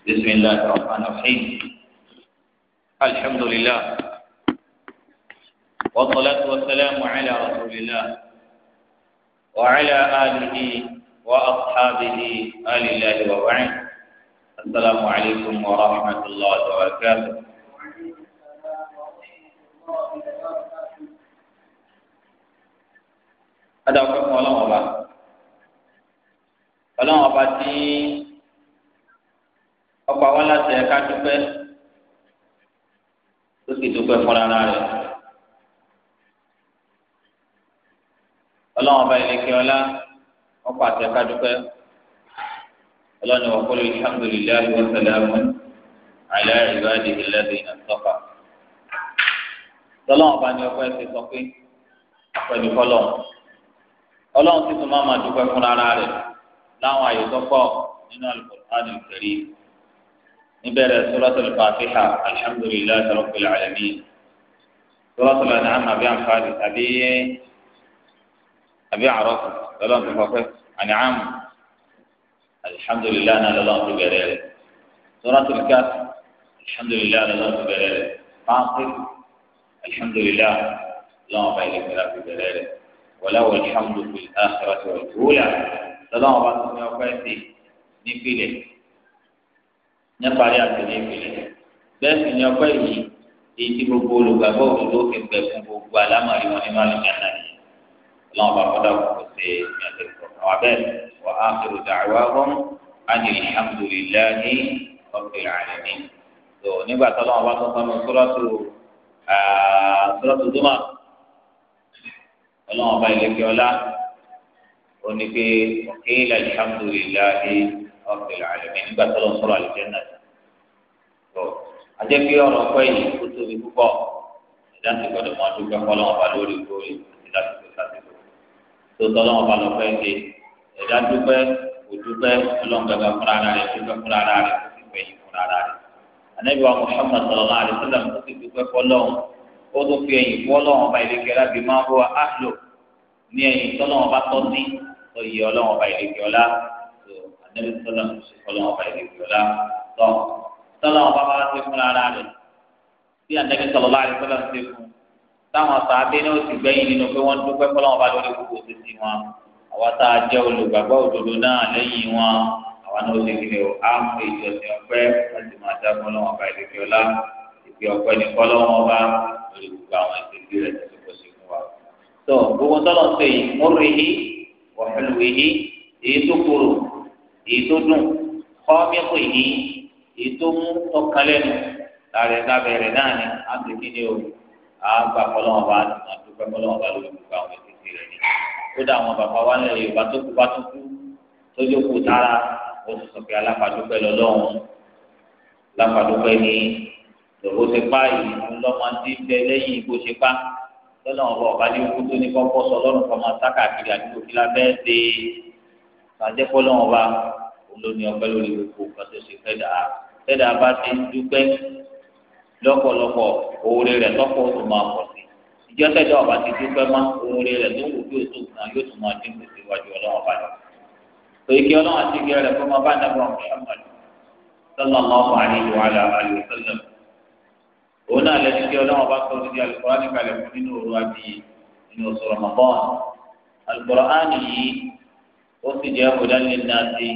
بسم الله الرحمن الرحيم الحمد لله والصلاة والسلام على رسول الله وعلى آله وأصحابه آل الله وبعد السلام عليكم ورحمة الله وبركاته ada ọpẹ́ fún Ọlọ́run ọba ọkọ àwọn aláṣẹ ẹka dúpẹ́ ó sì dúpẹ́ fún ara rẹ̀ Ọlọ́run ọba ìlẹkẹ ọlá ọkọ àti ẹka dúpẹ́ Ọlọ́run ìwà kọlu alhamdulilayi wa salamu ala ibadihi alladhina istafa Ọlọ́run ọba ni ọkọ ẹsẹ sọ pé pẹ̀lú kọlọ Ọlọ́run sì tún máa ma dúpẹ́ fún ara láwọn àyè tó pọ̀ nínú Al-Qur'an al نبدأ سورة الفاتحة الحمد لله رب العالمين سورة الأنعام أبي عم خالد أبي أبي عرف سلام الفاتحة أنعام الحمد لله أنا لله تبرير سورة الكهف الحمد لله لله تبرير فاطر الحمد لله لا بيلك لا تبرير وله الحمد في الآخرة والأولى سلام الله تبرير نبيلك nípa rí àtẹlẹ ìpìlẹ̀ bẹ́ẹ̀ sì ni ọpẹ́ yìí èyí tí gbogbo olùgbàgbọ́ òdodo kẹgbẹ fún gbogbo alámàrí wọn nínú àlùjá náà yìí Ọlọ́run bá fọdà kókó ṣe ìyàtọ̀ ìfọkàn wa bẹ́ẹ̀ wà á fi rúdà wá wọn á ní alhamdulillahi rabbil alamin tó nígbà tó lọ́wọ́ bá tó sọnù sọ́lọ́tù sọ́lọ́tù dùmà Ọlọ́run bá ilé kí ọlá ó ní pé ọ̀kẹ́ ilẹ̀ alhamdulillahi rabbil alamin nígbà tó lọ sọ̀rọ̀ àlùjànnà tó ajẹ́ pé ọ̀rọ̀ ọ̀pẹ́ yìí kó tóbi púpọ̀ ìdá ti gbọdọ̀ máa dúpẹ́ fọlọ́ ọba lórí ìgbórí ìdá ti gbọdọ̀ ti gbọdọ̀ tó tọ́lọ́ ọba lọ́pẹ́ ṣe ẹ̀dá dúpẹ́ kò dúpẹ́ ọlọ́ngàgà fúnra rẹ̀ dúpẹ́ fúnra rẹ̀ kò sì gbẹ̀yìn fúnra rẹ̀ anabi wa muhammad sallallahu alayhi wa sallam kò sì dúpẹ́ fọlọ́ ó tó ní ẹ̀yìn tọ́lọ́ ọba tọ́ sí ọ̀yẹ́ ọlọ́wọ́n ọba ìlẹ̀kẹ́ ọlá ànábi sọlá ń sọ fọlọ́ ọba ìdìbò la tọ́ sọlá ọba bá ti fún ara rẹ̀ bí ànábi sọlá ọba rẹ̀ sọlá ń ṣe fún táwọn sàábé náà sì gbẹ́yìn nínú pé wọ́n dúpẹ́ fọlọ́ ọba lórí gbogbo títí wọn àwa tá a jẹ́ olùgbàgbọ́ òdodo náà lẹ́yìn wọn àwa náà ó ṣe kíni o á ń pè ìjọsìn ọpẹ́ láti máa dá fọlọ́ ọba ìdìbò ọpẹ́ ní fọlọ́ ọba lórí gbogbo èyí tó dùn kọ́míkù yìí èyí tó mú tọkànlẹ́nu lára ẹ̀ lábẹ́rẹ́ náà ni á ti kí ni o á gbà fọlọ́wọ́n bá a dúpẹ́ fọlọ́wọ́n bá lórí gbogbo àwọn ètùtù rẹ̀ ni ó dà àwọn bàbá wa lẹ́yìn yorùbá tó kú bá tó kú tójú kú tára ó ti sọ pé aláfàdúpẹ́ lọ́lọ́run láfàdúpẹ́ ni lọ́wọ́ ti pa yìí ńlọ́mọdé bẹ lẹ́yìn ìbò ṣe pa lọ́nà ọ̀rọ̀ ọ̀bá ní kú tó ní kọ́kọ́ sọ lọ́rùn kọ́ sákàkiri àdúgbò kí lábẹ́ ṣe é tàjẹ́ kọ́lọ́wọ́n bá olóní ọpẹ́ lórí gbogbo nǹkan tó ṣe fẹ́ dàá fẹ́ dàá bá ti dúpẹ́ lọ́pọ̀lọpọ̀ oore rẹ̀ lọ́pọ̀ tó máa pọ̀ sí ìjọ tẹ́jọ́ ọba ti dúpẹ́ mọ́ oore rẹ̀ tó wù yóò tó náà yóò tó máa dín kù síwájú ọlọ́wọ́n bá lọ. torí kí ọlọ́wọ́n ti gé rẹ̀ fọmọ bá dàbọ̀ Muhammad sallallahu alayhi wa alayhi wa sallam òun náà lẹ́ni kí ọlọ́wọ́n bá sọ di Al-Qur'ani kalẹ̀ fún nínú òru àbí nínú oṣù Al-Qur'ani yìí ó sì jẹ́ ọ̀dà lẹ́nàtì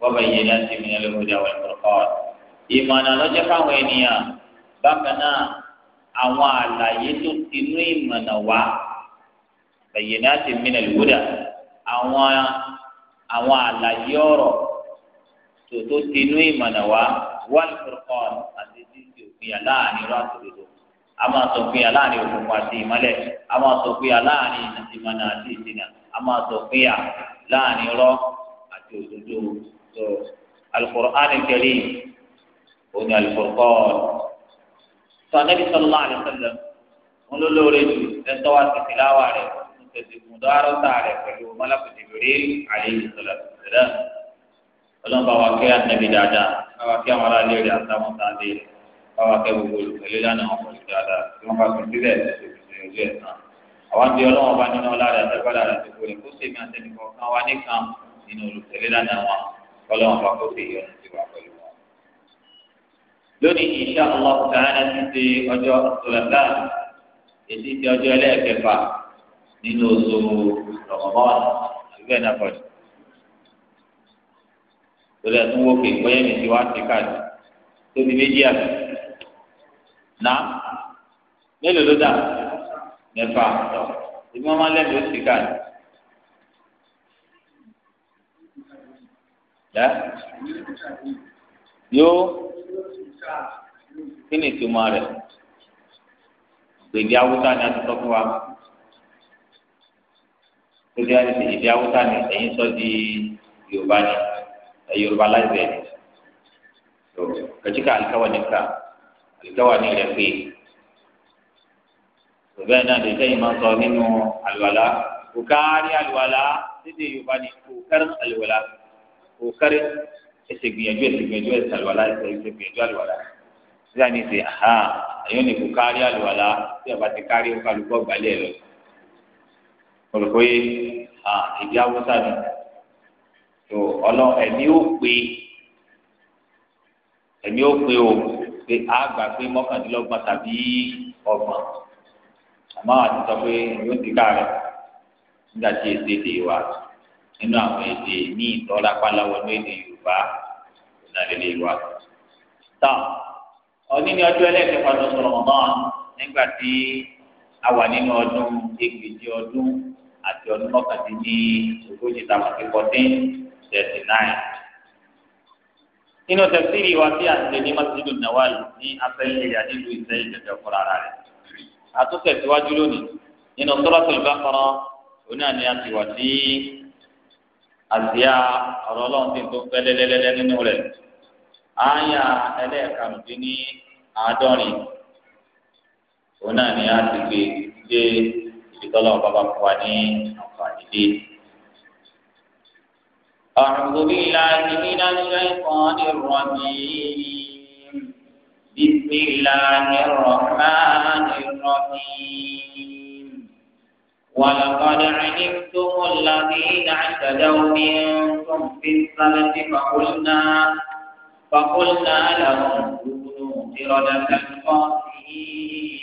wọ́pẹ́ yẹ láti mìíràn lọ́kọ̀dà wà lọ́kọ̀ọ́d. ìmọ̀nà lọ́jọ́ fáwọn ènìyàn bákan náà àwọn àlàyé tó ti nú ìmọ̀nà wá bẹ̀yẹ̀ láti mìíràn lọ́kọ̀dà àwọn àwọn àlàyé ọ̀rọ̀ tó tó ti nú ìmọ̀nà wá wà lọ́kọ̀ọ́d àti títí òfin yà láàrin rà tòlódò a máa sọ pé aláàrin òkùnkùn àti ìmọ́lẹ̀ a máa sọ pé aláàrin ìmọ̀nà àti ìsìnà a máa sọ pé à láàrin rọ àti òdodo tó al-Qur'an al-Karim òní al-Furqan tó anabi sallallahu alaihi wasallam wọn ló lóore jù lẹtọ wa ti filawa rẹ wọn tẹsí fún dọ́rọ̀ tá a rẹ pẹ̀lú malakul Jibril alaihi salatu wassalam ọlọ́mọba wa kẹ́ anabi dáadáa báwa kẹ́ àwọn ará léèrè àtàwọn tá a léèrè báwa kẹ́ gbogbo olùkọ́lé lánàá wọn pẹ̀lú dáadáa tí bá tún sílẹ̀ lẹ́sẹ̀ ìṣẹ̀lẹ̀ ojú ẹ̀ náà àwọn bí ọlọ́wọ́n bá nínú ọlá rẹ̀ àtẹ́gbára rẹ̀ tó kórè kó sèmi àtẹnìkọ̀ kan wá nìkan nínú olùtẹ̀lé lánàá wọn ọlọ́wọ́n bá kó sèyí ọ̀nà ti wà pẹ̀lú wọn. lónìí insha Allah ta'ala ti ṣe ọjọ́ tòlẹ́tà èyí ti ọjọ́ ẹlẹ́ẹ̀kẹfà nínú oṣù Ramadan àbíbẹ̀ náà pọ̀ jù. tòlẹ́ tún wó pé bóyá mi ti wá ti káàdì tóbi mẹ́fà tọ̀ ìbí wọn máa lẹ́nu ó sì kà ní. Dá yóò kí ni ìtumọ̀ rẹ̀? Gbèdé awúsá ni a ti sọ fún wa. Gbèdé èdè awúsá ni ẹ̀yin sọ di Yorùbá ni Yorùbá láìpẹ́ ni. Kàtíkà àlìkáwà ní ká àlìkáwà ní ilẹ̀ pé bẹ́ẹ̀ náà lè sẹ́yìn máa sọ nínú àlùwàlá òkárí àlùwàlá lédè yorùbá ni òkárí àlùwàlá òkárí ẹsẹ̀ gbìyànjú ẹsẹ̀ gbìyànjú ẹsẹ̀ àlùwàlá ẹsẹ̀ ẹsẹ̀ gbìyànjú àlùwàlá sísá ní sè ha àyọ̀ ní òkárí àlùwàlá tí a bá ti kárí òkàlùkọ́ gbalẹ̀ lọ. olùkọ́ ha ìdí awúsá mi tó ọlọ́ ẹ̀mí ó pé ẹ̀mí ó pé o pé àgbà pé mọ́kàndínlọ́gbọ̀n tàbí ọgbọ̀n àmọ́ àti sọ pé yóò ti ká rẹ̀ nígbà tí èdè lè wà nínú àwọn èdè ní ìtọ́lá pálawọ́ ní èdè yorùbá ìdálélé wa. tá òní ni ọjọ́ ẹlẹ́ẹ̀kẹfà tó sọ̀rọ̀ mọ́ nígbà tí a wà nínú ọdún ẹgbẹ̀jì ọdún àti ọdún mọ́kàndínní ogójì tàbí fífọ́tín thirty nine. nínú tẹ̀síìrì wa tí a ń ṣe ní masjidu nawal ní afẹ́lẹ́ ìyá nílùú ìsẹ́yìn jẹjẹrẹ fúnra rẹ̀ àtúntẹ̀síwájú lónìí nínú Suratul Baqara oní àní àtiwà tí àsíá ọ̀rọ̀ ọlọ́run ti tó fẹ́ lẹ́lẹ́lẹ́lẹ́ nínú rẹ̀ àyà ẹlẹ́ẹ̀karùndín ní àádọ́rin oní àní àtìgbè dé ìdíkọ́lọ́ bàbá fún wa ní àǹfààní dé. أعوذ بالله من الشيطان الرجيم بسم الله الرحمن الرحيم ولقد علمتم الذين اعتدوا منكم في السنة فقلنا فقلنا لهم كونوا قردة خاسئين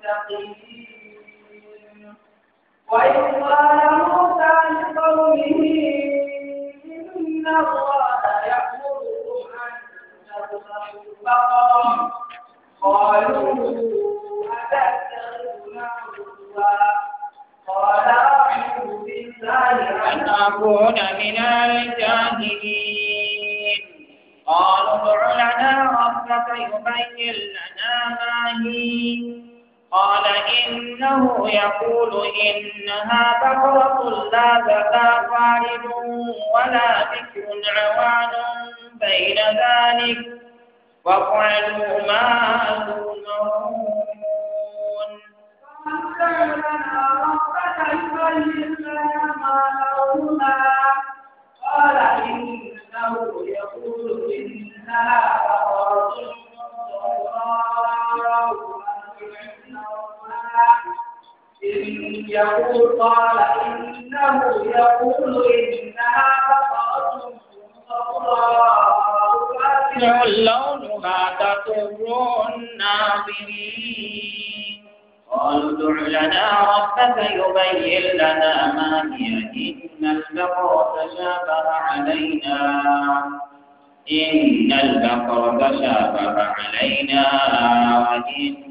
وما وإذ قال موسى لقومه إن الله يأمركم أن تذبحوا بقرة قالوا أتتخذنا هزوا أن أكون من الجاهلين قالوا ادع لنا ربك يبين لنا ما هي قال إنه يقول إنها بقرة لا تبا فارد ولا ذكر عوان بين ذلك فافعلوا ما تؤمرون قال إنه يقول إنها بقرة إن يقول قال إنه يقول إنها بقرة صفراء لونها تضر الناظرين قالوا ادع لنا ربك يبين لنا ما هي إن البقر تشابه علينا إن البقر تشابه علينا وإن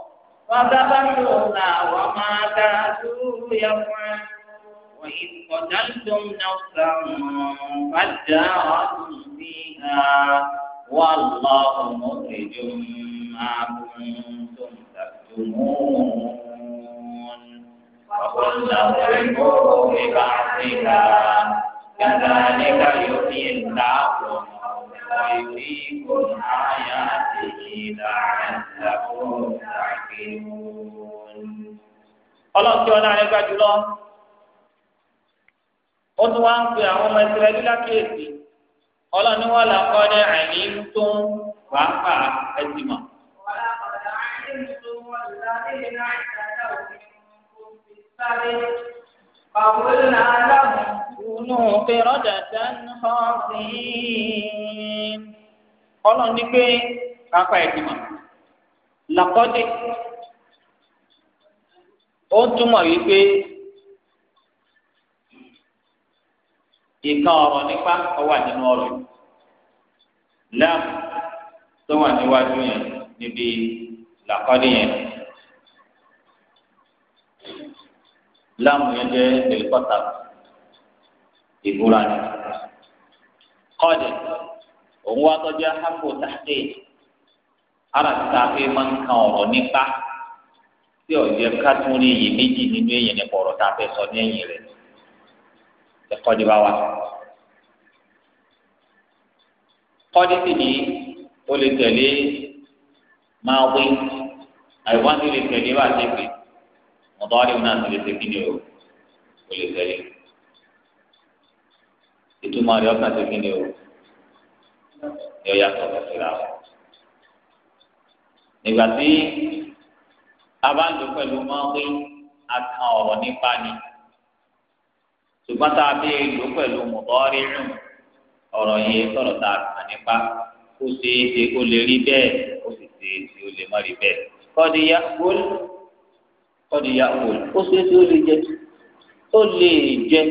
فذبحوها وما كادوا يفعلون وإذ قتلتم نفسا فادارأتم فيها والله مخرج ما كنتم تكتمون فقلنا اضربوه ببعضها كذلك يحيي الله ويريكم آياته لعلكم تعقلون ọlọ́run tí ọlá rẹ̀ gbájú lọ ó tún wá ń pe àwọn ọmọ ìsirẹ́lú lákèésí ọlọ́run ni wọ́n là kọ́ ní àìní tó ń pàápàá ẹ̀sìn mọ̀. فقلنا لهم kúnú kírọ́dàdà nǹkan ọlọ́run ní pé kápá ẹ̀dìmọ̀ làkọ́dé ó túmọ̀ wípé ìkan ọ̀rọ̀ nípa ọwà nínú ọ̀rọ̀ yìí lam tó wà níwájú yẹn níbi làkọ́dé yẹn lam yẹn jẹ́ èlùkọ́ta ìbúra ni kọ́ọ̀dì òun wá tọ́jú ahápò tàkì ara ti ta pé máa ń kan ọ̀rọ̀ nípa tí ọ̀jẹ̀ ká tún rí iyì méjì nínú èyàn nípa ọ̀rọ̀ tá a fẹ́ sọ ní ẹ̀yìn rẹ̀ ẹ̀kọ́ di bá wa. kọ́ọ̀dì sì ni o lè tẹ̀lé máa wí àìwá sì lè tẹ̀lé bá a ṣe pé mọ̀tọ́ wá lè wọn náà sì lè ṣe kí ni o lè tẹ̀lé ìtumọ̀ rẹ̀ ọkàn ti kíni o yọ yàtọ̀ síra o nígbà tí a bá ń lò pẹ̀lú mọ́wé àtàn ọ̀rọ̀ nípa ni ṣùgbọ́n tá a bí lò pẹ̀lú mọ̀tọ́rìrùn ọ̀rọ̀ yẹn sọ̀rọ̀ tá a kàn nípa kó ṣeé ṣe kó lè rí bẹ́ẹ̀ kó sì ṣeé ṣe ó lè má rí bẹ́ẹ̀ kọ́díyà kúl kọ́díyà kúl ó ṣeé ṣe ó lè jẹ ó lè jẹ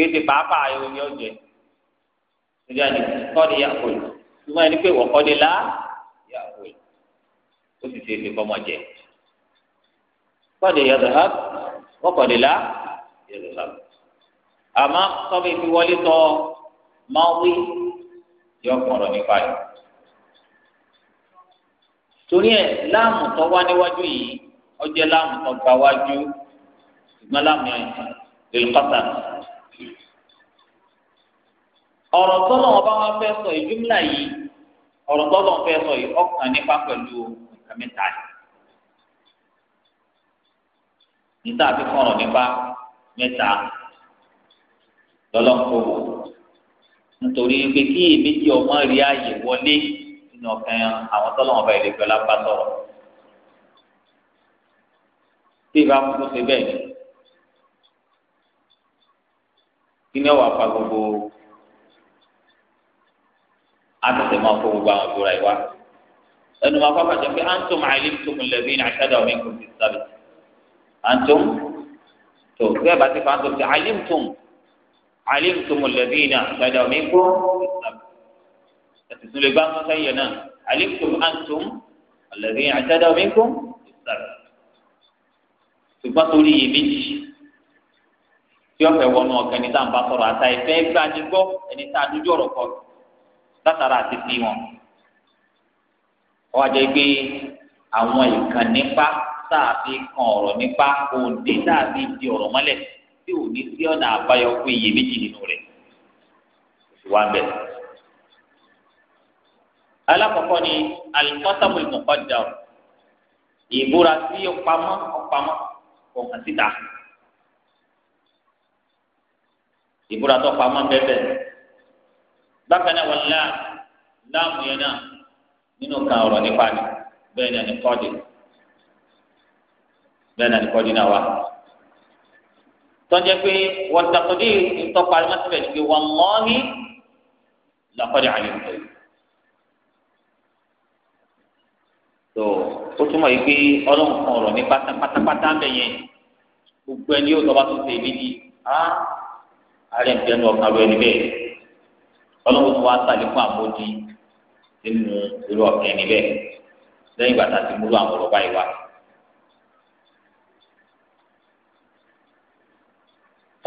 kí ti pàápàá ayò ní ọjẹ nígbà ní kọ́ni yà kó yìí túmọ̀ ẹni pé wọ́kọ́ni lá yà kó yìí ó sì ṣe é ṣe fọmọ jẹ kọ́ni yà dùhà wọ́kọ́ni lá yà dùhà àmọ́ tọ́bi fi wọlé tọ́ máa wí yọ kọ̀ọ̀rọ̀ nípa yìí torí ẹ̀ láàmù tó wá níwájú yìí ọjẹ́ láàmù tó gbà wájú ìgbọ́n láàmù yẹn lè kọ́ta ọ̀rọ̀ tọ́lọ̀ wọn bá wọn fẹ́ sọ yìí yìí ọ̀rọ̀ tọ́lọ̀ wọn fẹ́ sọ yìí ọkàn nípa pẹ̀lú nǹkan mẹ́ta yìí. níta àti fọ̀rọ̀ nípa mẹ́ta lọ́lọ́kọ̀wọ̀ nítorí pé kí èméjì ọmọ rí ààyè wọlé nínú ọkàn àwọn tọ́lọ̀ wọn bá ilé pẹ̀lú apá tí ìbá kúkú ṣe bẹ́ẹ̀ ni kí ni ọ̀wà pa gbogbo àtẹ̀tẹ̀ máa kó gbogbo àwọn ìṣòro ìwá. ẹnu máa kọ́ pàṣẹ pé antum alimtum lẹ́bí ní aṣáájú àwọn ẹ̀kọ́ ti sábẹ̀. antum tó bẹ́ẹ̀ bá ti fa antum ti alimtum alimtum lẹ́bí ní aṣáájú àwọn ẹ̀kọ́ ti sábẹ̀. ẹ̀sìn tún lè gbá wọn sẹ́yìn náà alimtum antum lẹ́bí ní aṣáájú àwọn ẹ̀kọ́ ti sábẹ̀. ṣùgbọ́n torí iye méjì tí wọ́n fẹ́ wọnú ọ̀kẹ́ni tá à ń bá sọ̀rọ̀ àtàyè fẹ́ gbá ní gbọ́ ẹni tá a dúdú ọ̀rọ̀ kọ́ látara àti fi wọn wọ́n jẹ́ pé àwọn ìkan nípa sáàfi kan ọ̀rọ̀ nípa òǹdè sáàfi di ọ̀rọ̀ mọ́lẹ̀ tí ò ní sí ọ̀nà àbáyọ fún iyèméjì nínú rẹ̀ wá bẹ́ẹ̀. alákọ̀ọ́kọ́ ni alikọ́sàmù ìmọ̀kọ́jà ìbúra sí ọ̀pamọ́ ọ̀pamọ́ kọ̀ọ̀kan síta ìbúra tó pamọ́ bẹ́ẹ̀ bẹ́ẹ̀ bákan náà wọn láà láàmù yẹn náà nínú kan ọ̀rọ̀ nípa ni bẹ́ẹ̀ náà ní kọ́ọ̀dì bẹ́ẹ̀ náà ní kọ́ọ̀dì náà wà. tọ́jẹ́ pé wọ́n takùdí ìtọ́pá alimọ́sílẹ̀ ni pé wọ́n mọ́ ní lakọ́dì àyẹ̀wò tó ó túmọ̀ yìí pé ọlọ́run kan ọ̀rọ̀ ní pátápátá bẹ́ẹ̀ yẹn gbogbo ẹni yóò lọ́ba tó ṣe ìbí ni á àárẹ̀ ń tẹnu ọ̀kan lọ ẹni bẹ́ẹ̀ ọlọ́run tó wá sàlékún àmójì nínú irú ọ̀kẹ́ níbẹ̀ lẹ́yìn bàtà ti múlò àwọn ọ̀rọ̀ báyìí wá.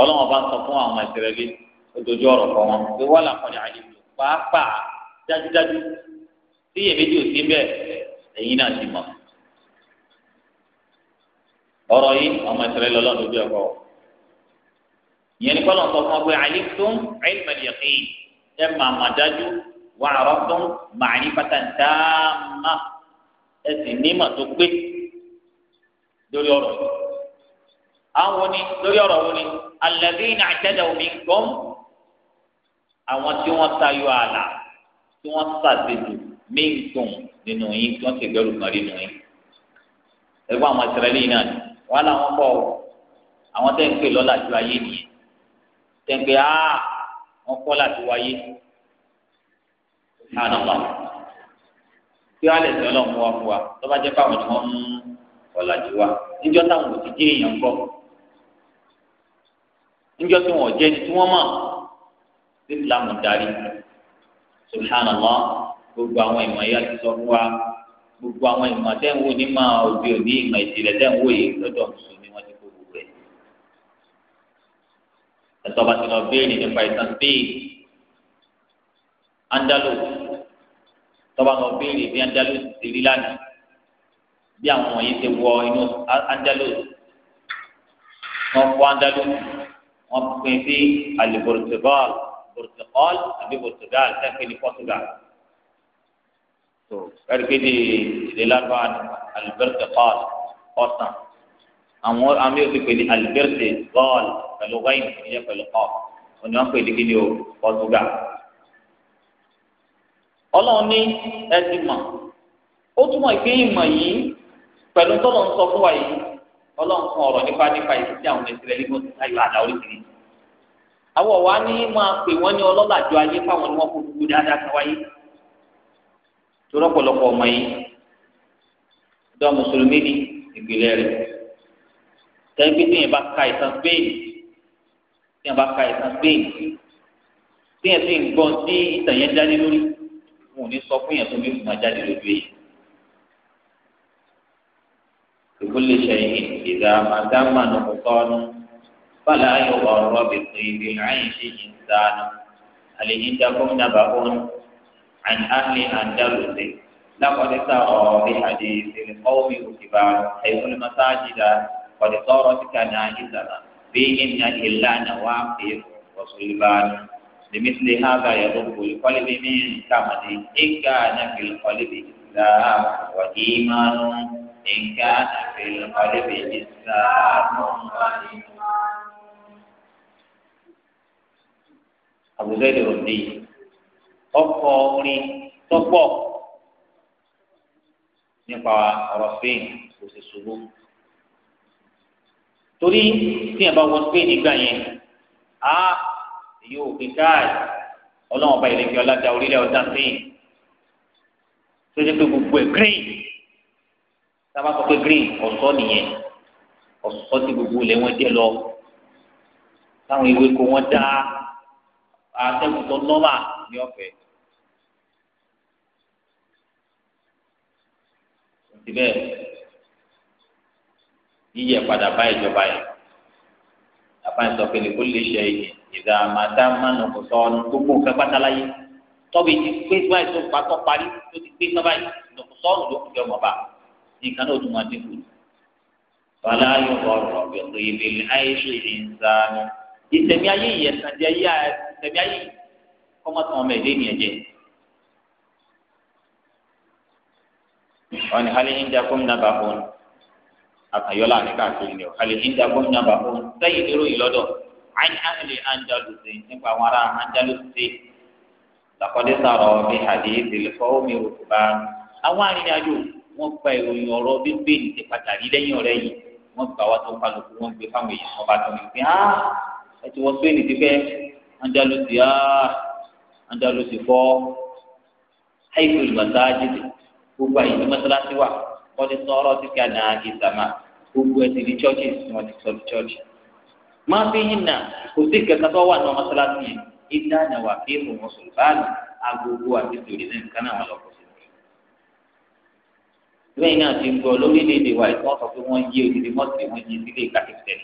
ọlọ́run bá ń sọ fún àwọn ìsirẹ́lẹ̀ ojojú ọ̀rọ̀ kan wọn pé wọ́n làkọ̀ọ́nì àlejò pàápàá dájúdájú tí èméjì ò sí bẹ́ẹ̀ ẹ̀yin náà ti mọ̀. ọ̀rọ̀ yìí ọmọ ìsirẹ́lẹ̀ ọlọ́run lójú ẹ̀kọ́ ìyẹn ní kọ́lọ̀ sọ fún ọ ẹ máa mà dájú wà àrọ́tún màáyí pátántá má ẹ sì nímọ̀ tó pé lórí ọ̀rọ̀ yìí. àwọn ni lórí ọ̀rọ̀ wọn ni alladhina i'tadaw minkum àwọn tí wọ́n tayọ ààlà tí wọ́n ṣàṣejù minkum nínú yín tí wọ́n sì gbẹ́rù kan nínú yín. ẹgbẹ́ àwọn ìsirẹ́lì náà ni wọ́n láwọn bọ̀ àwọn tẹ́ ń pè lọ́làjú ayé nìyẹn tẹ́ ń pè áà wọn kọ́ láti wáyé hàn wá kí wọ́n lè sọ lọ́wọ́ mú wa fún wa tó bá jẹ́ fáwọn ni wọ́n mú ọ̀làjú wa níjọ́ táwọn ò ti dé èèyàn kọ́ níjọ́ tí wọ́n jẹ́ ni tí wọ́n mọ̀ sí Islam darí subhanallah gbogbo àwọn ìmọ̀ yẹn ti sọ fún wa gbogbo àwọn ìmọ̀ tẹ́ ń wò ní ma òbí òní ìmọ̀ ìjìnlẹ̀ tẹ́ ń wò yìí lọ́dọ̀ mùsùlùmí. ẹ̀tọ́ bá ti lọ béèrè nípa ìtàn Spain Andalus tọ́ba lọ béèrè bí Andalus ti rí lánàá bí àwọn wọ̀nyí ti wọ inú Andalus wọ́n fọ́ Andalus wọ́n pín sí aliborotibal borotibal àbí borotibal sẹ́kìn ní Portugal tó ẹ̀rí pé ìdílé lárúbáwá aliborotibal ọ̀sán àwọn àmì ò ti pè ní alibẹ́rẹ́tẹ̀ bọ́ọ̀lù pẹ̀lú wáìnì ìyẹn pẹ̀lú kọ́ òní wọn pè ní kí ni o pọ̀tùgà. ọlọ́run ní ẹtì mọ̀ ó túmọ̀ ìpé ìmọ̀ yìí pẹ̀lú tọ́lọ̀ ń sọ fún wa yìí ọlọ́run kan ọ̀rọ̀ nípa nípa ìdí tí àwọn ẹ̀sìn rẹ̀ nígbà tó táyọ̀ àdá oríṣiríṣi. àwọn wa ní máa pè wọ́n ní ọlọ́làjọ ayé fáwọn ni wọ́n kó gbogbo dáadáa kan wáyé. torọ́pọ̀lọpọ̀ ọmọ yìí dọ́ mùsùlùmí ní ìpìlẹ̀ rẹ̀ tẹ́lifí tí yẹn bá ka ìtàn Spain tí yẹn bá ka ìtàn Spain tí yẹn sì ń gbọ́ tí ìtàn yẹn jáde lórí wọn ò ní sọ fún yẹn tó bí fún wa jáde lójú yìí. ìwúlẹ̀ ṣẹ̀yìn ìdá màdámà nùkọ́nù fàlà ayọ̀wọ̀ ọ̀rọ̀ bìtì ìbí àyìn ṣe yìí ń dáná àlejò ìdákọ́ nàbàbọ̀n àyìn áhìn àndàlùsẹ̀ lápọ̀lẹ́sà ọ̀rọ̀ bí àdéhìí ṣe lè kọ́ omi òkè bá ẹ̀kọ́ lè má sáájì dáa. قد صارت كنائسنا فيهن إلا نوافذ وصلبان لمثل هذا يضب القلب من كمد إن كان في القلب إسلام وإيمان إن كان في القلب إسلام وإيمان أبو زيد الرملي ọkọ orin tọpọ nípa ọ̀rọ̀ spain kò sì ṣubú torí tí yẹn bá wọ spain nígbà yẹn a yóò fi káàdì ọlọ́wọ́n bá ìrèké ọlájà orílẹ̀ ọ̀dà spain tó ṣe pé gbogbo ẹ̀ green sábà sọ pé green ọ̀sọ́ nìyẹn ọ̀sọ́ ti gbogbo ilẹ̀ wọn jẹ́ lọ táwọn ewéko wọn dá atẹ́gùn tó nọ́mà ní ọ̀fẹ́. síbẹ̀ yíyẹ padà bá ìjọba yẹn àbá ìsọfẹ ní kó lè ṣe ìdá màdá mánu kò sọ ọnu gbogbo nǹkan pátálá yìí tọ́bi ti pé báyìí tó patọ́ parí tó ti pé sábà yìí lọ́kù sọ́ọ̀nù ló kù jẹ́ ọmọ bá nǹkan náà ó tún máa dínkù. bàlá yóò rọrùn ọ̀bẹ pé ibi ní àìsí ìsàánú ìtẹ̀mí ayé yìí ẹ̀sán jẹ́ yíyá ìtẹ̀mí ayé kọ́mọ́tàn ọmọ ẹ̀dẹ́ ènìyàn jẹ́. wọ́n ní hali ń jà akànyọ́lá ní káàkiri ni o àlè ìjà kó nyàmbá o sẹ́yìn lérò yìí lọ́dọ̀ àyìn àlè andalusi nípa àwọn ará andalusi làkọ́dé sàrọ̀ bí hadithi lẹ́fọ́ omi òkúba àwọn arìnrìnàjò wọ́n gba ìròyìn ọ̀rọ̀ gbígbé ní ti pàtàkì lẹ́yìn ọ̀rẹ́ yìí wọ́n gba wa tó kálukú wọ́n gbé fáwọn èèyàn wọn bá tó ní pé á ẹ ti wọ spain ti fẹ́ andalusi á andalusi fọ́ haifil masajid gbogbo àyè tí mọ́sálásí wà kọ́dé sọ́ọ́rọ́ ti kí nà á gbogbo ẹ̀ sì ní chọ́ọ̀chì ni wọ́n ti sọ ní chọ́ọ̀chì. máa fi yín nà kò sí kẹta tó wà náà mọ́sálásí yẹn ìdá àyàwó àkéèmù wọn sọ̀rọ̀ báàlù agogo àti tòrí náà nǹkan náà wọn lọ kọ sí i. lẹ́yìn náà ti gbọ́ lórílẹ̀‐èdè wa ìtọ́ sọ pé wọ́n yí odidi mọ́tì wọ́n yí sílé ìkàkẹ́kẹ́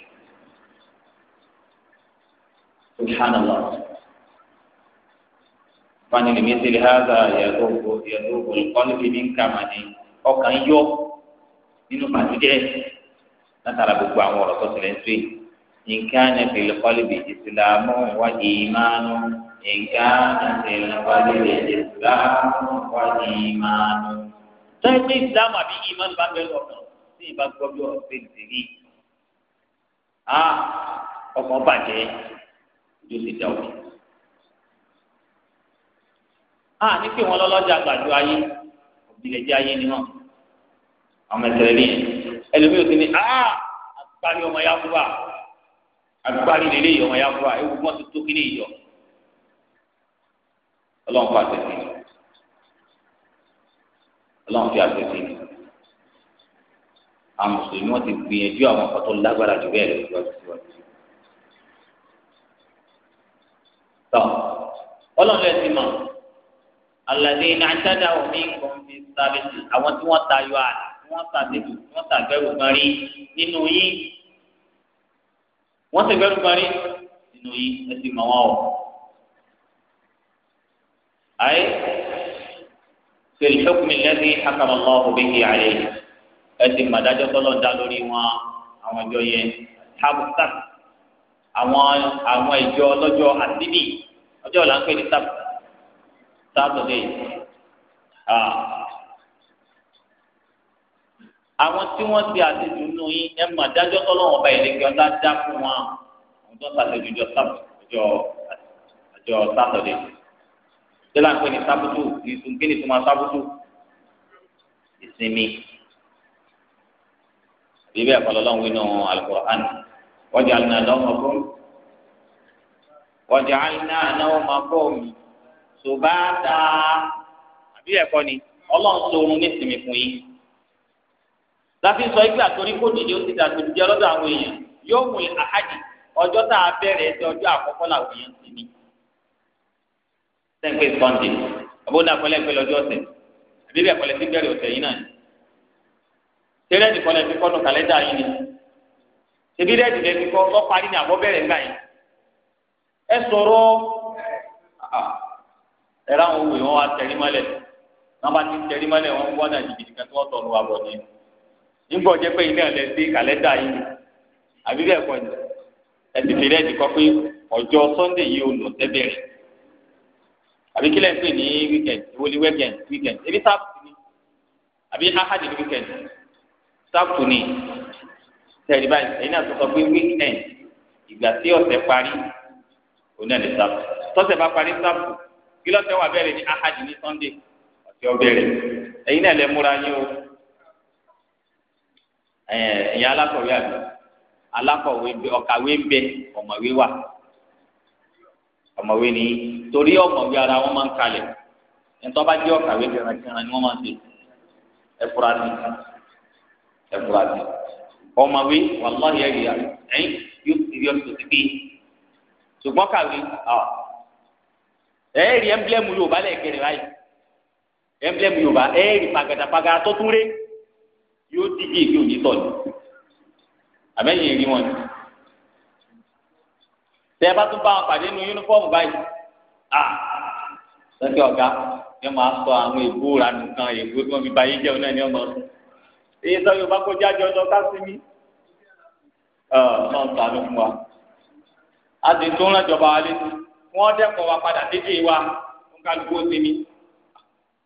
subhanallah fani lè mẹsẹ̀ hàzà yàtọ̀ òkòlùkọ́ níbi ní nkàmà látara gbogbo àwọn ọ̀rọ̀ tó tilẹ̀ ń tó yìí nǹkan fi lọ́kọ́lẹ́bì ìsìlámù wá ìmánu nǹkan fi lọ́kọ́lẹ́bì ìsìlámù wá ìmánu. sọ́yìn pé ìsìlámù àbí ìmánu bá bẹ̀rẹ̀ ọ̀kan tí ìbá gbọ́ bí ọ̀rọ̀ pé ìdílé a ọkàn bàjẹ́ ojú ti dà òkè. a ní pé wọn lọ́lọ́jà gbàdúrà ayé òbí jẹ́ ayé ni wọn àwọn ẹ̀sẹ̀ ẹlòmíì ò ti ní aa ah, agbárí ọmọ ya fún wa agbárí lélẹ́ yìí ọmọ ya fún wa ewu mọ́ ti tó kílé yìí yọ ọlọ́run fa àtẹ̀sí ọlọ́run fi àtẹ̀sí àwọn mùsùlùmí wọn ti gbìyànjú àwọn ọkọ̀ tó lágbára jù bẹ́ẹ̀ lọ́wọ́ síwájú síwájú. tọ́ ọlọ́run lẹ́sìn mọ́ alẹ́ ní àjàdá omi nǹkan fi sáré sí àwọn tí wọ́n tayọ àná wọ́n sàbẹ̀wò wọ́n sàbẹ̀wò kan rí nínú yín wọ́n sàbẹ̀wò kan rí nínú yín ẹ sì mọ̀ wọ́n o. ayé fèrè ṣọ́kùnmí lẹ́sìn akàmọ́ ọkọ̀ bí kì í ayé ẹ sì mọ̀ dájọ́ dá lórí wọn àwọn ìjọ yẹn tábùtà àwọn àwọn ìjọ ọlọ́jọ́ àdínì ọjọ́ là ń ní tábùtà tábùtà àwọn tí wọ́n ti àtẹ̀jù nù yín ẹ mà dájọ́ tọ́lọ́wọ́n bá ilé kí ọlá dá fún wọn ọjọ́ sàtẹ̀jù jọ sàtẹ̀jù jọ sátọ̀dẹ̀ tẹ́lá ń pè ní sábùtù ìsùn kí ni tó máa sábùtù ìsinmi bíbẹ́ ọ̀pọ̀lọ́lọ́wọ́ inú Al-Qur'an waj'alna nawmakum waj'alna nawmakum subata àbí ẹ̀kọ́ ni ọlọ́run tó oorun ní ìsinmi fún yín láti sọ ìgbà torí kó dìde ó ti dà tó dìde lọ́dọ̀ àwọn èèyàn yóò mú àhàdì ọjọ́ tá a bẹ̀rẹ̀ ẹsẹ̀ ọjọ́ àkọ́kọ́ làwọn èèyàn ti ní. sẹ́ńpé sọ́ndé àbódà pẹ́lẹ́ pẹ́lẹ́ ọjọ́ ọ̀sẹ̀ àbí bẹ́ẹ̀ pẹ́lẹ́ sí bẹ̀rẹ̀ ọ̀sẹ̀ yìí náà ni. tẹ́lẹ̀ ti pẹ́lẹ́ fi kọ́nu kàlẹ́dà yìí ni. ṣèbí rẹ́ẹ̀dì lẹ́ẹ̀fi kọ́ ọ parí ni àbọ̀ bẹ̀rẹ̀ ńgbà yẹn. ẹ sọ̀rọ̀ ẹ̀rọ àwọn òwe wọn wá tẹ̀rí mọ́lẹ̀ wọn bá ti tẹ̀rí mọ́lẹ̀ wọn wọ́n náà jìbìtì kan nígbà ọjọ́ pé ilé ọ̀lẹ́ sí kàlẹ́ndà yìí àbí bẹ́ẹ̀ kọ́ ni ẹtì fèrè ẹ̀dì kọ́ pé ọjọ́ sunday yìí ò lọ tẹ́bẹ̀rẹ̀ àbí kílẹ̀ ń pè ní weekend wọlé weekend weekend ebi sábùtù ni àbí ahadi ni weekend sábùtù ni tẹ̀lé báyìí ẹ̀yin náà tó sọ pé weekend ìgbà tí ọ̀sẹ̀ parí òun náà lè sábùtù tọ́sẹ̀ bá parí sábùtù kí lọ́sẹ̀ wà bẹ̀rẹ̀ ní ahadi ní sunday ọ̀sẹ̀ ọ̀bẹ̀rẹ̀ ẹ̀yin náà lè yín o ẹ̀yìn alákọ̀wé àbí alákọ̀wé bẹ ọ̀kàwé ń bẹ ọ̀mọ̀wé wà ọ̀mọ̀wé ni torí ọ̀mọ̀wé ara wọn máa ń kalẹ̀ nítorí bá jẹ́ ọ̀kàwé kẹrànkẹrán ni wọ́n máa ń ṣe ẹ̀fúrasì ẹ̀fúrasì ọ̀mọ̀wé wàlúwàlú ẹ̀rí ẹ̀yìn yóò ti rí ọ̀sùn sí pé ṣùgbọ́n kàwé ẹ̀ẹ́rì ẹ̀mblẹ́mù Yorùbá lẹ́ẹ̀kẹrẹ báyìí ẹ̀mblẹ́mù Yorùbá ẹ̀ẹ́rì pàgàdàpàgà tó tún ré yóò díje kí òní tọ̀ ní àbẹ́yìn rí wọn ni tẹ ẹ bá tún bá wọn pàdé nu yúnífọ́ọ̀mù báyìí à sọ́kẹ́ ọ̀gá yóò máa sọ àwọn èbú ranù kan èbú tí wọ́n fi ba yé jẹun náà ní ọmọ sùn èyí sọ Yorùbá kó jájọ lọ ká sí mi ọ̀ náà sànú fún wa a sì tún rán ìjọba wa létí wọ́n dẹ́kọ̀ wa padà dédé wa nǹkan lùkọ́ sí mi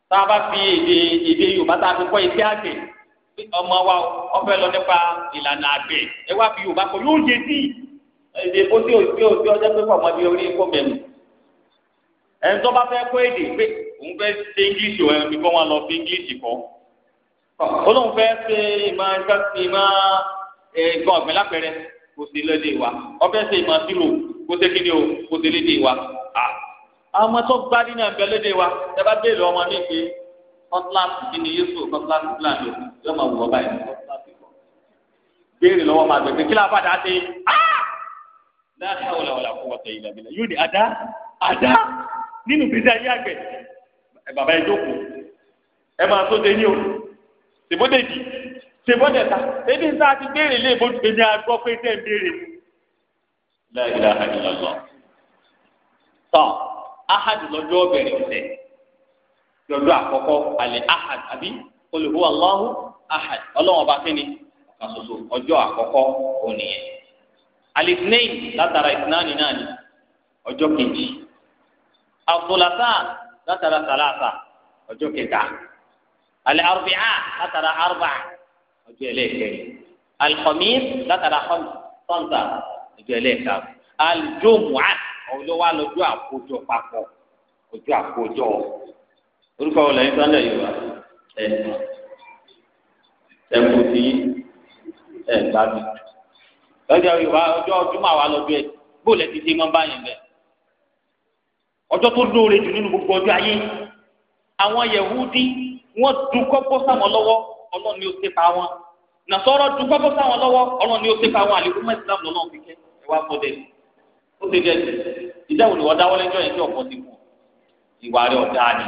tá a bá fi èdè èdè Yorùbá tá a fi kọ́ iṣẹ́ àgbẹ̀ ọmọ wa ọfẹ lọ nípa ìlànà àgbẹ̀ ẹ wá fi yorùbá kọ yóò yé sí èdè ó tí òsì òsì ọjọ́ pé fọmọ bí orí kó mẹnu ẹni tó bá fẹ́ kó èdè pé òun fẹ́ ṣe english o ẹni kó wọn lọ fi english kọ olóhùn fẹ́ ṣe ìmọ̀ nǹkan ìmọ̀ nǹkan ọ̀gbìn lápẹẹrẹ kò sí lédè wa ọfẹ ṣe ìmọ̀ sílò kó ṣe kíni o kó ṣe lédè wa àwọn tó gbádùn náà bẹ lédè wa ẹ bá béèrè ọmọ mi pé kọ́ńtàlásì kí ni yéṣu kọ́ńtàlásì fúlàní yóò máa wù ọ́ báyìí kọ́ńtàlásì kọ́. béèrè lọ́wọ́ máa gbẹ̀gbẹ̀ kí láàbàdà á ti la hawla wala quwwata illa billah yóò di àdá àdá nínú gbèsè ayé àgbẹ̀ ẹ bàbá ẹ jókòó ẹ máa tó dé ní o tèbódè dì tèbódè ta ebi ń ti béèrè lé ìbò èmi àgbọ̀ pé tẹ́ ń béèrè mu. la ilaha illallah tọ́ ahadu lọ́jọ́ bẹ̀rẹ̀ yọjọ́ àkọ́kọ́ alẹ́ ahad àbí qul huwa Allahu ahad ọlọ́wọ́n bá kíni ọ̀kan ṣoṣo ọjọ́ àkọ́kọ́ ònìyẹn. alithnain látara ìtìnáàni náà ni ọjọ́ kejì àfọlàtà látara sàlàtà ọjọ́ kẹta alẹ́ arbi'a látara arba ọjọ́ ẹlẹ́ẹ̀kẹrin alkhamis látara khamsa ọjọ́ ẹlẹ́ẹ̀ka aljumu'a ọjọ́ wa lọ́jọ́ àkójọ papọ̀ ọjọ́ àkójọ orúkọ wọn lẹ́yìn sọlẹ yorùbá ẹ ẹkú ti ẹ gbádùn lọ́jọ́ yorùbá ọjọ́ ọdúnmọ àwa lọ́jọ́ ẹ bóòlù ẹ ti ṣe mọ báyìí bẹ ọjọ́ tó lóore jù nínú gbogbo ọjọ́ ayé àwọn yẹwúdí wọn dúkọ bọ sáwọn lọ́wọ́ Ọlọ́run ni ó ṣe pa wọn nàṣọrọ dúkọ bọ sáwọn lọ́wọ́ Ọlọ́run ni ó ṣe pa wọn àlékún mẹsìlám lọ́lọ́run fi kẹ ẹ wá fọdẹ ó ṣe dẹ ìdáwòlè wọn yẹn tí ọkọ ti kù ìwà rẹ ọdá ni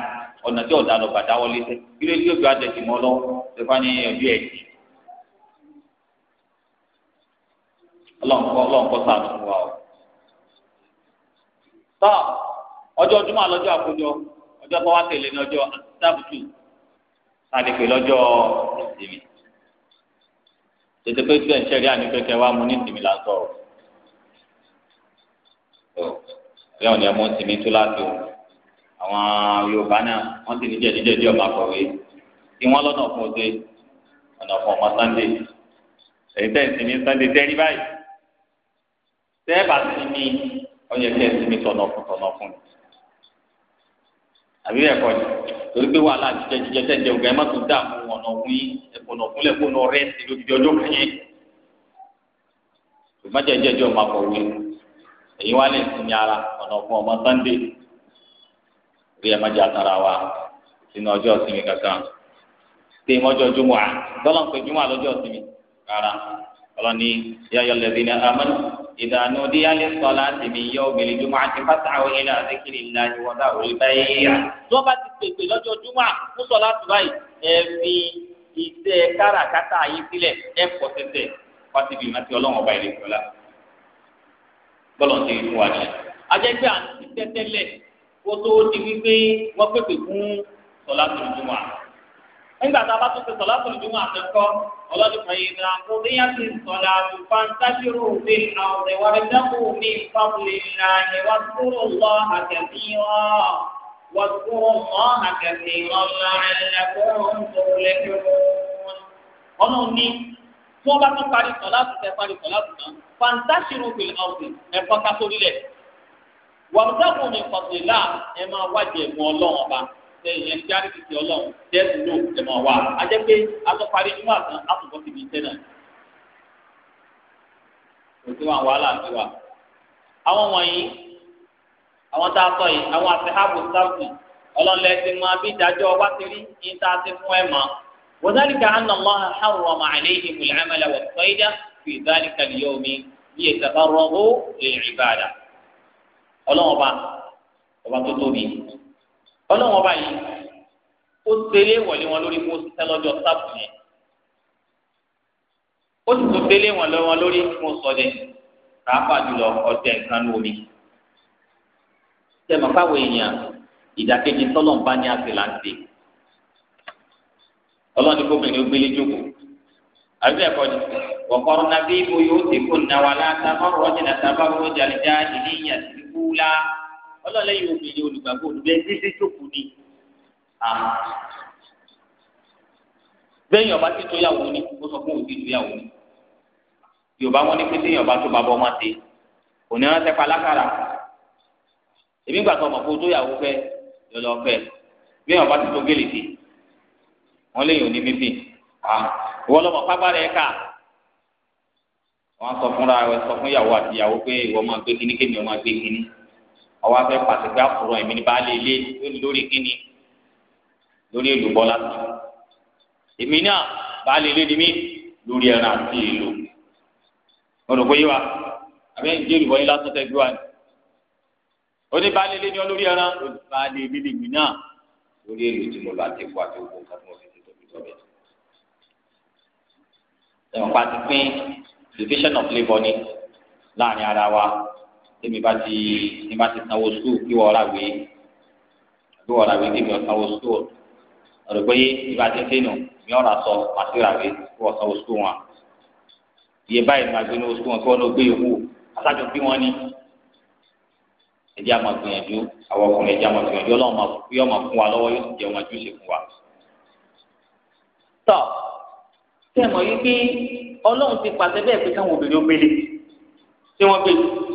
ọ̀nà tí ọ̀dà lọ bàtà wọlé sẹ́ kí ló dé ojú àtẹ̀tì mọ́ lọ ṣẹfà ní ọjọ́ ẹ̀sìn. ọlọ́nkọ́ ọlọ́nkọ́ sànù fún wa o. tọ́ ọjọ́ ọdún máa lọ́jọ́ àkójọ ọjọ́ kan wá tẹ̀lé ní ọjọ́ sábùtù sàdìpé lọ́jọ́ ìsinmi. tètè pé bẹ́ẹ̀ ń ṣẹ́rí àní wa mú ní ìsinmi là ń sọ̀rọ̀. ẹ̀ ọ̀ ní ẹ̀ mú ìsinmi tó láti òun. àwọn Yorùbá náà wọ́n ti ní jẹ̀díjẹ̀dí ọmọ akọ̀wé tí wọ́n lọ́nà fún ọdẹ ọ̀nà fún ọmọ Sunday èyí tẹ̀ sí ní Sunday tẹ́rí báyìí tẹ́ẹ̀bà sí mi ọyẹ mi àbí ni torí pé wàhálà ògá má tún dààmú ọ̀nà ọ̀rẹ́ lójijì ọjọ́ ọmọ ara ọ̀nà ọmọ pé ẹ má jẹ́ àtàrà wa sínú ọjọ́ ìsinmi kankan pé mọ́jọ́ júmọ́ à tọ́lọ́ ń pè júmọ́ àlọ́jọ́ ìsinmi rárá ọlọ́ni yáyọ lẹ́bí ní amánú ìdààmú díyàlẹ́ sọ́lá ti mi yọ obìnrin júmọ́ àti fásitì ilé àdékìrì ńlá ni wọ́n dá òrí báyìí yá. tí wọ́n bá ti pèpè lọ́jọ́ júmọ́ àkókò sọ́lá tó báyìí ẹ fi iṣẹ́ káràkátà yìí sílẹ̀ ẹ pọ̀ tẹ́tẹ́ fásitì ìmọ̀ kó tó di wípé wọ́n pèpè fún sọlá tó dùn wá. nígbà tá a bá tó ṣe sọlá tó dùn wá àtẹ̀kọ́ ọlọ́dún kan yìí náà kó bí yá ti sọlá tó fantasiro mi àwọn ẹ̀wà rẹ̀ dákò mi fábùlì ìlànà wà kúrò lọ àtẹ̀bí wọn. واذكروا الله كثيرا لعلكم تفلحون ọlọ́run ní tí wọ́n bá tún parí sọ̀láàtù tẹ parí sọ̀láàtù náà fantasiru fil ọ̀sìn ẹ̀fọ́ ká sórí lẹ̀ wàmùsàkùn mi fọ̀tì là ẹ máa wájú ẹ̀gbọ́n ọlọ́run ọba ṣe ìyẹn tí a ti ti ọlọ́run jẹ́sùn ló ẹ máa wà á jẹ́ pé atọ́parí inú àtàn àtúntò ti fi tẹ́ náà kò sí wọn wàhálà sí wa. àwọn wọ̀nyí àwọn tá a sọ yìí àwọn àfihàbù sáfì ọlọ́lẹ̀ ti mọ bí ìdájọ́ wá ti rí ní tá a ti fún ẹ mọ́. وذلك أن الله حرم عليهم العمل والصيد في ذلك اليوم ليتفرغوا للعبادة ọlọ́wọ́n ba ọba tó tóbi ọlọ́wọ́n ba yìí ó tẹ̀lé wọlé wọn lórí kó sẹ́lọ́jọ́ sábà yẹn ó sì tún tẹ̀lé wọn lọ́wọ́ lórí kó sọdẹ pàápàá jùlọ ọdẹ nǹkan lórí tẹ̀mọ̀ fáwọn èèyàn ìdàkejì tọ́lọ̀ ń bá ní àtìláńtì ọlọ́ni kó bẹ̀rẹ̀ gbélé jókòó àbí ẹ̀kọ́ ni wọ́n kọ́ ọ́n nàbí ibò yóò ti kó nàwàlá tá a mọ̀ rọ́ọ̀jì náà tá a bá wọ́ọ̀jì àlejò àìníyàn sí la ọlọ́lẹ́yìn obìnrin olùgbàgbọ́ olùgbẹ́ dídí jókòó ni bẹ́ẹ̀ yọ̀bá ti tó yàwó ni ó sọ fún òbí tó yàwó ni yorùbá wọn ní pété yọ̀bá tó bàbá ọmọ àti òní rántẹ́ palákàrà èmi gbà tó ọmọ kó tó yàwó fẹ́ lọ́lọ́ fẹ́ bẹ́ẹ̀ yọ̀bá ti tó gèlè dé wọn léyìn òní mímì ìwọ lọmọ pápára ẹ̀ ká wọn sọ fúnra ẹ sọ fún yàwó àti yàwó pé ìwọ máa gbé kíní kémi ọ máa gbé kíní ọwọ́ afẹ́ pàṣẹ pé àkùrọ̀ èmi ní baálé ilé lórí kíni lórí èlùbọ́ láti èmi náà baálé ilé ni mí lórí ẹran àti èlò wọn rò pé yé wa àbẹ́yìn jẹ́ èlùbọ́ yín lásán tẹ́gbẹ́ wa ni ó ní baálé ilé ni ọ lórí ẹran ó ní baálé ilé ni mí náà lórí èlò tí mo bá ti fún àti ogun kan tí mo fi ti tóbi tóbi ẹ̀wọ̀n pa ti pín division of labour ni láàrin ara wa tèmi bá ti tèmi bá ti sanwó sùúrù kí wọ́n ra wé kí wọ́n ra wé kí mi ò sanwó sùúrù ọ̀rọ̀ pé ìbá ti tẹ́nu mi ọ̀rọ̀ sọ àti ra wé kí wọ́n sanwó sùúrù wọn. iye báyìí máa gbé ní oṣù wọn kí wọ́n lọ gbé yòówù aṣáájú bí wọ́n ní. ẹjẹ́ àmọ̀ gbìyànjú àwọn ọkùnrin ẹjẹ́ àmọ̀ gbìyànjú ọlọ́run máa fi ọmọ fún wa lọ́wọ́ yóò sì jẹ́ wọn àjúṣe fún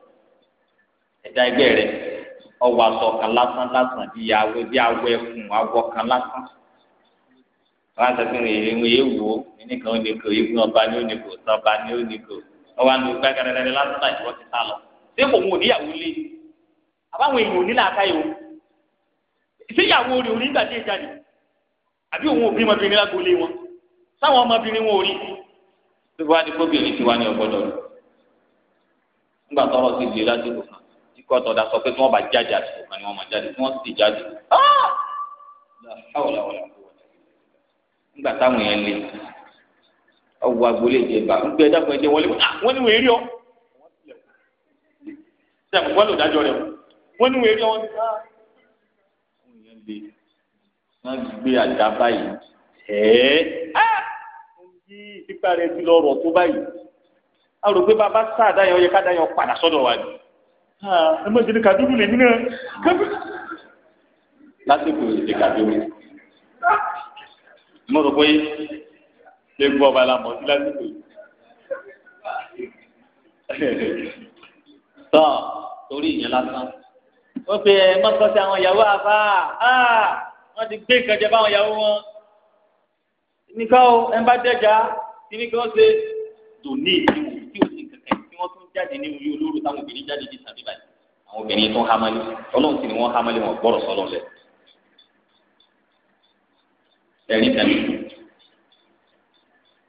ẹ̀dá ẹgbẹ́ rẹ̀ ọwọ́ aṣọ kan lásán lásán bí awọ bí awọ ẹkùn awọ kan lásán wọn á sẹ́kùn ìrìn èèwò nìkan ọba ní oníkò sọba ní oníkò ọwọ́ àti ògbà gẹ́gẹ́rẹ́ lásán wọ́n ti sá lọ ṣé kò wọn ò lé àbáwọn èèyàn làákà yìí o ṣé ìyàwó rẹ̀ gbàdé ìjáde àbí òun òbí kó ọ̀tọ̀dà sọ pé kí wọ́n bá jáde àsìkò kan ni wọ́n máa jáde kí wọ́n sì jáde ah! nígbà táwọn èèyàn lè ọwọ́ agboolé ìjẹba ń gbé ẹ̀dá kan ẹ̀jẹ̀ wọlé wọ́n ní wọ́n eré ọ́ sẹ́mu wọ́n lò dájọ́ rẹ̀ wọ́n ní wọ́n eré ọ́ ah. wọ́n gbé àdá báyìí ẹ̀ẹ́ ah! yí ipa rẹ̀ ti lọ rọ̀ tó báyìí a rò pé bàbá sáà dáyọ̀ yẹ ká dáyọ̀ padà sọ́dọ̀ wa ni ẹmọ ìṣẹ̀lẹ̀ kàdúrú lè nínú ẹ. lásìkò ìṣẹ̀lẹ̀ kàdúrú mo rò pé egbò ọba la mọ̀ sí lásìkò yìí. tọ́ torí ìyẹn lásán ó pe ẹ mọ́tò sí àwọn ìyàwó àbá ah, wọ́n ti gbé nǹkan jẹ báwọn ìyàwó wọn. nìkan o ẹ bá dẹjà kí ni kí wọ́n ṣe tò ní ìdíwọ̀ jáde ní orí olóró táwọn obìnrin jáde ní sàbí báyìí àwọn obìnrin tó hámálé ọlọ́run sì ni wọ́n hámálé wọn gbọ́rọ̀ sọ́lọ́ lẹ̀. ẹ̀rí tàbí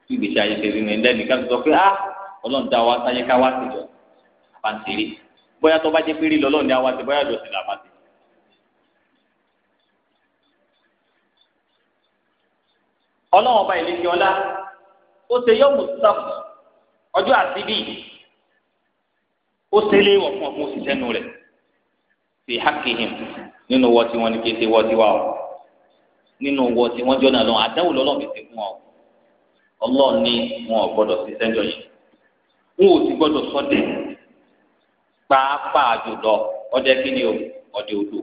tí ìgbésí ayé ṣe rí ní ẹ̀ńdẹ́ni ká sọ pé á ah, ọlọ́run dá wa sáyé ká wá sí lọ àbáǹtẹ̀rẹ̀ bóyá tó bá jẹ́ pé rí lọ́lọ́run dá wa sí bóyá lọ sí làbáǹtẹ̀. ọlọ́run ọba ìlẹ́sìn ọlá ó ṣe yọ̀mù sáfù ọjọ́ àti bíi ó tẹ́lẹ̀ wọ̀ fún ọkùnrin òṣìṣẹ́ nu rẹ̀ fi hákìhìn nínú wọ́ tí wọ́n ní kété wọ́ tí wà ó nínú wọ́ tí wọ́n jọ́nà lọ àdáwò lọ́lọ́ fi ti fún ọ ọlọ́ọ̀ ní wọn ò gbọ́dọ̀ sí sẹ́jọ́ yìí wọn ò sì gbọ́dọ̀ sọ́dẹ̀ pàápàá jùlọ ọdẹ kí ni ọdẹ odò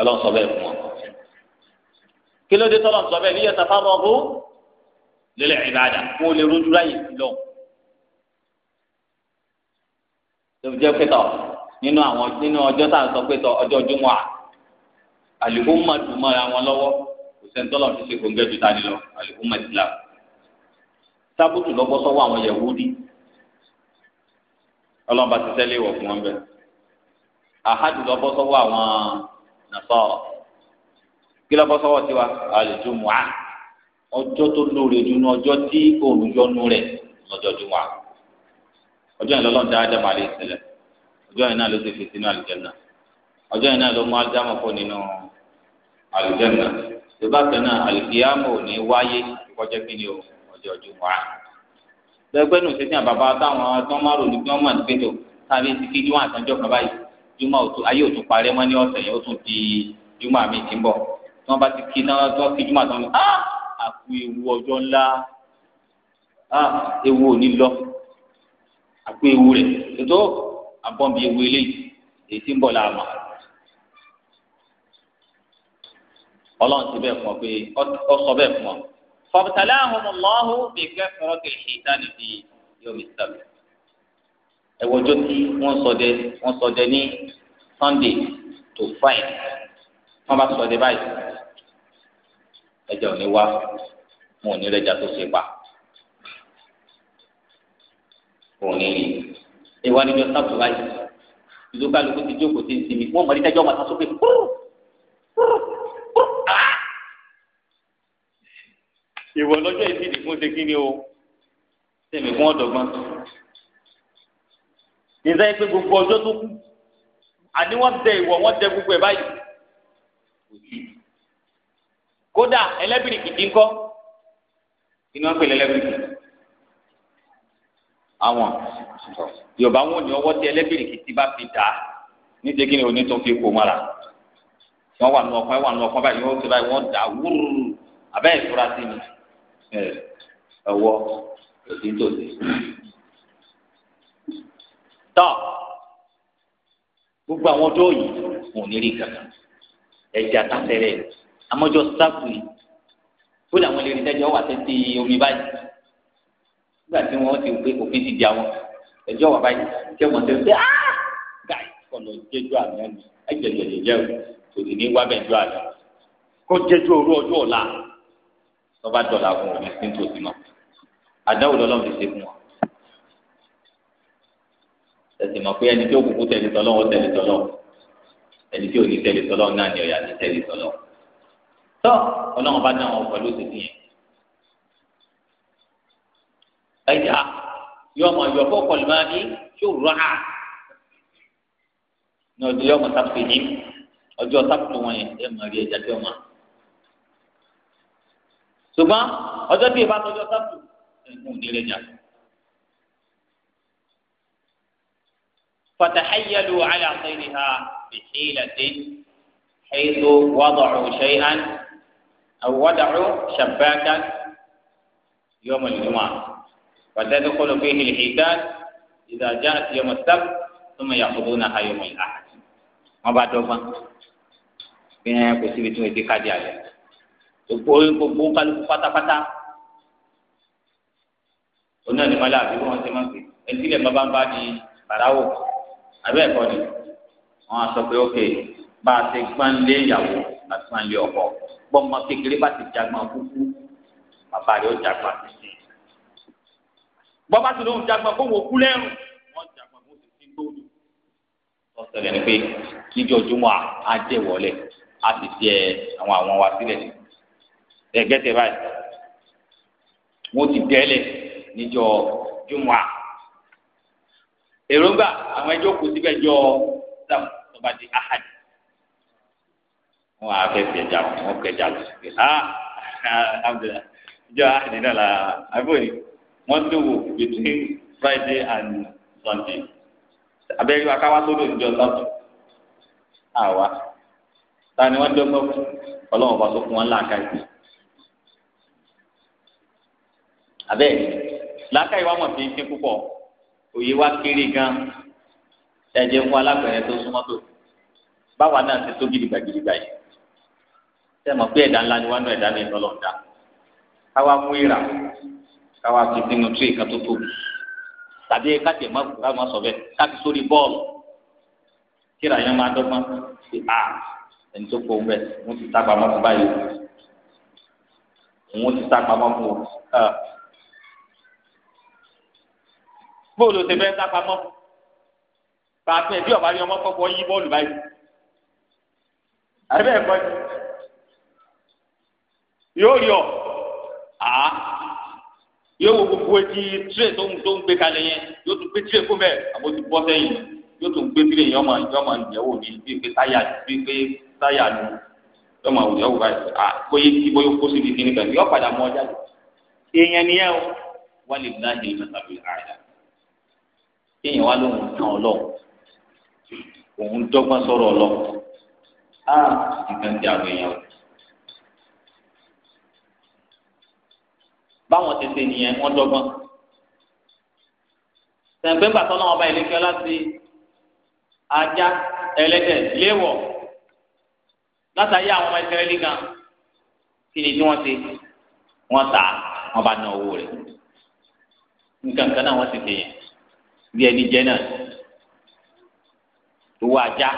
ọlọ́run sọ bẹ́ẹ̀ fún ọ kí ló dé tọ́lọ̀ sọ bẹ́ẹ̀ níyẹn tàfà mọ́ ọkùnrin lélẹ̀ ìbàdàn kó lè rújú láyè sí lọ. tóbi jẹ́ pẹ́tọ̀ nínú àwọn nínú ọjọ́ tá a sọ pẹ́tọ̀ ọjọ́ júmọ́ à àlùkò mọ̀tò mọ́ra wọn lọ́wọ́ kò sẹ́ńtọ́lọ̀ ti ṣe kòńgẹ́ ju tani lọ àlùkò mọ̀tò là sábùtù lọ́gbọ́ sọ́wọ́ àwọn Yẹhudi ọlọ́mọba ti tẹ́lẹ̀ wọ̀ fún wọn bẹ́ẹ̀ àhádù lọ́gbọ́ sọ́wọ́ àwọn nàfọ́ kí lọ́gbọ́ sọ́wọ́ tiwa àlùjùmọ̀ à ọjọ́ tó lóore jù ní ọjọ́ tí òòrùn yọnu rẹ̀ lọ́jọ́ jùmọ̀ ọjọ́ yẹn lọ́lọ́run dá ádámù alẹ́ ìṣẹ̀lẹ̀ ọjọ́ yẹn náà ló ti fi sínú àlùjẹ́nà ọjọ́ yẹn náà ló mú ádámù kó nínú àlùjẹ́nà yorùbá kan náà àlùkìyàmù ò ní wáyé kọjá kí ni o ọjọ́ jùmọ̀ á lẹ́gbẹ́ nù sẹ́sìn àbàbà táwọn tán máa rò ní kí wọ́n mọ̀ nípẹ́tò táàbí ti kí jùmọ̀ àtàjọ́ kan báyìí jùmọ̀ ayé di jùmọ̀ àmì ìtìǹbọ̀ tí wọ́n bá ti kí náà tí wọ́n àkú ewu ọjọ́ ńlá ewu òní lọ àkú ewu rẹ̀ ètò àbọ̀nbí ewu eléyìí èyí tí ń bọ̀ láàmà. ọlọ́run ti bẹ́ẹ̀ fún ọ pé ọ sọ bẹ́ẹ̀ fún ọ. fọ̀bùtàláhùn mọ̀lọ́hù bí kẹ́kọ̀ọ́ ti ìdáni bí yóò mi sábẹ̀. ẹ̀wọ̀jọ́ tí wọ́n sọdẹ wọ́n sọdẹ ní Sunday to Friday wọ́n bá sọdẹ báyìí ẹja ni ní wá wọn ò ní rẹjà tó ṣe pa wọn ò ní rí ìwà níjọ sábà báyìí ìlú kálukú ti jókòó ti ń sinmi wọn mọ nítajọ ọmọ sasọ pé kúrú kúrú kúrú ah ìwọ lọ́jọ́ ìdílé fún ṣe kí ni o tẹmí fún ọdọgbọn nígbà yẹn pé gbogbo ọjọ́ tó kù àní wọn dẹ wọn dẹ gbogbo ẹ báyìí kódà ẹlẹ́bìrìkì dín kọ́ inú wọn pèlè ẹlẹ́bìrìkì àwọn yorùbá wọn ní ọwọ́ tí ẹlẹ́bìrìkì ti bá fi dà á ní ṣe kí ni òní tó fi kó mọ́ra wọn wà nù ọkàn wà nù ọkàn báyìí wọn ti báyìí wọn dà wúrú abẹ́ ìfura sí ni ẹ̀wọ́ òsì tòsí. tọ́ gbogbo àwọn tó yìí wọn ò ní rí kankan ẹja tá fẹ́rẹ̀ amọ́jọ́ sáàpù yìí ó làwọn lè rí dájọ́ wà tẹ́tí omi báyìí nígbà tí wọ́n ti pé òfin ti di àwọn ẹjọ́ wà báyìí kí wọ́n ti pé áá gáì kọ̀nà jẹ́jọ́ àmì ẹ̀mí ẹ̀jẹ̀jẹ̀jẹ̀ kò sì ní wábẹ̀ jọ àlẹ́ kó jẹ́jọ́ orú ọjọ́ ọ̀la lọ́ba dọ̀là fún omi sí tòsí náà àdáwò lọ́lọ́ fi ṣe fún wọn. tẹ̀sí mọ̀ pé ẹni tí ó kúkú tẹ̀lé tọ́lọ́ tọ́ ọlọ́run bá dáhùn pẹ̀lú òṣèlú yẹn. ẹ̀yà yọmọ yọ̀fọ́ kọlùmọ́ ní ṣòro à ní ọjọ́ yọmọ sáfì ní ọjọ́ sáfì wọn yẹn ẹ̀ mọ̀ rí ẹja tí ọmọ. ṣùgbọ́n ọjọ́ tí ìbá tọjọ́ sáfì ẹ̀kún ní ẹja. فتحيلوا على خيرها بحيلة حيث وضعوا شيئا الودع شباكا يوم الجمعة وتدخل فيه الحيتان إذا جاءت يوم السبت ثم يأخذونها يوم الأحد ما بعد ما bẹ́ẹ̀ yẹn kò síbi tí wọ́n ti kájí àlẹ́ gbogbo gbogbo kálukú pátápátá oní àdìmọ́lá àbí wọ́n ti máa ń pè ẹtí lẹ̀ bábá ń bá di bàráwò abẹ́ ẹ̀kọ́ ni wọ́n á sọ pé ókè bá a ti gbánlé ìyàwó àti gbánlé ọkọ gbọmọ kékeré bá ti jagbọn kúkú bàbá rẹ ó jagbọn títí bọba tó lóun jagbọn kó wò kú lẹrù wọn jagbọn kó sì ti gbóòdù ọsẹ rẹ ni pé níjọ júmọ á jẹ wọlé á ti jẹ àwọn àwọn wa sílẹ̀ ẹgẹtẹ báyìí wọn ti dẹlẹ níjọ júmọ à èròǹgbà àwọn ẹjọ kù síbẹ̀ jọ sáà tọba di ahadi wọn á fẹ́ fi ẹja kù wọn kọ ẹja lọ sí ha alhamdulilah ìjọ àdìyẹ náà la àbúrò wọn tó wò between Friday and Sunday abẹ́rẹ́ wa káwá tó lò níjọ sátọ̀ àwa ta ni wọ́n dọ́gbọ́n ọlọ́run bá tó fún wọn láàká yìí abẹ́ láàká yìí wá mọ̀ sí ike púpọ̀ òye wa kéré gan ẹ̀jẹ̀ ń alágbẹ̀rẹ̀ tó súnmọ́ tó báwa náà ti tó gidigba gidigba yìí sẹ́mọ̀ pé ẹ̀dá ńlá ni wọ́n nú ẹ̀dá ní ìtọ́lọ̀ dá káwá mú ìrà káwá fi sínú tírì kan tó tóbi tàbí káti ẹ̀ má kú ká má sọ bẹ́ẹ̀ káti sórí bọ́ọ̀lù kíra yẹn máa dọ́gbọ́n sí a ẹni tó kó ń bẹ̀ wọ́n ti tá pamọ́ fún báyìí wọ́n ti tá pamọ́ fún ọ. bóòlù ti bẹ́ẹ̀ tá pamọ́ pàṣẹ bí ọ̀bá rí ọmọ kọ́kọ́ yí bọ́ọ̀lù báyìí àbẹ́ẹ̀kọ́ ni yóò rí ọ à yóò wo gbogbo etí tire tó ń tó ń gbé kalẹ̀ yẹn yóò tún gbé tire fún bẹ́ẹ̀ àbò ti bọ́ sẹ́yìn yóò tún gbé tire yẹn ọmọ ìjọba ìyẹ̀wò ní bí pé táyà bí pé táyà lu ọmọ ìyẹ̀wò báyìí à bóyá kí bóyá kó síbi kí nìkan yóò padà mọ ọjà lọ èèyàn nìyẹn o wà lè dá ìlú mẹ́tàbí àyà èèyàn wà lóhùn tán Ọlọ́run òun dọ́gbọ́n sọ̀rọ̀ Ọlọ́run á nǹkan tí àwọn èèyàn báwọn tètè nìyẹn wọ́n dọ́gbọ́n sẹ̀ǹpẹ́ gbàtọ́ náà ọba ìlẹ́kẹ́ láti ajá ẹlẹ́dẹ̀ léwọ̀ látàyé àwọn ọmọ ìsirẹ́lì gan kí ni tí wọ́n ti wọ́n ta wọ́n bá ná owó rẹ̀ nǹkan kan náà wọ́n ti tèèyàn bí ẹni jẹ́ náà owó ajá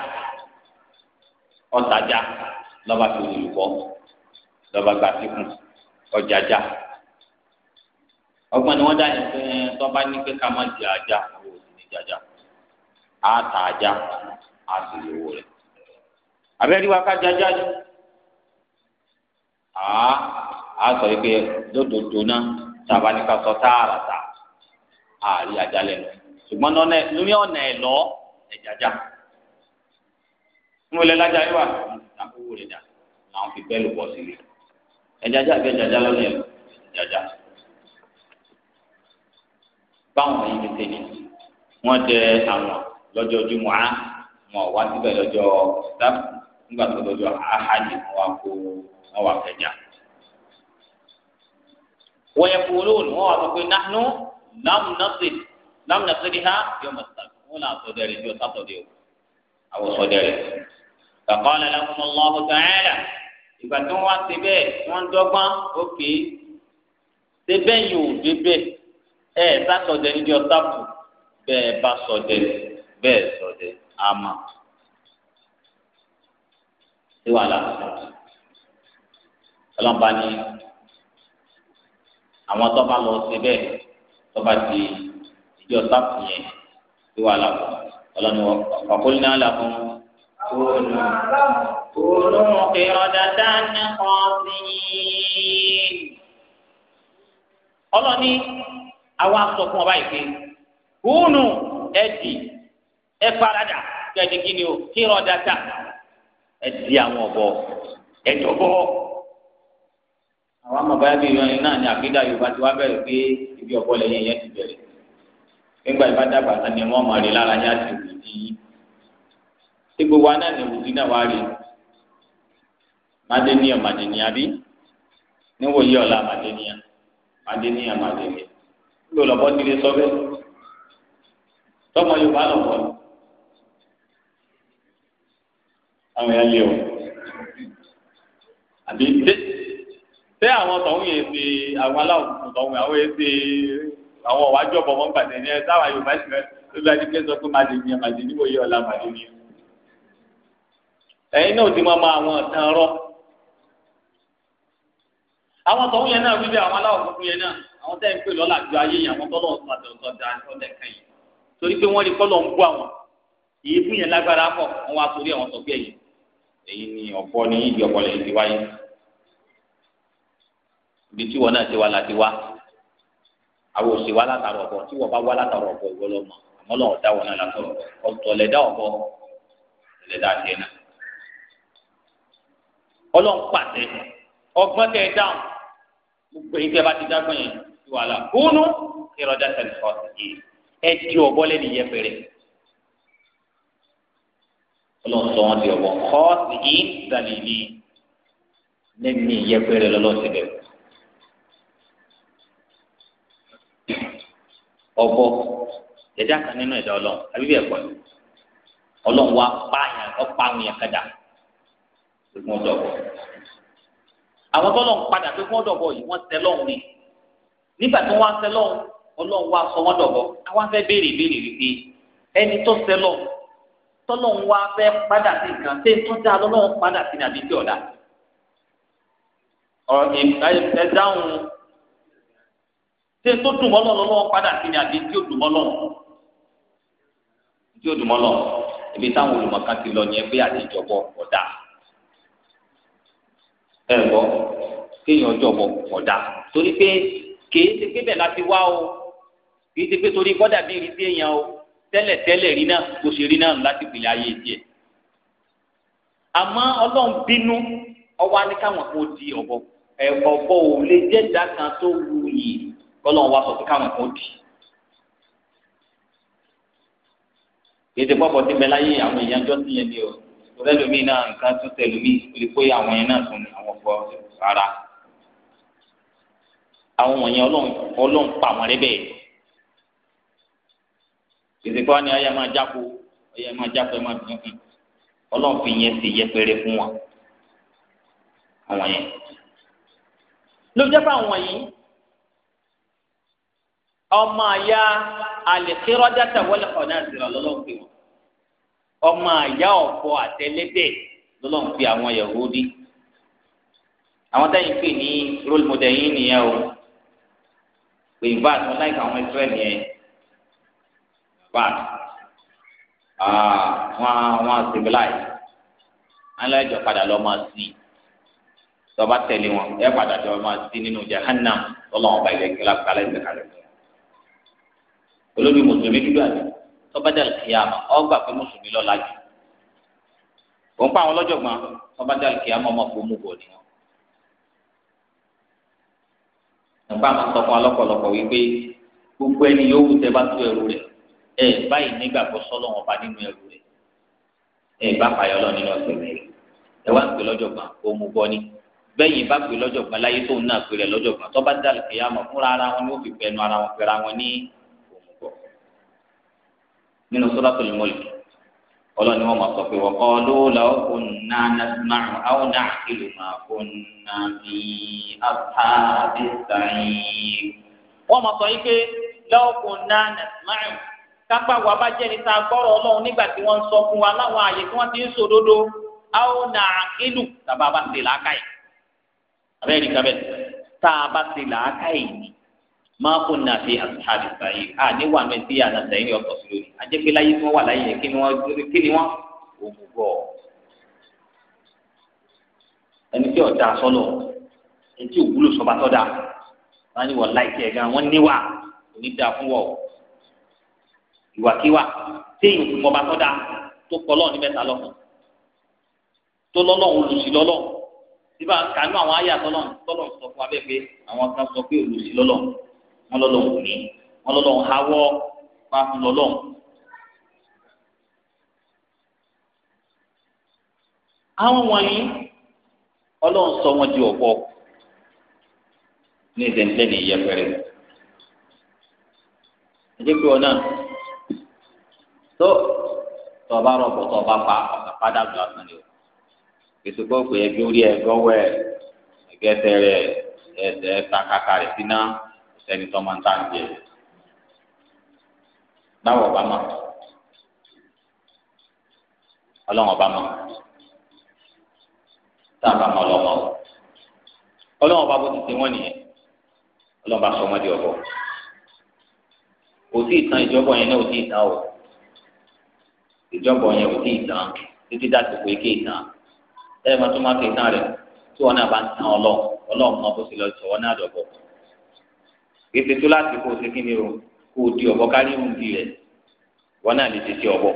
ọ̀tàjá lọ́ba fi olùkọ́ lọ́ba gbà síkùn ọjàjá ọgbọ́n ni wọ́n dá yẹn pé tó bá ní pé ká má di ajá owó sì ní jájá á ta ajá á sì lè owó rẹ̀ abẹ́rẹ́ wa ká jájá ni á á sọ pé lódodo náà tàbá ní ká sọ tààràtà á rí ajá lẹ́nu ṣùgbọ́n lórí ọ̀nà ẹ̀ lọ ẹ̀ jájá mo lè lajà yìí wà àkókò rẹ̀ dà làwọn fi bẹ́ẹ̀ lù bọ̀ sí i ẹ̀ jájá bẹ́ẹ̀ jájá lọ́lẹ̀ ẹ̀ jájá báwọn yìí ti tẹ̀lé wọ́n jẹ àwọn lọ́jọ́ jùmọ̀ á wọn wá síbẹ̀ lọ́jọ́ sábà nígbà tó lọ́jọ́ ahadi wọn wá kó wọn wá fẹjà. wọ́n yẹ kúrò ní wọ́n wá sọ pé nánú lámùnásì lámùnásì ha yóò mọ̀ sábà wọn náà sọ dẹ́rẹ́ yóò sátọ̀ dé o àwọn sọ dẹ́rẹ́. kàkọ́lá lakum Allahu ta'ala ìgbà tí wọ́n wá síbẹ̀ wọ́n dọ́gbọ́n ó pè é síbẹ̀ yìí ò débẹ̀ ẹ bá sọdẹ nídìí ọtá kù bẹ́ẹ̀ bá sọdẹ bẹ́ẹ̀ sọdẹ àmà sí wàhálà ọlọ́mọba ní àwọn tó bá lọ sí bẹ́ẹ̀ tó bá di ìdí ọtá kù yẹn sí wàhálà ọlọ́nu ọ̀kọ́lẹ́nà làkún. كونوا قردة خاسئين. قالوا àwa sọ fún ọba yìí pé húnù ẹdì ẹ faradà kẹdì kí ni o kí irọ́ data ẹdì àwọn ọ̀bọ ẹjọ̀bọ. àwọn amọ̀báyá bíi ìrìn náà ni àkídà yorùbá ti wá bẹ̀rẹ̀ pé ibi ọ̀bọ lẹ́yìn ẹ̀yẹ ti bẹ̀rẹ̀ nígbà yìí bá dàgbà tán ni wọ́n máa rí lára ní àti òbí ti yí. tí gbogbo wa náà òbí náà wá rí màdéníà màdéníà bí níwòye ọ̀la màdéníà màdéníà màdéníà ló lọ́bọ́ ti lè sọ bẹ́ẹ̀ tọmọ yorùbá lọ́bọ́ àwọn èèyàn lé o àbí dé tẹ àwọn tọ̀hún yẹn ṣe àwọn aláwọ̀ tọ̀hún àwọn yẹn ṣe àwọn ọ̀wájú ọ̀bọ̀ wọn gbàdé ní ẹ táwọn yorùbá sì rẹ ló lọ́ọ́ adigun sọ pé màdé ni màdé ni wòye ọ̀la màdé ni ẹ̀yin náà ti máa ma àwọn ọ̀tàn rọ àwọn tọ̀hún yẹn náà wí bẹ́ẹ̀ àwọn aláwọ̀ funfun yẹn náà àwọn tẹ́ ń pè lọ́la ju ayé yẹn àwọn tọ́lọ̀ ọ̀sán àtọ̀tọ̀ da ọ̀dẹ̀ kan yìí torí pé wọ́n rí kọ́lọ̀ ń bú àwọn èyí fún yẹn lágbára pọ̀ wọ́n wá àwọn sọ pé èyí ni ọ̀pọ̀ ní ìdí ọ̀pọ̀lẹ̀ ti wáyé ibi tí wọn náà ti wá la ti wá àwọn òsì wá látàrọ̀ ọ̀bọ̀ tí wọ́n bá wá látàrọ̀ ọ̀bọ̀ ìwọ lọ́mọ àmọ́ dáhùn gbogbo yìí tẹ́ bá ti dágbọn yẹn ti wà lá kúnú ìrọ̀dá tẹlifọ̀ yìí ẹ di ọ̀bọ lẹ́nu yẹn pẹ̀rẹ̀ ọlọ́sọ̀ wọn di ọ̀bọ kọ́ọ̀sì yìí dàlílì lẹ́nu yẹn pẹ̀rẹ̀ lọ́lọ́sì bẹ̀rẹ̀. ọ̀bọ ẹ̀dá kan nínú ẹ̀dá ọlọ́run àbíbí ẹ̀kọ́ ni ọlọ́run wa pààyàn ọ̀pá àwọn yẹn kadà gbogbo àwọn tó lọ́n padà pé wọ́n dọ̀bọ̀ yìí wọ́n tẹ lọ́hùn ni nígbà tí wọ́n tẹ lọ́hùn ọlọ́hùn wa sọ wọ́n dọ̀bọ̀ àwọn afẹ́ béèrè béèrè wípé ẹni tó tẹ lọ́hùn tọ́lọ́hùn wa fẹ́ padà sí nǹkan ṣé tó dá lọ́lọ́hùn padà sí nàbí tí ọ̀dà ẹ dáhùn ṣé tó dùn mọ́ lọ́lọ́ lọ́wọ́ padà sí nàbí tí ó dùn mọ́ lọ́hùn tí ó dùn mọ́ lọ́hùn ibi táwọn olùmọ̀kan ti lọ ní ẹgbẹ́ àtijọ́bọ̀ ọ̀dà ẹ̀gbọ́ kéèyàn jọ̀bọ̀ ọ̀dà torí pé kìí ṣe pé bẹ́ẹ̀ láti wá o kìí ṣe pé torí kọ́dà bí irin sí èèyàn o tẹ́lẹ̀ tẹ́lẹ̀ rí náà kò ṣe rí náà láti pìlẹ̀ ayé tiẹ̀ àmọ́ ọlọ́run bínú ọwọ́ á ní káwọn kò di ọ̀bọ ọ̀bọ ò lè jẹ́ ìdá kan tó wù yìí kọ́lọ́run wá sọ pé káwọn kò di. kìí ṣe pọ́pọ́ ti bẹ láyé àwọn èèyàn jọ́sìn yẹn ni o tọ́lẹ́ lómi náà nǹkan tún tẹ̀ lómi olùkóyè àwọn yẹn náà tún àwọn ọ̀pọ̀ rárá àwọn wọ̀nyẹn ọlọ́run pa wọn rẹ́bẹ̀ ìsìnkú wa ni ọyẹ máa jáko ọyẹ máa jáko ẹ máa dùn ún ọlọ́run fi yẹn sì yẹpẹrẹ fún wọn àwọn yẹn ló jẹ́ pé àwọn yìí ọmọ àyà àlè kírọ́dátà wọlé ọ̀nà àzìrà lọ́lọ́run pè wọ́n ọmọ àyà ọ̀fọ̀ àtẹlẹ́dẹ̀ lọ́lọ́ ń fi àwọn Yahudi àwọn táyì pè ní role model yìí nìyẹn o pé ìbá àti wọn láìka àwọn Israẹli yẹn bá wọn wọn civilize aláìjọ padà lọ máa sí tọba tẹ̀lé wọn ẹ padà jọ máa sí nínú jahannam lọ́lọ́wọ́n bá ilẹ̀ kí lápá olórí mùsùlùmí dúdú àti tọ́ba dàlù kìyàmà ọgbà pé mùsùlùmí lọ́la jù òun pa àwọn ọlọ́jọ̀gbọ́n tọ́ba dàlù kìyàmà ọmọ kò mú bọ̀ ni wọn. nípa àwọn sọ fún alọ́pọ̀lọpọ̀ wípé gbogbo ẹni yóò wù tẹ́ bá tú ẹrù rẹ̀ ẹ báyìí nígbàgbọ́ sọ́lọ́ wọn bá nínú ẹrù rẹ̀ ẹ bá fàyọ́ lọ nínú ọ̀sẹ̀ rẹ̀ ẹ wá ń pè lọ́jọ̀gbọ́n kò mú bọ́ ni bẹ́yìn bá pè lọ́jọ̀gbọ́n láyé tóun náà pè rẹ̀ lọ́jọ̀gbọ́n tọ́ba dàlù kìyàmà fúnra ara wọn ni ó fi pẹ̀nu ara wọn pẹ̀ra wọn ní nínú Suratul Mulk ọlọ́ni wọn máa sọ pé wọ́n kọ́ ló law kunna nasma'u aw na'qilu ma kunna fi ashabis sa'ir. wọ́n máa sọ yìí pé law kunna nasma'u kápá wa bá jẹ́ níta gbọ́rọ̀ ọlọ́run nígbà tí wọ́n ń sọ fún wa láwọn àyè tí wọ́n ti ń sòdodo aw na'qilu tàbá bá ti làákàyè. abẹ́rẹ́ nìkan tàbá ti làákàyè ni máa kó nà fi àtúnṣàbí sàyè à níwà mẹsì ànàtàyìn ọkọ sí lórí ajẹpẹ láyé tí wọn wà láyé yẹn kí ni wọn kí ni wọn òmùgọ̀ ẹni tí ọjà sọlọ ẹni tí òwúlò sọba tọdà wọn ni wọn láì tiẹ̀ gan wọn níwà onídà fún wọn ìwàkiwà téèyàn fún ọba tọdà tó kọ lọ́rùn ní mẹ́ta lọkàn tó lọ́lọ́run olùsí lọ́lọ́run wọn lọ́lọ́hún ní wọn lọ́lọ́hún hawọ́ wá fún lọ́lọ́hún. àwọn wọ̀nyí ọlọ́run sọ wọn di ọ̀pọ̀ ní ìdẹ́ntẹ́ni ìyẹpẹrẹ. ẹ̀jẹ̀ pé wọn náà tó tọba rọpò tọba pa ọ̀sán padà lọ àtàn ni o ètò gbọ́ pé ẹgbẹ́ orí ẹgbẹ́ ọwọ́ ẹ ẹgbẹ́ tẹ̀rẹ̀ ẹ̀ẹ́dẹ́ takaka rẹ̀ sí sẹ́ni tó máa ń tà ń jẹ báwo ọba mọ ọlọ́run ọba mọ tá a bá mọ ọlọ́mọ ọlọ́run ọba bó ti ṣe wọ́n nìyẹn ọlọ́run bá sọ ọmọdé ọ̀bọ kò sí ìtàn ìjọba yẹn náà ò sí ìtàn o ìjọba yẹn ò sí ìtàn títí dàtìkú ike ìtàn ẹ máa tún máa ké ìtàn rẹ tí wọn náà bá ń tan ọlọ́run ọlọ́run mọ bó ti lọ sọ wọn náà dọ̀bọ̀ gbèsè tó láti kó ṣe kí ni o kó o di ọ̀bọ kárí ohun di rẹ̀ wọn náà lè tètè ọ̀bọ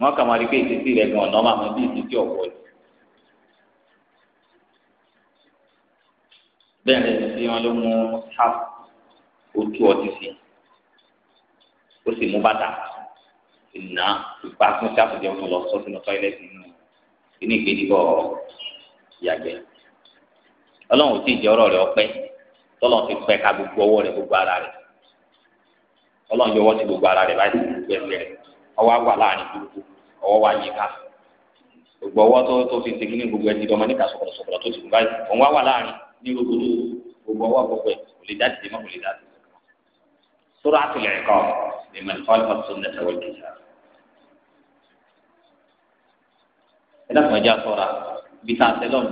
wọn kà máa rí pé ìtètè rẹ̀ gan ọ̀nà máa mọ bí ìtètè ọ̀bọ rẹ̀ bẹ́ẹ̀ ni ti wọn ló mú ṣáàpù ó ọtí sí ó sì mú bàtà ìná ìpa fún ṣáàpù jẹun lọ sọ sínú tọ́ílẹ̀tì nínú inú ìgbéni bọ̀ ọlọ́run ò tí ì jẹ́ ọ̀rọ̀ rẹ̀ ọpẹ́ tọ́lọ́ fi pẹ́ ka gbogbo ọwọ́ rẹ̀ gbogbo ara rẹ̀ tọ́lọ́ yọwọ́ ti gbogbo ara rẹ̀ báyìí gbogbo ẹsẹ̀ rẹ̀ ọwọ́ àgbà láàrin gbogbo ọwọ́ wa yí ká gbogbo ọwọ́ tó tó fi segin ní gbogbo ẹtì dọ́mọ níta sọ̀kọ̀lọ̀ sọ̀kọ̀lọ̀ tó ti gbogbo ayé òun wá wà láàrin ní gbogbo gbogbo ọwọ́ gbogbo ẹ̀ kò lè dáàdì mọ́ kò lè dáàdì. tó ń dẹ̀sẹ̀ wọ́n kìí sá. ẹ dákun ẹja sọ́ra bí tá a tẹ́lọ̀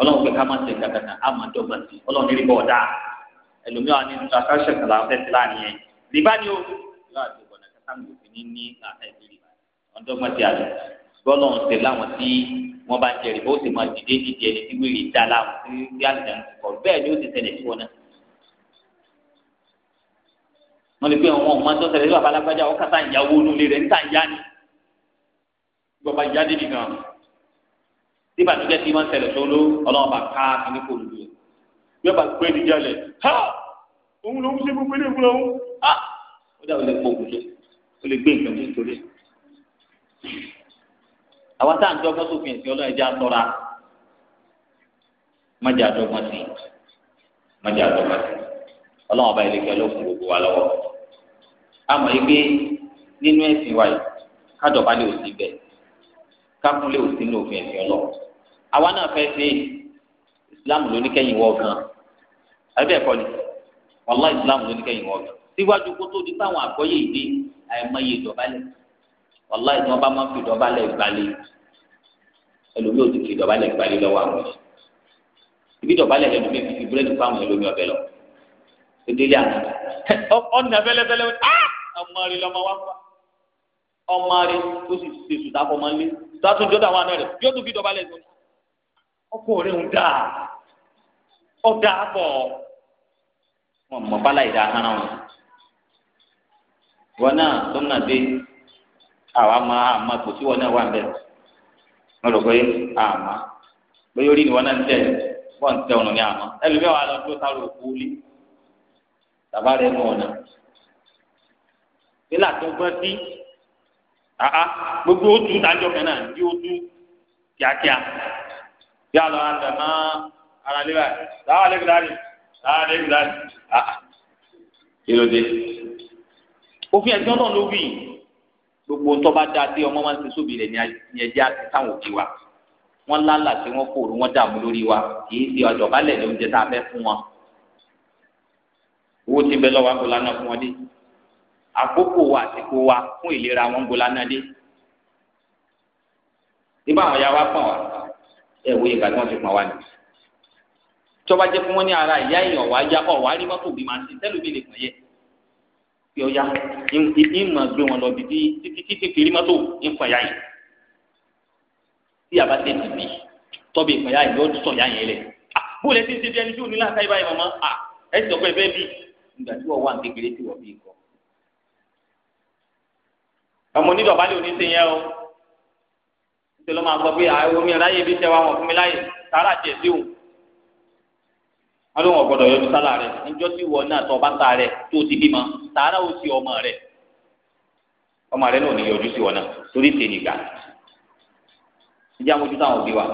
ọlọ́run pé ká má ṣe kàkàkà á máa dọ́gba sí i ọlọ́run nílé bọ́ọ̀ dáa ẹlòmíràn ní nípa káṣẹ kàlà fẹ́ẹ́ láàrin yẹn rìbá ni ó láti ọ̀nà kátà mi ò fi ní ní àtà ìlú rìbá wọn dọ́gba sí àlọ́ bọ́lọ̀ ń ṣe láwọn tí wọ́n bá ń jẹ rìbá ó sì máa dìde dìde ẹni tí wíìlì dá láwọn tí bí àlùdá ń kọ bẹ́ẹ̀ ni ó ti tí ìbànújẹ́ ti máa ń ṣẹlẹ̀ tó ló ọlọ́run bá ká kíní kò lù ú yóò bá gbé ní jẹlẹ̀ ha òun lòún ṣe gbogbo ilé ìfúnra òun ha ó dà ó lè pọ̀ òkùnjẹ ó lè gbé nǹkan tó ń torí. àwa tá à ń dọ́gbọ́n sófin ẹ̀sìn ọlọ́run ẹ̀jẹ̀ àtọ́ra má jẹ́ àdọ́gbọ́n sí má jẹ́ àdọ́gbọ́n sí ọlọ́run ọba ilé kẹlẹ́ òkun gbogbo wa lọ́wọ́ àmọ́ yìí pé nínú ẹ̀sìn wa yìí ká dọ̀bálẹ̀ òsì bẹ̀ ká kúnlẹ̀ òsì òfin ẹ̀sìn ọlọ́run àwa náà fẹ́ ṣe islam lóníkẹyìn wọ gan àbí ẹ̀kọ́ ni wàlá islam lóníkẹyìn wọ gan síwájú kó tó di táwọn àgbọ́yé ìdí àìmọye ìdọ̀bálẹ̀ wàlá ìdí wọn bá máa ń fi ìdọ̀bálẹ̀ gbalẹ̀ ẹlòmíì ò ti fi ìdọ̀bálẹ̀ gbalẹ̀ lọ́wọ́ àwọn ẹ̀ ibi ìdọ̀bálẹ̀ ẹlòmíì fi fi búrẹ́dì fáwọn ẹlòmíì ọbẹ̀ lọ ìdílé àná ọ̀nà bẹ́lẹ́bẹ́lẹ́ ah! ọmọ rẹ lọ́mọ wá fún wa ọmọ rẹ ó ọkọ rẹ ń dà ọ dà bọ wọn mọ bala ìdá hànà wọn wọn náà tó nà dé àwa máa àmà kò sí wọn náà wà bẹ wọn lọ pé àmà bóyá orí ni wọn náà ń tẹ wọn ń tẹ ọ̀nà ní àmà ẹlòmíràn wà lọ tó sáré òkú lé bàbá rẹ mọ ọ̀nà nílà tó gbọ́ sí gbogbo ó tu dájọ́ kan náà bí ó kíákíá. Ya lọ àtẹ mọ ara níbà sáà lè gbìdá ni sáà lè gbìdá ni ìròdè òfin ẹ̀sìn ọlọ́run ló wí gbogbo tó bá dáa sí ọmọ máa ń ṣe sóbì rẹ̀ ní ẹjẹ́ àti táwọn òbí wa wọ́n lálà tí wọ́n kóòrò wọ́n dààmú lórí wa kì í ṣe ọ̀dọ̀bálẹ̀ ní oúnjẹ tá a fẹ́ fún wọn owó ti bẹ lọ́wọ́ agbola náà fún wọn dé àkókò wa àsìkò wa fún ìlera wọn gbola náà dé ibà àwọn ya wa pọ̀ wá ẹ wòye ìgbà tí wọn fi pọn wá ni tọba jẹ fún wọn ní ara ìyá èèyàn wá yá ọ wá rí mọ́tò bí màá ti tẹlifí lè pọn yẹ kí ọ yá ìmọ̀ gbé wọn lọ bíbí títí títí kiri mọ́tò ń pọn yá yẹn tí a bá tẹ bìbí tọ́bi ìpọn yá yẹn yóò sọ yá yẹn lẹ bó lẹ ti ń ṣe bí ẹni tí ò ní láǹkà yìí báyìí màmá à ẹ ti sọ pé bẹ́ẹ̀ bí ìgbà tí wọn wà ní kékeré tí wọn bí nǹkan ọmọ onídọ̀bálẹ̀ ò ṣe ló máa sọ pé àwọn omi ráyè bí tẹwa wọn fún mi láyè sára jẹ sí òun wọn ló wọn gbọdọ yọjú sálà rẹ níjọ́ tí wọn náà tọ bá ta rẹ tó ti bímọ sára ó ti ọmọ rẹ ọmọ rẹ náà ò ní yọjú sí wọn náà torí tè nìgbà ìjà mojú táwọn òbí wa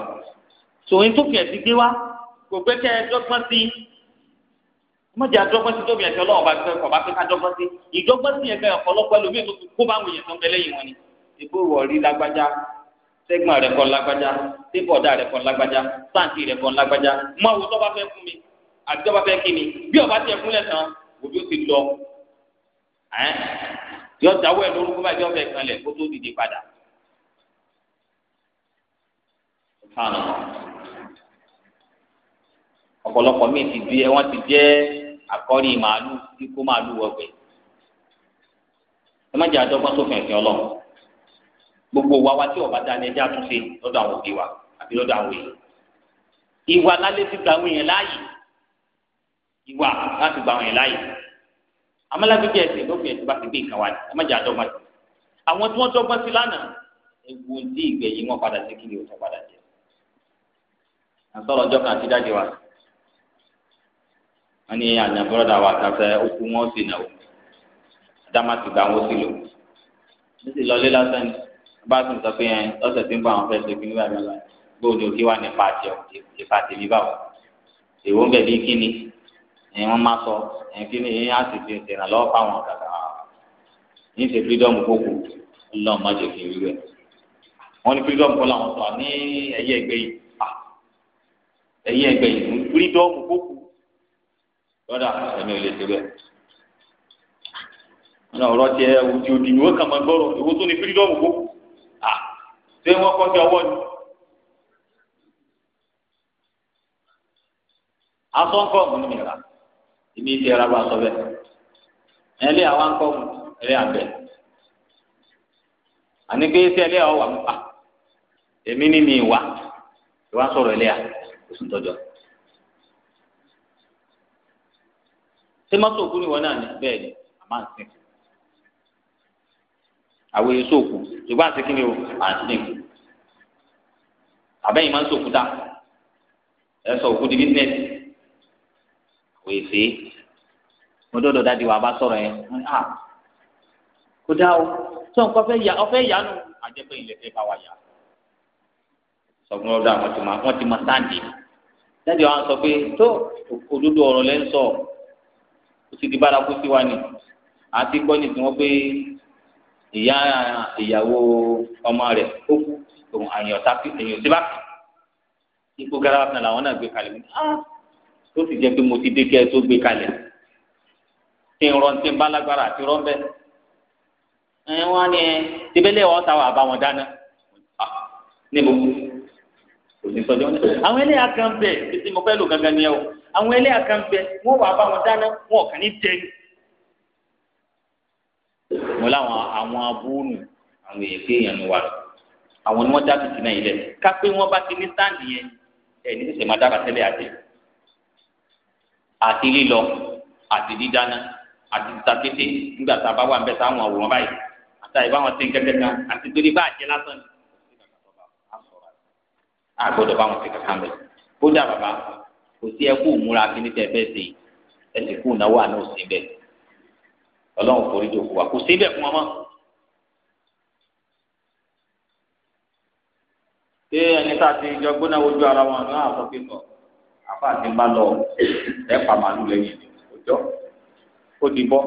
tòun tó fi ẹsìn gbé wa kò gbé kẹ ẹ dọ́gbọ́n sí mọ̀jà dọ́gbọ́n sí tóbi ẹ̀sẹ̀ ọlọ́wọ́ bá fẹ́ kọ̀ bá fẹ́ ká dọ́gbọ́n sí ìdọ́gbọ́n sí ẹ̀fẹ́ ọ̀pọ̀lọpọ̀ ẹlòmíì tó kó bá àwọn tó ń bẹ lẹ́yìn wọn ni ìgbó wọ̀ lágbájá sẹ́gbọ̀n rẹ̀ kọ́ lágbájá sẹ́bọ̀dá rẹ̀ kọ́ lágbájá sáǹtì rẹ̀ kọ́ lágbájá mọ àwọn tó bá fẹ́ fún mi àti tó bá fẹ́ kí mi bí ọba tiẹ̀ fúnlẹ̀ tán òbí ó ti lọ ẹ́ yọ dáwọ́ ẹ̀ lórúkọ báyìí yọ fẹ́ kanlẹ̀ kó tó dìde padà. ọ̀pọ̀lọpọ̀ mi ti di ẹ wọ́n ti jẹ́ àkọ́rí màálù kíkó màálù wọ̀gbẹ̀ ẹ má jẹ́ àdọ́gbọ́n sófin ẹ̀sìn ọlọ́run gbogbo wa wa tí ọba dá ní ẹjẹ àtúnṣe lọ́dọ̀ àwọn òbí wa àbí lọ́dọ̀ àwọn èèyàn ìwà lálẹ́ ti gba àwọn èèyàn láàyè ìwà láti gba àwọn èèyàn láàyè amálágbèjì ẹsẹ̀ lófin ẹsẹ̀ bá ti gbé nǹkan wa ni ẹ má jẹ́ àdọ́gbọ́n sí àwọn tí wọ́n dọ́gbọ́n sí lánàá ewu ti ìgbẹ̀yìn wọn padà sí kí ni òtún padà jẹ àtọ́rọ̀ ọjọ́ kan àti dájú wa wọ́n ní àná bọ́lọ́dà wa kàfẹ́ okú wọn sì nà ó ti gba àwọn ó lò ó sì lọlé lásán ni bá tún sọ pé ọ̀sẹ̀ tí ń bọ̀ àwọn fẹ́ ṣe kí ní bàbá lọ gbóòdì òkè wà nípa àti ìfà tèmi báwò èwo ń bẹ bí kíni wọ́n máa sọ kíni yín á sì ti ìrànlọ́wọ́ fáwọn kàkà yín ah, ṣe fírídọ́ọ̀mù kókò ńlọ́ọ̀ má jẹ́ kí n rí rẹ̀ wọ́n ní fírídọ́ọ̀mù kọ́ làwọn sọ ní ẹ̀yẹ ẹgbẹ́ yìí ah, ẹ̀yẹ ẹgbẹ́ yìí fírídọ́ọ̀mù kókò lọ́dà ẹ̀mí ò lè ṣe bẹ́ẹ̀ ah, ọ̀rọ̀ tiẹ̀ ojú òdì ni wọ́n kà máa tó ní fírídọ́ọ̀mù kókò. ṣé wọ́n kọ́ sí ọwọ́ ni. asọ́nkọ́ ọ̀gbìn mi rà ìní ìdí ẹ̀rọ bá sọ bẹ́ẹ̀ ẹ̀lẹ́ àwọn akọ́ ẹ̀lẹ́ àbẹ̀ àní pé sí ẹ̀lẹ́ ọ̀wà mú èmi ní mi wà ìwà sọ̀rọ̀ ẹ̀lẹ́ à oṣù tọ́jọ́. ṣé òkú ni wọ́n náà ní bẹ́ẹ̀ ni àmà ń sìn àwọn èso òkú ṣùgbọ́n àti kí ni o à ń sìn kù. àbẹ́yìn máa ń sòkúta ẹ sọ òkú di bísínẹ́sì kò yè sí mo dọ́dọ̀ dáadé wa bá sọ̀rọ̀ yẹn a kò dá o tí wọn kọ́ fẹ́ yà ọfẹ́ yà nù àjẹpẹ́ ilẹ̀ fẹ́ bá wa yà sọgbọn ọdọ àwọn ti máa wọn ti máa sáàdì jáde wọn sọ pé tó òdodo ọ̀rọ̀ lẹ ń sọ ó ti di bárakú sí wa ni àti gbọ́ ni tí wọ́n pé ìyá ìyàwó ọmọ rẹ̀ ó àyàn tápì èyàn tí bá kì ipò garawa kan làwọn náà gbé kalẹ̀ mi ah tó sì jẹ́ pé mo ti dé kẹ́ ẹ tó gbé kalẹ̀ tí ń rọ́n tí ń bá lágbára àti rọ́n bẹ́ẹ̀ ẹ wọ́n á ní ẹ tìbẹ́lẹ̀ ọ̀tá wà bá wọn dáná ah! níbo onítọ́jú àwọn ẹlẹ́yà kan bẹ títí mo fẹ́ lò gangan ni ẹ o àwọn ẹlẹ́yà kan bẹ wọ́n wà bá wọn dáná wọn kàn ní tẹ́ mo láwọn àwọn abúrú àwọn èèyàn kéèyàn wà lọ àwọn ni wọ́n dá fìtínà yìí lẹ̀ ká pé wọ́n bá ti ní sáǹdì yẹn ẹ̀ ní sísè máa dábàá tẹ́lẹ̀ àjẹ́ àti lílọ àti dídáná àti tàkété nígbà tá a bá wà ń bẹ sáwọn àwòrán báyìí àtàyè báwọn ti ń kẹ́kẹ́ kan àti torí bá àjẹ́ lásán ni àgbọ́dọ̀ báwọn ti kankan bẹ kódà bàbá kò sí ẹkú múra kíní tẹ fẹ ṣe ẹsìn kú náwó àná òsì bẹ Ọlọ́run forí jòkó wa kò sí bẹ fún ọmọ. ṣé ẹni tá a ti jọ gbóná wojú ara wọn ní àtọ́kẹ́tọ̀ àfa àti bá lọ ẹ̀pà màálù lẹ́yìn òjọ́ ó di bọ́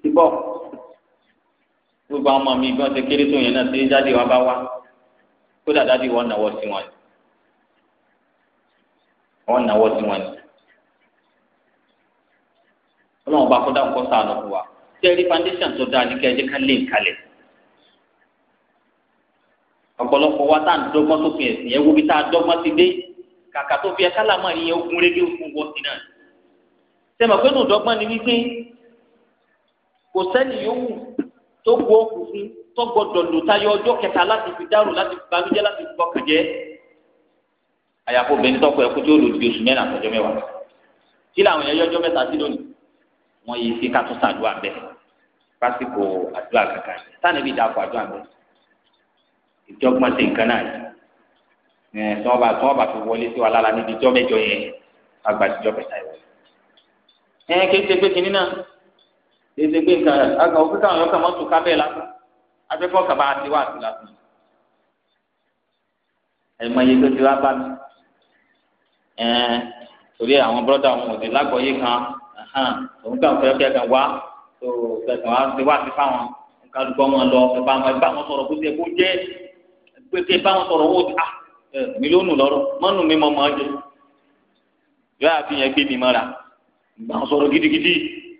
ti bọ́ gbogbo àwọn ọmọ mi bí wọ́n ti kéré tó yẹn náà ṣe jáde wá bá wá kó dàda di wọ́n náwó sí wọn wọ́n náwó sí wọn ọlọ́run bá kó dáhùn kó sáà lọ́kùn wa tẹ́rí foundation tó dáa ní kẹ́ẹ́dẹ́ ká lé nǹkalẹ̀ ọ̀pọ̀lọpọ̀ wa tá à ń dọ́gbọ́n tó fi ẹ̀sìn yẹn wo bí tá a dọ́gbọ́n ti dé kàkà tó fi ẹ̀ká làmọ́ yẹn ó gún régé òkun wọ́n sí náà. sẹ́mọ̀ pé nù dọ́gbọ́n ni wípé kò sẹ́ni yòówù tó gbọ́ òkú fún tó gbọ́dọ̀ lò táyọ ọjọ́ kẹta láti fi dárò láti fi balùjẹ́ láti fi bọ́kàn jẹ́. àyàfó obìnrin tọkọ ẹkú tí ó lò di oṣù mẹ́rin àtọjọ́ mẹ́wàá kí làwọn yẹn yọjọ́ mẹ́ta sí lónìí wọ́n yìí sí ká tún sàdúrà bẹ́ẹ̀ pásítọ̀ àdúrà kankan sáà níbi ìdàpọ̀ àdúrà bẹ́ẹ̀ ìjọgbọ́n ṣe nǹkan náà ẹ tí wọ́n bá tí wọ́n bá fi wọlé sí wa lára níbi ìjọ mẹ́jọ yẹn àgbà ìjọ kẹta ìwọ. ẹ kí n ṣe pé kinní náà kí n ṣe pé nǹkan àgbà òkú káwọn yọkàn mọ́tò kábẹ́ lásán afẹ́fọ́ kàbá àti wá àti lásán. ẹ̀mọ iye tó ti wá bá mi ẹ torí àwọn bọ́dà wọn ò sí lágbọ̀ọ́yé kan òun kàn fẹ́ kẹ́ kan wá tó kẹsàn-án ti wá sí fáwọn nǹkan wọn lọ ẹ̀ bá wọn sọ̀rọ̀ kó tiẹ̀ kó jẹ́ pété báwọn sọ̀rọ̀ wọn ò ti ah, mílíọ̀nù lọ́rọ̀ mọ́nù mi mọ́ máa jẹ yóò àfihàn gbé mi gidigidi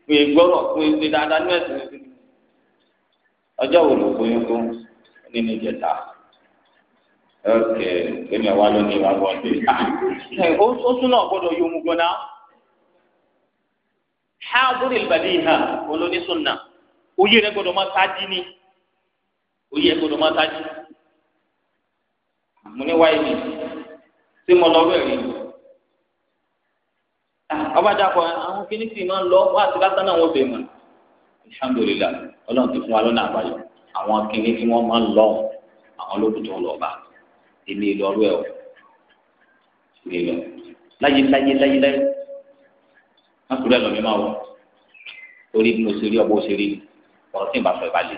pé gbọ́rọ̀ pé ṣe dáadáa ní ẹ̀sìn ọjọ́ wo ló gbóyún tó nínú ok ó tún náà yóò mú rẹ ni rẹ mo ní wáyé mi tí mo lọ wẹ̀rí ah, ọba dàpọ̀ àwọn kìnnìkì máa ń lọ wá àti lásán náà wọ́n bẹ̀rẹ̀ mọ́ alhamdulilayi ọlọ́run ti fún wa lọ́nà àbáyọ àwọn kìnnìkì wọ́n máa ń lọ àwọn olókùn tó ń lọ bá èmi ìlọrú ẹ̀ o èmi lọ láyé láyé láyé láyé má kúrẹ́ lọ mi máa wọ torí mo ṣe rí ọgbọ́n ṣe rí ọ̀rọ̀ tí ìbáfẹ́ bá lè.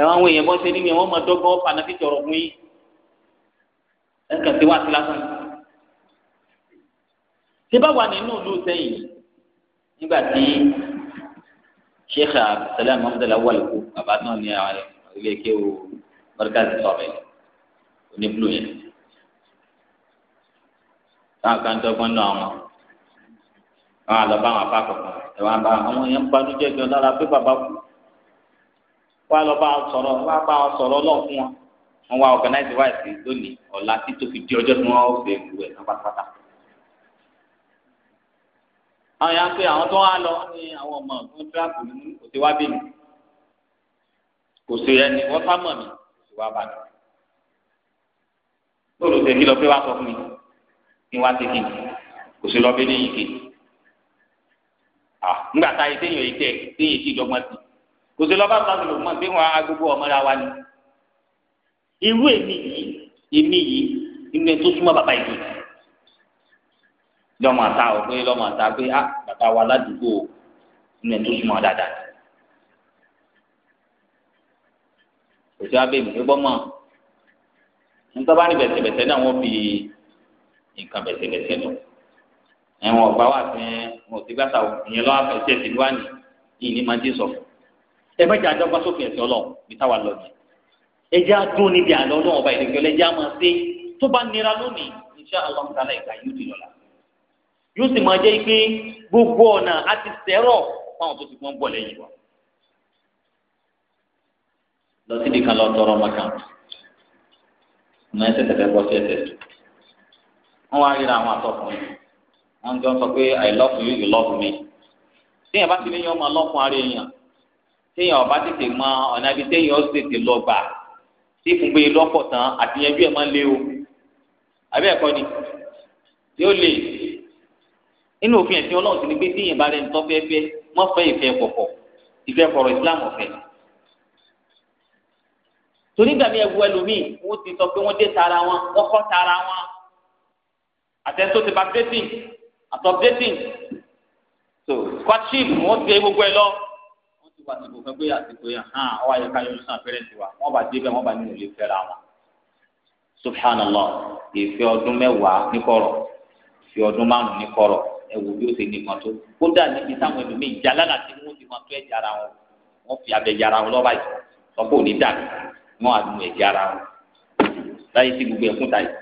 ẹ̀wọ̀n àwọn èèyàn bọ́ ṣe nínú wọn máa dọ́gbọ́n fana fi jọ̀rọ̀ fún yín ẹ̀ kàn sí wá sí lásán. ṣé bá wà nínú ìlú sẹ́yìn nígbà tí sheikh abdulsalam muhammed alawal kú bàbá náà ní ilé ike o mọ́ríkàsì sọ̀rọ̀ ẹ̀ oníbùlù yẹn táwọn kan dọ́gbọ́n náà wọn àwọn àlọ́ bá wọn apá kọ̀ọ̀kan ẹ̀wọ̀n àwọn èèyàn ń banújẹ́ gan lára pé bàbá kú wọ́n á lọ bá wọn sọ̀rọ̀ wọ́n á bá wọn sọ̀rọ̀ náà fún wọn wọ́n wá organize wáìsì lónìí ọ̀la títò fi di ọjọ́ tí wọ́n ó fẹ́ gbogbo ẹ̀ pátápátá. àwọn yàrá pé àwọn tó wá lọ ní àwọn ọmọ tó ń tíráàpù nínú kò sí wá bí mi kò sí ẹni wọ́n fá mọ̀ mi kò sí wá bá mi. lóòrò tẹ lọ pé wá sọ fún mi kí wá tẹ kò sí lọ bí ní yìí ké. nígbà tá a yẹ téèyàn yìí tẹ téèyàn yìí dọ́gbọ́n sí i kò sí lọ́ba kan lò mọ̀ pé wọn agogo ọmọra wa ni irú èmi yìí èmi yìí inú ẹ tó súnmọ́ bàbá yìí lọ́mọ àtà ò pé lọ́mọ àtà pé á ah, bàbá wa ládùúgbò inú ẹ tó súnmọ́ dáadáa kò sí abẹ́ mi pé bọ́mọ̀ nítorí bá ní bẹ̀tẹ̀bẹ̀tẹ̀ náà wọ́n fi nǹkan bẹ̀tẹ̀bẹ̀tẹ̀ lọ ẹ̀wọ̀n ọ̀gbá wà fún ẹ wọn ti gbàtà ìyẹn lọ́wọ́ àfẹ́sẹ̀ tìlú ìyìn ní máa ti sọ̀rọ̀ ẹ mẹjọ àjọgbá sófin ẹsẹ Ọlọ́run bí táwa lọ ni ẹ jẹ́ àdún níbi àlọ Ọlọ́run ọba ìdíkẹ ọlẹ jẹ́ àmọ́ ṣe tó bá nira lónìí iṣẹ́ Ọlọ́run tààlà ìgbà yóò di lọ́la yóò sì máa jẹ́ pé gbogbo ọ̀nà àti sẹ́rọ̀ fáwọn tó ti gbọ́n bọ̀ lẹ́yìn wa lọ sí ìdíkan lọ tọrọ ọmọ kan ọmọ ẹsẹ tẹfẹ bọ sí ẹsẹ wọn wá ríra àwọn àtọkùnrin wọn jọ sọ pé i love you you love me tí yẹn bá ti ní yẹn ọmọ ọlọkùn téèyàn ọba tètè mọ ọ̀nà ibi téèyàn ó tètè lọ gbà tí fúngbé lọ́pọ̀ tán àtìyànjú ẹ̀ máa ń lé o àbí ẹ̀kọ́ ni yóò lè inú òfin ẹ̀sìn ọlọ́run ti ní pé téèyàn bá rẹ̀ ń tọ́ fẹ́ẹ́fẹ́ wọ́n fẹ́ ìfẹ́ kọ̀kọ̀ ìfẹ́ kọ̀rọ̀ Islam ọ̀fẹ́ tonígbà mi ẹwu ẹlòmíì wọ́n ti sọ pé wọ́n dé tara wọn wọ́n kọ́ tara wọn àtẹ̀tò ti bá dating àtọ̀ dating so courtship wọ́n ti gbé gbogbo ẹ lọ tó bá ti kò fẹ́ pé àsìkò yẹn hàn ọ́ wáyé ká yọjú sàn pẹ́rẹ́ǹtì wa wọ́n bá débẹ̀ wọ́n bá nínú ilé fẹ́ra wọn. subhanallah ìfẹ́ ọdún mẹ́wàá ní kọ̀rọ̀ ìfẹ́ ọdún márùn-ún ní bí ó ṣe nìkan tó kódà níbi táwọn ẹlòmíì ìjà lánàá tí wọ́n ti tó ẹ̀jẹ̀ ara wọn wọ́n fi abẹ́jẹ̀ ara wọn lọ́ba yìí lọ́pọ̀ òní dà wọ́n á nu ara wọn láyé sí gbogbo ẹ̀kún ta yìí.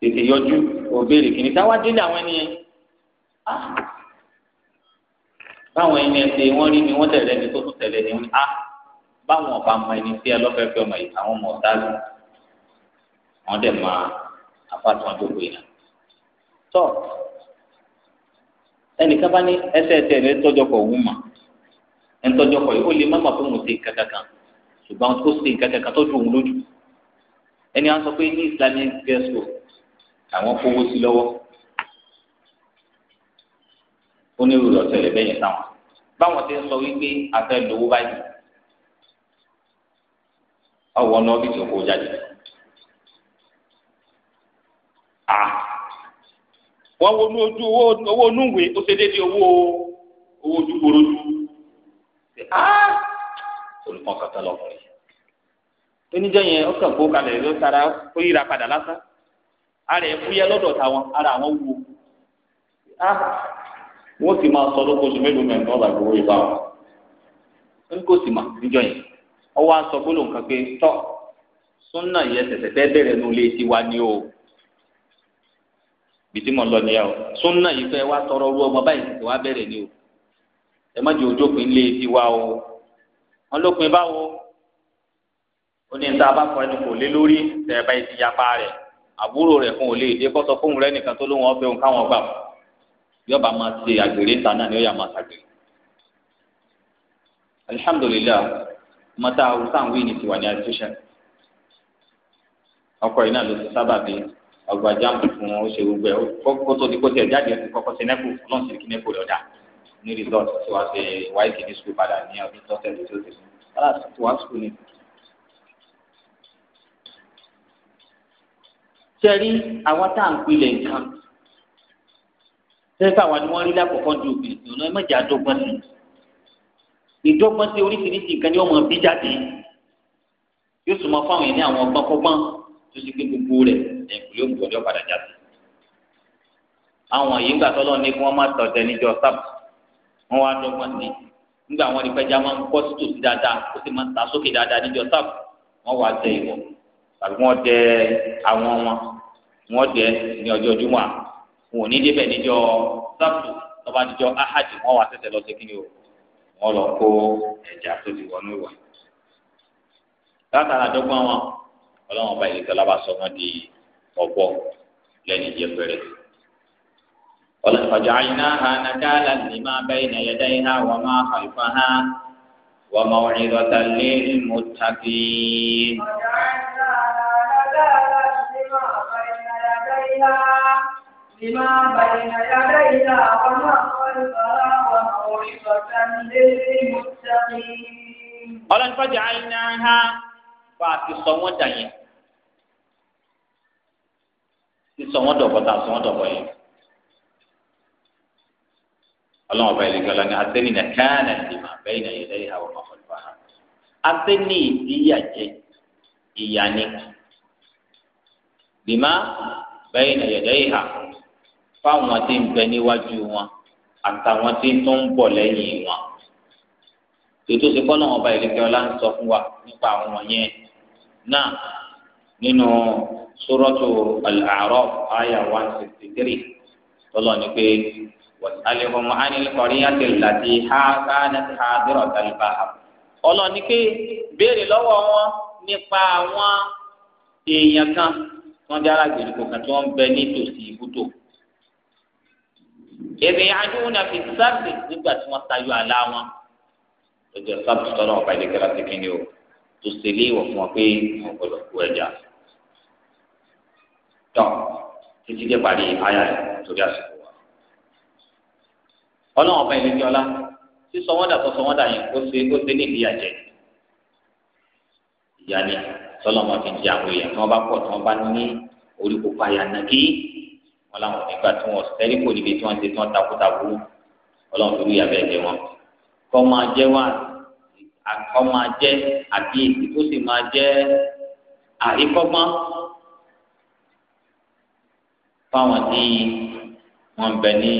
tètè yọjú òbéèrè kìnnìkan wá délé àwọn ẹni yẹn ah! báwọn ẹni ẹsẹ wọn rí ni wọn tẹ̀lé ni tó tún tẹ̀lé ni wọn á ah, báwọn ọba mọ ẹni tí ẹ lọfẹẹ fi ọmọ yìí àwọn ọmọ ọ̀tá lù wọn dẹ máa afáàtún àdókò yìí náà tọ ẹnìkan bá ní ẹsẹ ẹsẹ rẹ tọjọpọ òun mà ẹ ń tọjọpọ yìí ó lè má má fún òun ṣe nǹkan kankan ṣùgbọ́n ó ṣe nǹkan kankan tó òun lójú ẹni à ń sọ pé ní islamic guest house àwọn kówó sí lọ́wọ́ onírúurú ọ̀sẹ̀lẹ̀ bẹ́yẹn táwọn báwọn ti ń sọ wípé afẹ́ lówó báyìí ọwọ́ náà bí tòkó jáde à wọ́n wo ní ojú owó onúwe ó ṣe déédéé owó owó ojú korojú à olùkọ́ kankan lọ́kùnrin oníjẹ yẹn ó kàn kó kalẹ̀ ló tara ó yíra padà lásán ara ẹ̀ fúyẹ́ lọ́dọ̀ táwọn ara àwọn wúwo wọ́n sì máa sọ lóko oṣù mélòó mẹ́rin náà làgbó orí bá ń kò sì mà níjọ yẹn ọwọ́ aṣọ gbólóhùn kan pé tọ́ súnà yẹn tẹ̀tẹ̀ fẹ́ bẹ̀rẹ̀ nu ilé tiwa ni o bìtí mọ̀ lọ nìyẹn o súnà yìí fẹ́ wá tọrọ ru ọmọ báyìí tẹ̀tẹ̀ wá bẹ̀rẹ̀ ni o ẹ má jẹ́ ojú òpin ilé tiwa o wọn lópin báwo ó ní níta bá fọ ẹnu kò lé lórí tẹ̀ ẹ ti yapa rẹ̀ àbúrò rẹ̀ fún òlé ìdí kọ́sọ fóun rẹ̀ nìkan tó lóun ọ̀fẹ́ yóò bá máa ṣe àgbèrè ńta náà ni ó yà máa ṣàgbèrè. alihamudulilayi mọ́tà haúsá ń wí ní tiwa ní àtúnṣe ọkọ̀ yìí náà ló ti sábà bí ọgbà jáàmù fún ó ṣe gbogbo ẹ̀ kó tó di kó tiẹ̀ jáde ó ti kọ́kọ́ ṣe nẹ́kù ọlọ́run sì kí nẹ́kù rẹ̀ ọ̀dà ní resort tí wàá ṣe wáìkì ní sukùl padà ní ọdún tó tẹ̀lé tó tẹ̀lé aláṣẹ tí wàá sukùl ni. ṣe rí àwọn tá à ń pilẹ̀ nǹkan sẹ́kà àwọn ni wọ́n rí lákòókò ju obìnrin ọ̀nà ẹ̀mẹ́jà dọ́gbọ́n sí ìdọ́gbọ́n sí oríṣiríṣi nǹkan ni wọ́n mọ̀ bí jáde yóò sùn mọ́ fáwọn yẹn ní àwọn ọgbọ́n kọ́gbọ́n tó ṣe pé gbogbo rẹ̀ ẹ̀kúlé òmùgọ̀dẹ́ ọ̀padà jáde àwọn yìí ńgbà tọ́lọ́ ní kí wọ́n má tọ̀ tẹnijọ́ sábà wọ́n wá dọ́gbọ́n sí ńgbà wọn ní pẹ́já máa ń kọ́ sí tòsí dáadáa wọn ò ní débẹ̀ níjọ́ sábà lọ́ba níjọ́ ahadi wọn wà tẹ̀tẹ̀ lọ sí kí ni o wọn lọ kó ẹja tó ti wọnú ìwà. látara dọ́gbọ́n wọn ọlọ́run ọba ìlẹ́kẹ́ lábà sọ wọn di ọ̀bọ lẹ́nu ìjẹpẹrẹ. ọlọ́run ìfàjọ àyínná ha nàkàlà ní máa bẹ́ẹ̀ ní ẹ̀yẹ́dá iná wọn máa kàlùfà ha wọ́n máa wọ́n lọ́tà lé mọ́tàkì. ọ̀dà àyínná ha nàkàlà ní máa لما بين يديها وما خلفها وموعظة للمتقين. قال فجعلناها فاتي صوت ti sọ wọn dọ̀bọ̀ ta sọ wọn dọ̀bọ̀ yẹn ọlọ́run ọba ìlẹ̀kẹ́ ọ̀la ni asẹ́ni nà káànà ti mà bẹ́ẹ̀ nà yẹn lẹ́yìn àwọn ọmọkùnrin ha asẹ́ni ìdíyàjẹ ìyàní bìmá bẹ́ẹ̀ nà yẹn lẹ́yìn ha fáwọn tí ń bẹ níwájú wọn àtàwọn tí tó ń bọ̀ lẹ́yìn wọn tòtò sí kọ́ náà ọba ìlẹ́kẹ́ ọlá ń sọ fún wa nípa àwọn wọ̀nyẹn náà nínú sórọ́tò Al-A'raf àyà one sixty three tọ́lọ̀ ni pé wàsálẹ̀kùn ánìlẹ́kọ̀rí àtẹ̀láti ha káàdà ha dúró tàlíbà ha ọlọ́ ni pé béèrè lọ́wọ́ wọn nípa àwọn èèyàn kan tí wọ́n jára gbèdúgbò kan tí wọ́n ń bẹ nítòsí ibùdó èmi àdúgbò fi sábì nígbà tí wọn tayọ àlá wọn lójú sábì tọ́nà ọ̀pá ìdíkẹ́ láti kíni o tó ṣe lé ìwọ̀ fún wọn pé wọn gbọdọ̀ kú ẹja tọ́ títí dé parí ayá rẹ̀ torí àsìkò wa. ọlọ́run ọ̀pá ìdíkẹ́ ọlá tí sọwọ́dà tó sọwọ́dà yẹn kó ṣe kó ṣe ní ìdí àjẹ ìyá ni tọ́lọ́mọ fi jẹ àwọn èèyàn tí wọ́n bá pọ̀ tí wọ́n bá ní orí kópa yànnà kí wọn làwọn nígbà tí wọn sẹ́rí kò níbi tí wọ́n ti tán takutakú ọlọ́run torí abẹ́ jẹ wọn. kọ́ máa jẹ́ wá kọ́ máa jẹ́ àkíyèsí tó sì máa jẹ́ àríkọ́gbọ́n fáwọn tí wọ́n ń bẹ ní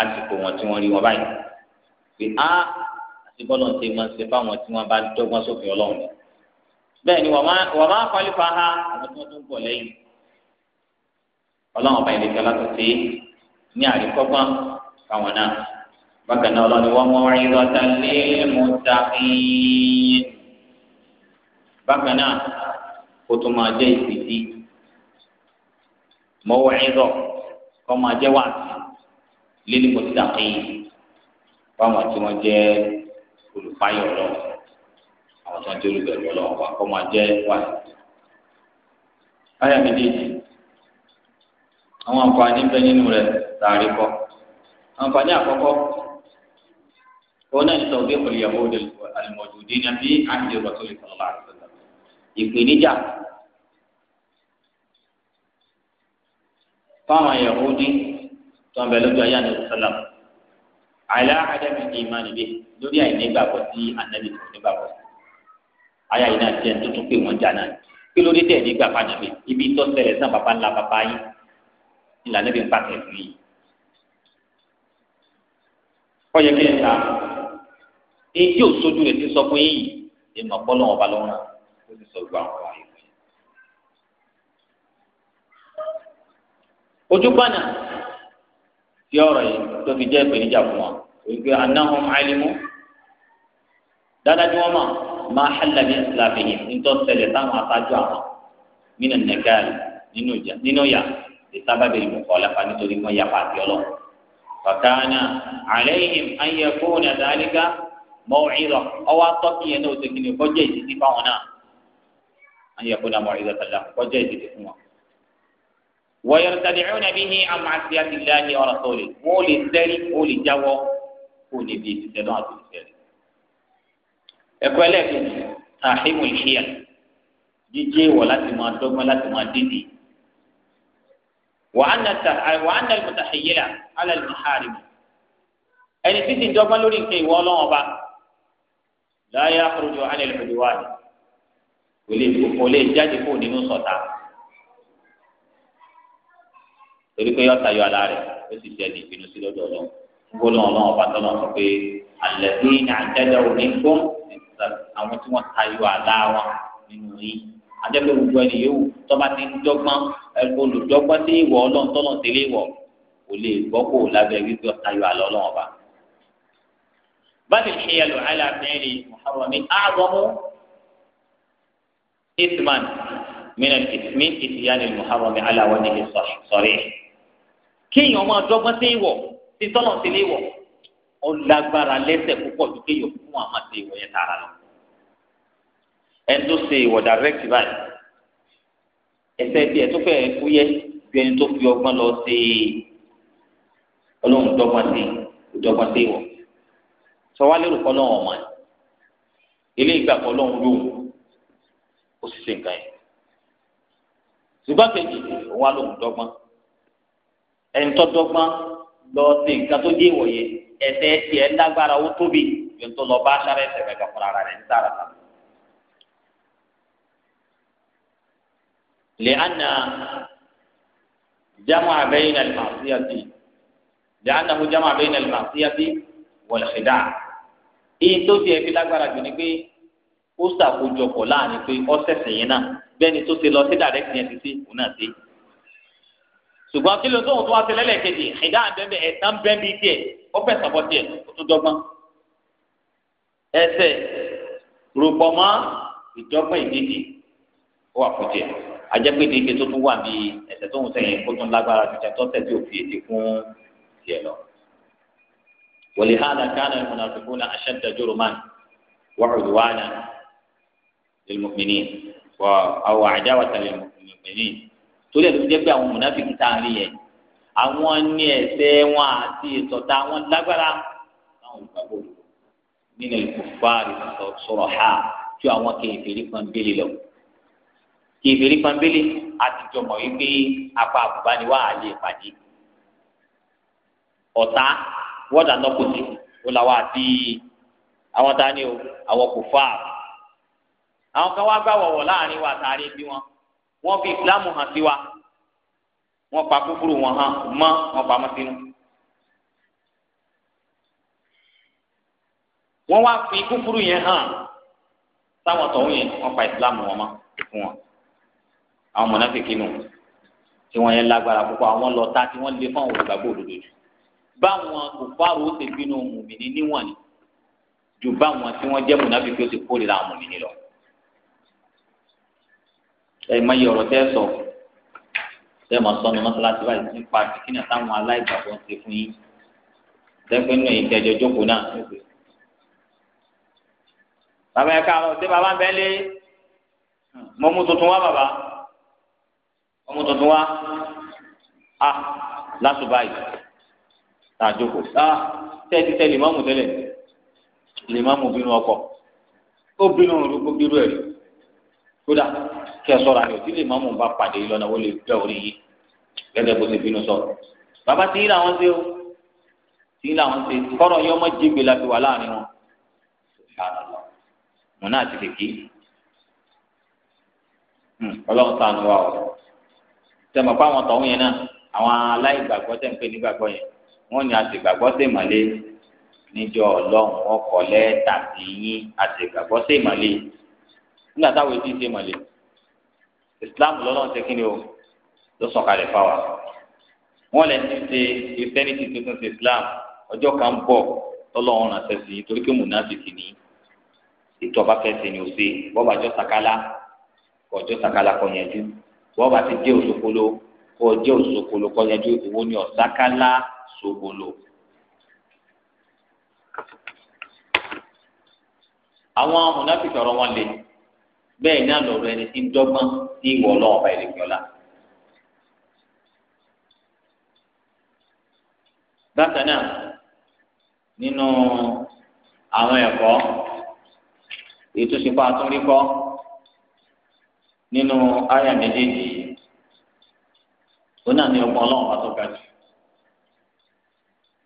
àsìkò wọn tí wọ́n rí wọn báyìí. pé á àti bọ́lọ̀ ṣe máa ń ṣe fáwọn tí wọ́n bá dọ́gbọ́n sófin ọlọ́run. bẹ́ẹ̀ ni wọ́n máa kọ́lé fa ha àwọn tí wọ́n tún bọ̀ lẹ́yìn ọlọ́run ọba ìlẹ̀kẹ́ látọ̀ sí ní àríkọ́gbọ́n káwọn náà bákan náà ọlọ́ni wọ́n mọ orin lọ́tà lé mọ́tàkìn bákan náà kó tó máa jẹ́ ìpìtì mọ́wọ́ ẹ̀rọ kọ́ máa jẹ́ wáàtí lé ní mọ́tàkìn fáwọn tí wọ́n jẹ́ olùfáyọ̀ lọ àwọn tí wọ́n jẹ́ olùbẹ̀rù lọ kọ́ máa jẹ́ wáàtí. báyà méjèèjì àwọn àǹfààní bẹ nínú rẹ̀ tààrí kọ àǹfààní àkọ́kọ́ òun náà ní sọ bí ìpìlẹ̀ ìyàwó àlùmọ̀jù dín ní bí àǹdí rọ̀ tó lè sọ̀rọ̀ láàrin sọ̀rọ̀ ìpèníjà fáwọn ìyàwó dín tó ń bẹ lójú ayé àná sọ̀rọ̀ àìlá àdàbí ní ìmọ̀ níbí lórí àìnígbàgbọ́ sí ànábì tó nígbàgbọ́ ayé àyìnà tiẹ̀ tó tún pé wọ́n jà náà kí ló tẹ̀ nígbà fànàbì ibi tó ṣẹlẹ̀ sàn bàbá ńlá bàbá yín ìlànà bí pàtẹ fi ọyẹ kí n ta èyí tí òṣojú rẹ ti sọ fún yìí ìmọ̀ pọ́lọ́ ọba lọ́rùn ó ti sọ gbọ́ àwọn àyè fún yìí. ojú pàna tí ọ̀rọ̀ yìí tó fi jẹ́ ìpèníjà fún wa wípé anáhùn àìlímú dáadáa ni wọ́n mọ̀ máa hàlà ìsìlámù yìí nítorí tẹ̀lé táwọn aṣáájú àwọn nínú ìjà nínú ìyá ìsábàbí ìmùkọ́lẹ́fà nítorí wọn yapa àti ọlọ́run. fàkàánà àlẹ́yìn ayẹ fóònù àdáríga mọ̀ọ́ìrọ̀ ọwọ́ atọ́kì yẹn náà tẹ̀kìnì kọjá ìdíjí fáwọn náà ayẹ fóònù àmọ̀ọ́ìrọ̀ tẹ̀lá kọjá ìdíjí fún wọn. wọ́yọ̀rọ̀tàdìrún nàbí ní àmàṣíyàtì láàyè ọ̀rọ̀ sọ̀rọ̀ wọ́n lè sẹ́rí wọ́n lè jáwọ́ kó níbi ìṣiṣẹ́ náà àti ìṣiṣẹ́ rẹ̀. ẹ̀kọ́ ẹlẹ́ẹ̀kejì tàhímù ìṣíyà jíjẹ́ ìwọ̀ láti máa dọ́gbọ́n láti máa dídì wàá nà mùtàhìyìlà alẹ́ mùhàrìmù ẹni tí ti dọ́gbọ́n lórí nǹkan ìwọ ọlọ́wọ́n ba láyé àkùrọ̀jọ alẹ́ lùdìwà ni kò lè jáde kó nínú sọ̀tà torí pé yọ̀ọ́ta yọ ala rẹ̀ ó sì jẹ́ ní ìpinnu sí lọ́dọ̀ ọlọ́run gbólóhùn ọlọ́run ọba tọ́lọ́ sọ pé àlẹ́ ní àjẹ́dẹ́ òní gbó àwọn tí wọ́n tayọ àlá wọn nínú yìí àjẹpẹ́ gbogbo ẹni yóò tọ́ba ti ń dọ́gbọ́n olùdọ́gbọ́n sí ìwọ ọlọ́run tọ́lọ̀ tẹ́lẹ̀ ìwọ kò lè gbọ́ kó o lábẹ́ wípé ọ̀tá yọ àlọ́ ọlọ́run ọba. báyìí ṣe yẹ lò àìlà mẹ́rin muhammed aazọ́mú isman min ìsìyáni muhammed aláwọ̀ ní sọ̀rí. kéèyàn máa dọ́gbọ́n ìwọ sí tọ́lọ̀ tẹ́lẹ̀ ìwọ ó lágbára púpọ̀ ju kéèyàn fún àwọn àti ìwọ yẹn tààrà lọ ẹni tó ṣe ìwọ direct báyìí ẹsẹ tí ẹ tó fẹ́ fúyẹ́ ju ẹni tó fi ọgbọ́n lọ ṣe Ọlọ́run dọ́gbọ́n sí dọ́gbọ́n sí ìwọ sọ wá lérò kọ lọrun ọmọ ilé ìgbà kọ lọrun lóhùn ó sì se nǹkan yẹn ṣùgbọ́n kejì òun á lóhùn dọ́gbọ́n ẹni tó dọ́gbọ́n lọ ṣe nǹkan tó dé ìwọ yẹn ẹsẹ tí ẹ ó tóbi ju lọ bá aṣáré ẹsẹ mẹgàfọ́ra rẹ ní sára sára. لأن جمع بين المعصية لأنه جمع بين المعصية والخداع إن توتي في لاغبارا jù ni pé ó ṣàkójọpọ̀ láàrin pé ọ̀sẹ̀sẹ̀ yẹn náà bẹ́ẹ̀ni tó ti lọ sí direct yẹn ti sí òun náà sí. ṣùgbọ́n kí ló tó òun tó wá sí lẹ́lẹ́kejì ìdá àbẹ́bẹ́ ẹ̀sán bẹ́ẹ̀bí tiẹ̀ ó fẹ́ sọ̀bọ̀ tiẹ̀ ó tún dọ́gbọ́n. ẹsẹ̀ rògbọ̀mọ́ ìdọ́gbọ́n ìdíje ó wà fún tiẹ̀ ajẹ́pẹ̀dé ike tó tún wà bí ẹ̀sẹ̀ tó ń sẹ́yìn kó tún lágbára ju tẹ̀tọ́ tẹ̀ tí ò fi ètè fún tiẹ̀ lọ. ولهذا كان المنافقون أشد جرما وعدوانا للمؤمنين أو عداوة للمؤمنين torí ẹ̀dùn jẹ́ pé àwọn mùnàfíkì tá a rí yẹn àwọn ní ẹ̀ṣẹ̀ wọn àti ìtọ̀tà wọn lágbára àwọn olùgbàgbọ́ nínú ìkùfà ìsọ̀rọ̀ ha ju àwọn kèéfèrí kan délé lọ kèfèrí pàmbélé àtijọ́ mọ̀ wípé apá àbúbá ni wà á lè pàdé ọ̀tá wọ́dà nọ́kùtì ó là wá àti àwọn tá a ní o àwọn kò fà á àwọn kan wá gbà wọ̀wọ̀ láàrin wa àtàrí bí wọn wọ́n fi ìsìlámù hàn sí wa wọ́n pa kúkúrú wọn hàn mọ́ wọn pamọ́ sínú. wọ́n wá fi kúkúrú yẹn hàn sáwọn tọ̀hún yẹn wọ́n pa ìsìlámù wọn mọ́ fún wọn àwọn mọ̀nàfíkì nù tí wọ́n yẹn lágbára púpọ̀ àwọn lọ́ta tí wọ́n lé fún àwọn olùgbàgbọ́ òdodo jù báwọn kò fáwọn ó ṣe bínú mùmìnì níwọ̀n ni ju báwọn tí wọ́n jẹ́ mọ̀nàfíkì ó ti kórìíra àwọn mùmìnì lọ. ẹ má yẹ ọ̀rọ̀ tẹ́ sọ tẹ́ mọ̀ sọ́nu mọ́sálásí báyìí nípa kíkínà táwọn aláìgbàgbọ́ ń ṣe fún yín tẹ́gbẹ́ nù ìtẹ́jọ́ jókòó náà bàbá yẹn káàárọ̀ ọmọ tuntun wa a lásùbà yìí tá a jókòó a tẹ́tí tẹ́ lèmọ́mù tẹ́lẹ̀ lèmọ́mù bínú ọkọ̀ ó bínú òru kó bírú ẹ̀rí kódà kí ẹ sọ̀rọ̀ àyọ̀ tí lèmọ́mù bá pàdé lọ́nà ó lè gbẹ́ orí yìí gẹ́gẹ́ bó ti bínú sọ̀rọ̀ bàbá tí ìlà wọn ṣe o tí ìlà wọn ṣe kọ́rọ̀ yẹn ọmọ jígbe la wà láàrin wọn mọ̀ náà ti lè kí hmm, ọlọ́run sànù wa o tẹmọ pé àwọn tọ̀hún yẹn náà àwọn aláìgbàgbọ́ tẹ̀ ń pè nígbàgbọ́ yẹn wọ́n ní àtìgbàgbọ́ tẹ̀ mọ́lé níjọ́ ọlọ́run wọn kọ lẹ́tà sí yín àtìgbàgbọ́ tẹ̀ mọ́lé nígbà táwọn etí tẹ̀ mọ́lé Islam lọ́lọ́run tẹ́ kí ni o ló sọ̀kalẹ̀ fáwa wọ́n lẹ́ ti ṣe Christianity tuntun ti Islam ọjọ́ kan bọ̀ tọ́lọ́run ràn sẹ́sì yìí torí pé mùnàfíìsì ni ìtọ́ba fẹ́ ṣe ni ò ṣe bọ́bà jọ́ sakala kọjọ́ sakala kọ yẹn dúró wọ́n bá ti jẹ́ òṣòkòlò kọ́ jẹ́ òṣòkòlò kọ́ yanjú owó ní ọ̀sákálá ṣòkòlò. àwọn amúnáfíìsì ọ̀rọ̀ wọn lè bẹ́ẹ̀ ní àlọ́rọ̀ ẹni tí ń dọ́gbọ́n sí ìwọ ọlọ́wọ́n bá ẹ̀rẹ̀ bákan náà nínú àwọn ẹ̀kọ́ ètò ìṣèpá àtúndíkọ́ nínú àyà méjèèjì yìí òun náà ní ọgbọ́n ọlọ́run bá tó ga jù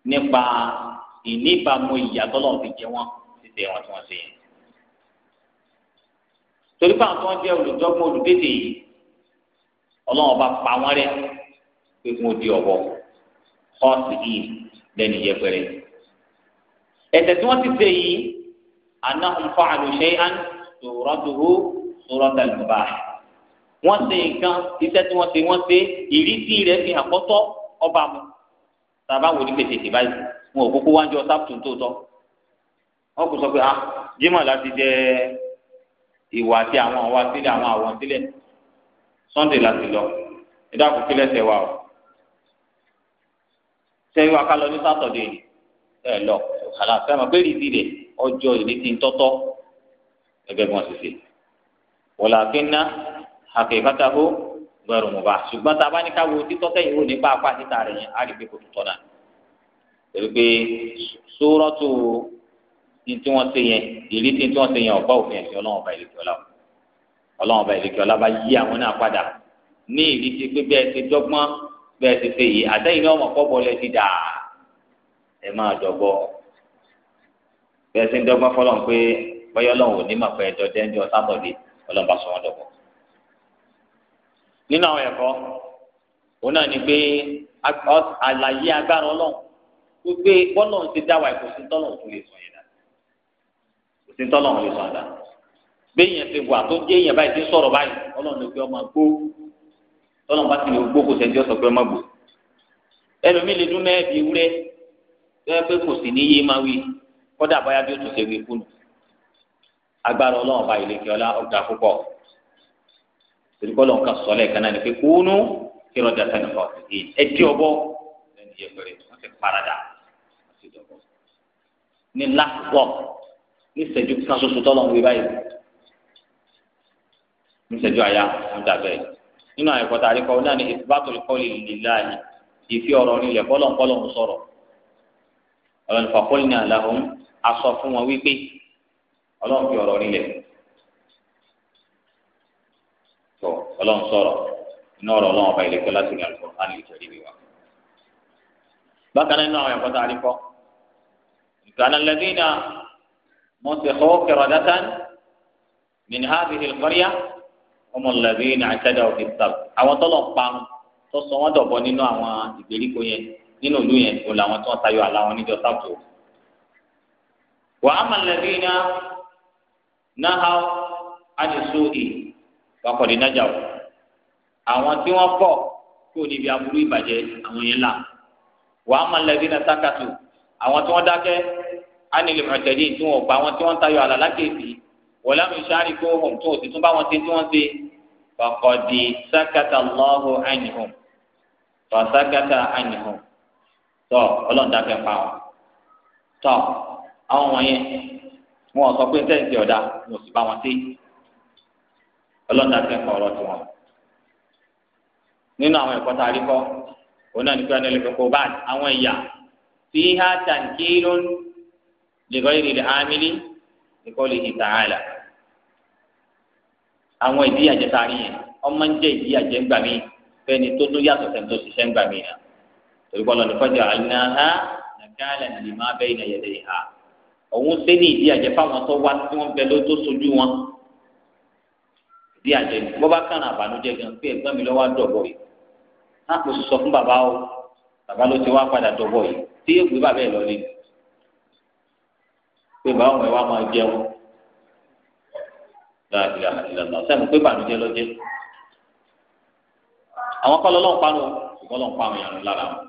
nípa ìníbàámu ìyàtọ̀ lọ́run fi jẹ wọ́n títẹ̀ wọn tí wọ́n ṣe yẹn. torí pé àwọn tó ń jẹ́ olùdọ́gbọ́n olùdédè yìí ọlọ́run bá pa wọ́n rẹ́ pé kí wọ́n di ọ̀wọ́ yìí lẹ́nu yẹpẹrẹ. ẹ̀ṣẹ̀ tí wọ́n ti ṣe yìí anahum fa'alu shay'an suratuhu suratal mubah wọ́n ṣe nǹkan iṣẹ́ tí wọ́n ṣe wọ́n ṣe ìrísí rẹ̀ fi hàn kọ́tọ́ ọba mu tàbá wò ní pèsè tì báyìí wọn ò kókó wájú ọtá tó tó tọ́ wọn kò sọ pé ah jimoh láti jẹ ìwà àti àwọn àwa sílẹ̀ àwọn àwọn sílẹ̀ sunday láti lọ ẹ̀dá kò kílẹ̀ ṣẹ̀ wa o sẹ́yìn wa ká lọ ní sátọ̀dẹ̀ ẹ̀ lọ àlà fẹ́ràn pé ìrísí rẹ̀ ọjọ́ ìrísí ń tọ́tọ́ ẹgbẹ́ bí wọ́n wọ́n làákín hakikatahu gbẹrù mọba ṣùgbọ́n tá a bá ní ká wo títọ́ tẹ̀yìn wò nípa apá títa rẹ̀ yẹn á rí pé kò tó tọ́ náà torí pé sórọ́tù ní tí wọ́n ṣe yẹn ìrí tí wọ́n ṣe yẹn ọ̀pá òfin ẹ̀sìn ọlọ́run ọba ìlẹ̀kẹ́ ọlá ọlọ́run ọba ìlẹ̀kẹ́ ọlá bá yí àwọn náà padà ní ìrí ti pé bẹ́ẹ̀ ṣe dọ́gbọ́n bẹ́ẹ̀ ṣe ṣe yìí àtẹ̀yìn náà mọ̀ fọ́bọ̀ lẹ ti dà ẹ máa dọ̀gbọ́ nínú àwọn ẹ̀kọ́ òun náà ni pé àlàyé agbára ọlọ́run gbogbo bọ́lọ̀ ti dá wa kò sí tọ́lọ̀ tó lè sọ yẹn dá kò sí tọ́lọ̀ lè sọ dá béèyàn ti wà tó jẹ́ èèyàn báyìí ti sọ̀rọ̀ báyìí ọlọ́run ló gbé ọmọ gbó tọ́lọ̀ bá ti lè gbó kò sẹ́ni ọ̀sọ̀ gbé ọmọ gbó ẹlòmíì lè dún mẹ́ẹ̀ẹ́dì wúrẹ́ tó pé kò sí ní yéé e wí kọ́dà báyà bí ó tún ṣe wí kùnú agbára ọlọ́run bá ìlẹ̀kẹ́ ọlá ọ̀dà púpọ̀ torí bọ́lá nǹkan sọ̀lẹ̀ kan náà ni pé kúnú kí lọ́jà sani fa ọ̀sẹ̀ yìí ẹ di ọbọ lẹ́nu yẹ pẹ̀lẹ́ wọ́n ti parada wọ́n ti dọ̀bọ̀. ní lásìkò ní ìṣẹ́jú kan ṣoṣo tọ́lọ̀ ń wí ní ìṣẹ́jú àyà ń dà nínú àyẹ̀kọ́ tá a rí kọ́ náà ni ìfibátò lè kọ́lé lillahi ìfi ọ̀rọ̀ nílẹ̀ bọ́lọ̀ńkọ́lọ̀ ń sọ̀rọ̀ ọ̀rọ̀ nípa kọ́lé ní ọlọ́run sọ̀rọ̀ iná ọ̀rọ̀ ọlọ́run ọba ìlẹ́kẹ́ láti rìn àlùkò á lè tẹ̀lé wa. bákan náà inú àwọn ẹ̀kọ́ tá a rí kọ́ ìgbàna lẹ́dínà mọ̀tẹ́kọ́ kẹrọ̀dátán min hadhihi al-qaryah ọmọ lẹ́dínà àtẹ́dá òkè sáà àwọn tọ́lọ̀ pa tó sọ wọ́n dọ̀bọ̀ nínú àwọn ìgbèríko yẹn nínú ìlú yẹn kò làwọn tó ń tayọ àlà níjọ sáàtò. wà á mọ̀ lẹ́dínà náà hàn á ti sóòdì wà kọ̀dí nájà o àwọn tí wọ́n kọ̀ kó níbi aburú ìbàjẹ́ àwọn yẹn là wàá máa lẹbi náà sákàtù àwọn tí wọ́n dákẹ́ ánìlè mọtẹlẹ tí wọ́n pa àwọn tí wọ́n tayọ àlàlá kéèsì wọlé àmì sáré kó hùm tó òsì tún bá wọn ṣe tí wọ́n ṣe fàkọdì sákàtà lọhùn ànyìhùn fàsákàtà ànyìhùn tọ Ọlọ́run dákẹ́ pa wọn tọ àwọn wọ̀nyẹn wọn sọ pé tẹǹtì ọdá wọn sì bá wọn ṣe Ọlọ́run dákẹ́ pa ọ̀rọ̀ tiwọn nínú àwọn ẹ̀kọ́ tá a rí kọ́ òun náà ní pé ẹni lè kó bá àwọn ẹ̀yà fi há tàǹkìlù lèkọ́ ìrìlẹ̀ hàmílì lèkọ́ lè hì tààlà àwọn ìdíyàjẹ tá a rí yẹn ọmọ ń jẹ ìdíyàjẹ ń gbà mí fẹ́ni tó tó yàtọ̀ sẹ́ni tó ṣiṣẹ́ ń mí yẹn torí bọ́lá ní fọ́jà àlùnáhà ní má bẹ́ẹ̀ ní ẹ̀yẹ̀dẹ̀ ìhà òun ṣe ní ìdíyàjẹ fáwọn tó wá tí wọ́n bẹ ló tó sojú wọn ìdíyàjẹ bọ́bá kàn án àbànújẹ́ gan pé ẹ̀gbọ́n mi lọ́wọ́ á dọ̀bọ̀ yìí á ah, kò sọ fún bàbá o bàbá ló ti wá padà dọ̀bọ̀ yìí tí yóò gbé bàbá ẹ̀ lọ lé pé bàbá ọmọ ẹ wá máa jẹun láàbíyá ìlànà sẹ́nu pé bànújẹ́ lọ́jẹ́ àwọn kọ́ lọ́lọ́ ń panu ìbọn lọ́n pa àwọn èèyàn lára wọn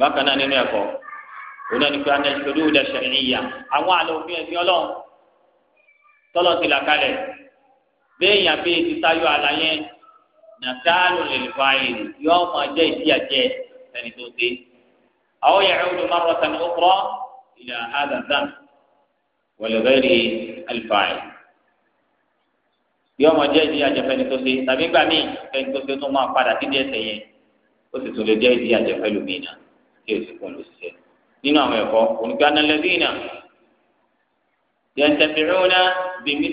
bákan náà nínú ẹ̀kọ́ òun náà ní pé anẹ́ ìṣòro ìdá ṣẹ̀yìn ìyá àwọn àlọ́ òfin ẹ̀sìn ọlọ́run tọ́lọ́ ti là kalẹ̀ béèyàn bíi ti sáyọ àlàyé nàtàlù lèlfààyè yóò máa jẹ́ ìdíyàjẹ́ sẹ́ni tó ṣe. àwọn yàrá òdu márùn sani ó kúrọ́ ìlà àdàdàn wọlébẹ́rì àlfààyè. yóò máa jẹ́ ìdíyàjẹ́ sẹ́ni tó ṣe tàbí gbà míì sẹ́ni tó ṣe tó máa padà sí díẹ̀ sẹ́yìn ó sì tún lè jẹ́ ìdíyàjẹ́ pẹ̀lú mí náà kí èsì kún ló ṣiṣẹ́. nínú àwọn ẹ̀kọ́ onígbànálẹ́dínà yẹn tẹ̀síwọ́n náà bí mí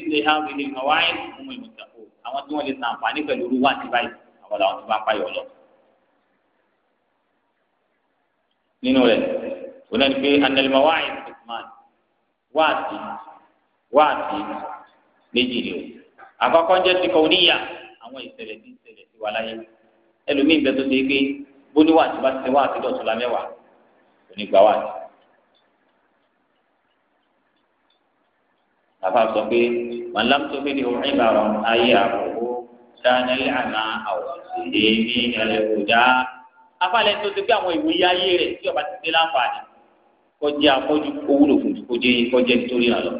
àwọn tí wọ́n lè sàǹfààní pẹ̀lú irú wáǹtí báyìí àwọn làwọn ti bá payọ̀ lọ. nínú rẹ̀ wọn náà pé anẹlẹmọ wáyé ìsìnkúmán wáàtí wáàtí méjì ni o àkọ́kọ́ jẹ́ ti kọ́ níyà àwọn ìṣẹ̀lẹ̀ tí ìṣẹ̀lẹ̀ ti wà láyé ẹlòmíì bẹ́ẹ̀ tó ṣe é pé bóníwáàtí bá ti ṣe wáàtí lọ́tún la mẹ́wàá kò ní gba wáàtí. àfa sọ pé màlámtó bí ni òun ìbára ayé àbòwò sani àná àwòsílẹ̀ ní ìyàlẹ̀ òjá afalẹ̀ tó ti pé àwọn ìwòye ayé rẹ̀ tí ọba ti dé láǹfààní kọjá afọ́jú owúlò fún kọjá kọjá nítorí àlọ́.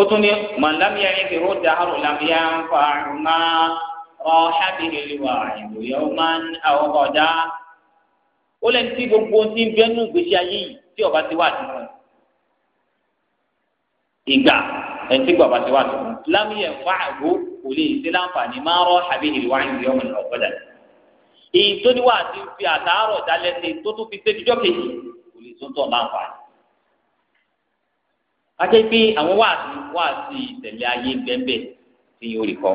ó tún ní màlámíyà yẹn fi rọ́ọ̀dà àrùn làmíyà ń fa àrùn máa rọ́ọ̀ṣà bíi ìlú àìlú yẹn máa ń àwọn ọ̀dà ó lẹ́nu tí gbogbo ohun tí ń bẹ́nu ìgbésí ayé yìí tí ọba ti wà ti fún ìgbà ẹni tí gbàgbà ti wà ti fún lámìyẹ fún àgbo kò lè ṣe láǹfààní máa rọ àbí ìwà ìwé ọmọ ìlú ọgbọdà èyí tó ní wà ti fi àtàárọ̀ dálẹ́ ṣe tó tún fi ṣe jíjọ́ kejì kò lè tó tọ̀ láǹfààní. ajẹ́ pé àwọn wáàsí wáàsí ìtẹ̀lé ayé bẹ́ẹ̀ tí yóò rí kọ́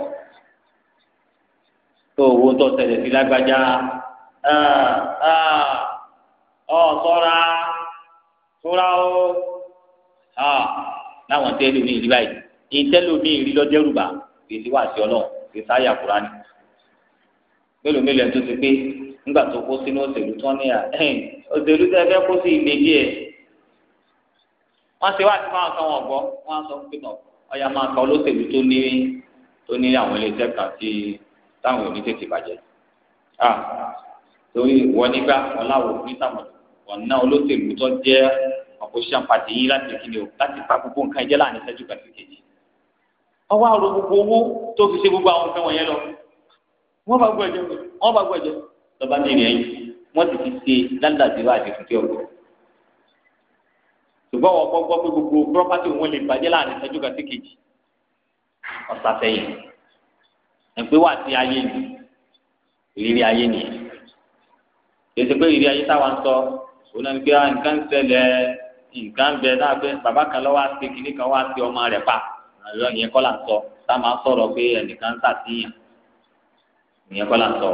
tó owó tó tẹ̀lé sí lágbájá ọ sọ́ra sọra, ó láwọn tẹ́lẹ̀ mi rí báyìí ìtẹ́lẹ̀ mi rí lọ́jẹ́rùbá èsì wà sí ọlọ́run èsì àyà Kùránì mélòó mélòó tó ti pé nígbà tó kó sínú òṣèlú tán ní òṣèlú tẹ kó sí ilé ṣe wá sí fáwọn kan sọ pé máa olóṣèlú tó ní torí wọn nígbà wọn láwọ onítàmọ ọ̀nà olóṣèlú tó jẹ́ opposition party yín láti kíni o láti pa gbogbo nǹkan ìjẹ́ láàrin ìṣẹ́jú kàtí kejì ọwọ́ àrò gbogbo owó tó fi ṣe gbogbo àwọn nǹkan wọ̀nyẹn lọ wọ́n bá gbọ́ ẹ̀jẹ̀ wọ́n bá gbọ́ ẹ̀jẹ̀ lọ́ba ní ìrìn ẹ̀yìn wọ́n ti fi ṣe dáńdàbí wá àti fìdí ọ̀gbọ́n ṣùgbọ́n wọ́n kọ́ gbọ́ pé gbogbo pírọ́pátì wọn lè bàjẹ́ láàrin ìṣẹ́jú kàtí kejì ọ̀sàfẹ́yìn ẹ̀pẹ́ wà sí ayé ni ayé nìyẹn ètò pé ìrì ayé táwa ń sọ òun náà ni pé ah, nǹkan ń ṣẹlẹ̀ nǹkan bẹ náà pé bàbá kan lọ́wọ́ àti kìnnì kan wá sí ọmọ rẹ̀ pa àlọ́ ìyẹn kọ́ là ń sọ tá a máa sọ̀rọ̀ pé ẹnìkan ń sàtìyàn ìyẹn kọ́ là ń sọ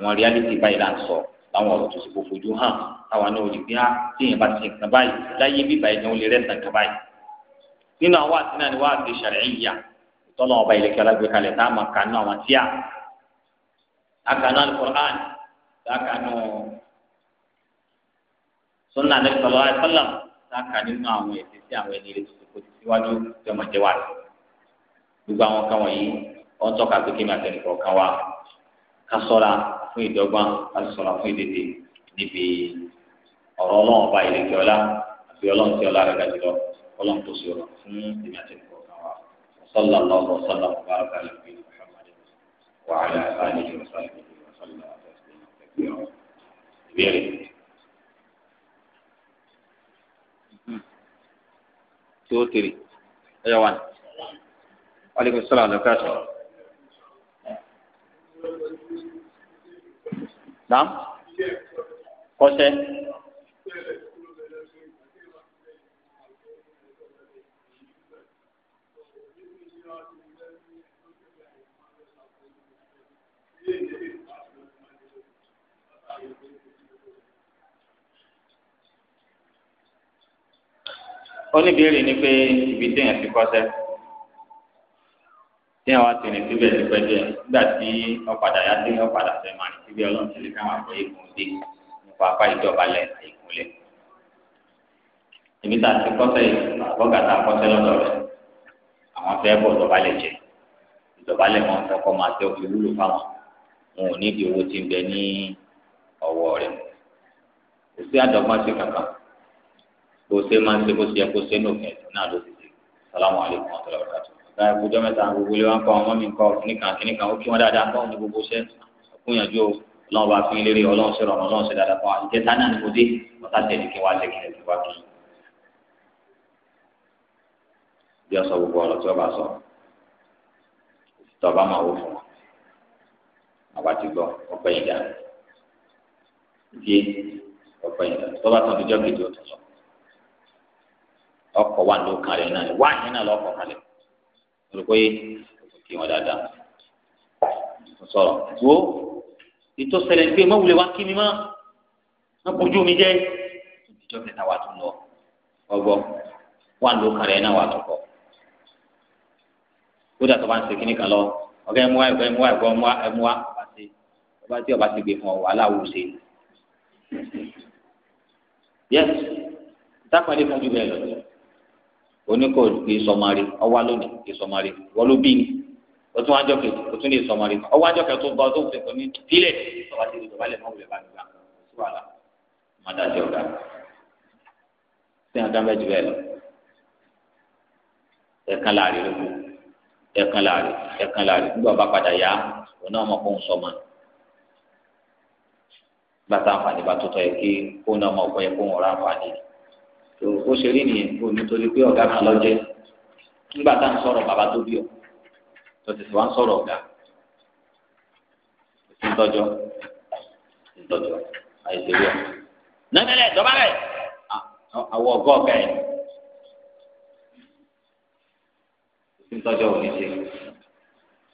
àwọn reality báyìí là ń sọ láwọn ọ̀rọ̀ tó sì kò fojú hàn táwọn náà ò lè gbé tíyẹn bá ti nǹkan báyìí láyé bíbá ẹ̀ ní ó lè rẹ́sàn kan báyìí nínú àwọn àti náà ni wọ́n sáka nù sunna ní sọlọ àìsọlọ sáka nínú àwọn èsì sí àwọn ẹni rẹ tuntun kò ti síwájú tí ọmọ jẹ wà gbogbo àwọn kan wọ̀nyí wọn tọ́ka pé kí n máa tẹnu kọ̀ọ̀kan wa ká ṣọ́ra fún ìdọ́gbọ́n ká ṣọ́ra fún ìdèdè níbi ọ̀rọ̀ Ọlọ́run ọba ìrèké ọlá àti Ọlọ́run tí ọlá rẹ̀ ga jùlọ Ọlọ́run tó sì rọ fún ìmọ̀ àtẹnu kọ̀ọ̀kan wa sọlá lọrọ sọlá bàbá rẹ kàlẹ fún ìlú Muhammad wa ìbéèrè. tí ó tèrè ẹyọ wa wàlẹ́ kò sọ́la ọ̀dọ̀ káàtó. Nam oníbèrè ni pé ibi téèyàn ti kọ́ṣẹ́ téèyàn wá ti rìn síbẹ̀ síbẹ̀ díẹ̀ nígbà tí ọ̀padà yá dé ọ̀padà fẹ́ máa rìn síbẹ̀ ọlọ́run ti lè káwọn àgbọ̀ ìgùn dé nípa apá ìjọbalẹ̀ àìkúnlẹ̀ ibi tá a ti kọ́ṣẹ́ àbọ̀gà tá a kọ́ṣẹ́ lọ́dọ̀ rẹ̀ àwọn fẹ́ bọ̀ ìdọ̀bálẹ̀ jẹ ìdọ̀bálẹ̀ wọn fẹ́ kọ́ máa tẹ́ òfin wúlò fáwọn wọn ò ní kò ṣe máa ń ṣe kó ṣe yẹ kó ṣe ní òfin ẹ̀sìn náà ló ti ṣe salamu alaykum wa rahmatulahi wa barakatuh. báyìí kújọ́ mẹ́ta gbogbo ilé wa ń kọ́ ọmọ mi ń kọ́ kíníkan kíníkan ó kí wọ́n dáadáa fún òní gbogbo iṣẹ́ kúnyànjú o ọlọ́run bá fún eléré ọlọ́run ṣe rọrùn ọlọ́run ṣe dáadáa fún wa ìjẹta náà ni mo dé ọ̀tá tẹ̀lé kí wọ́n á kí wọ́n á kí. bí ọsọ gbogbo ọ̀rọ̀ tí ọba sọ tí ọba máa wò fún àwa ti gbọ́ ọpẹ́ ìdá díẹ̀ ọpẹ́ ìdá tọba tó ọkọ̀ wà ló kan rẹ̀ náà ni wá yẹn náà lọ́kọ̀ kan rẹ̀ olùkọ́ yé kí wọ́n dáadáa mo sọ̀rọ̀ wo ètò ṣẹlẹ̀ pé má wulẹ̀ wá kí mi má má bójú mi jẹ́ ìjọ kẹta wà tó lọ ọgbọ wà ló kan rẹ̀ náà wà tó kọ kódà tó bá ń ṣe kíní kan lọ ọgá ẹ mú wa ẹ mú wa ẹ mú wa ẹ mú wa ọba ti ọba ti ọba ti gbé fún ọ wàhálà wù sí yẹs dápẹ́ lé fún ju bẹ́ẹ̀ lọ. oníkò kì í sọmarí ọwá lónìí kì í sọmarí wọ́n ló bí ní o wájọ kejì o tún sọmarí ọwọ́ àjọ kẹtù bá tó fẹ́ fún mi pílẹ̀ ọba tí ìjọba lè máa bá lọ láàrin láàrin láàrin nígbà bá tó o ṣe rí nìyẹn kó o nítorí pé ọ̀gá kan lọ jẹ́ nígbà tá à ń sọ̀rọ̀ bàbá tó bí ọ tó ti sì wá ń sọ̀rọ̀ ọ̀gá ntọ́jọ́ ntọ́jọ́ àìsèré ọ̀ nọ́mẹ́lẹ̀ dọ́bálẹ̀ àwọ̀ ọ̀gá ọ̀gá ẹ̀ ntọ́jọ́ ò ní ṣe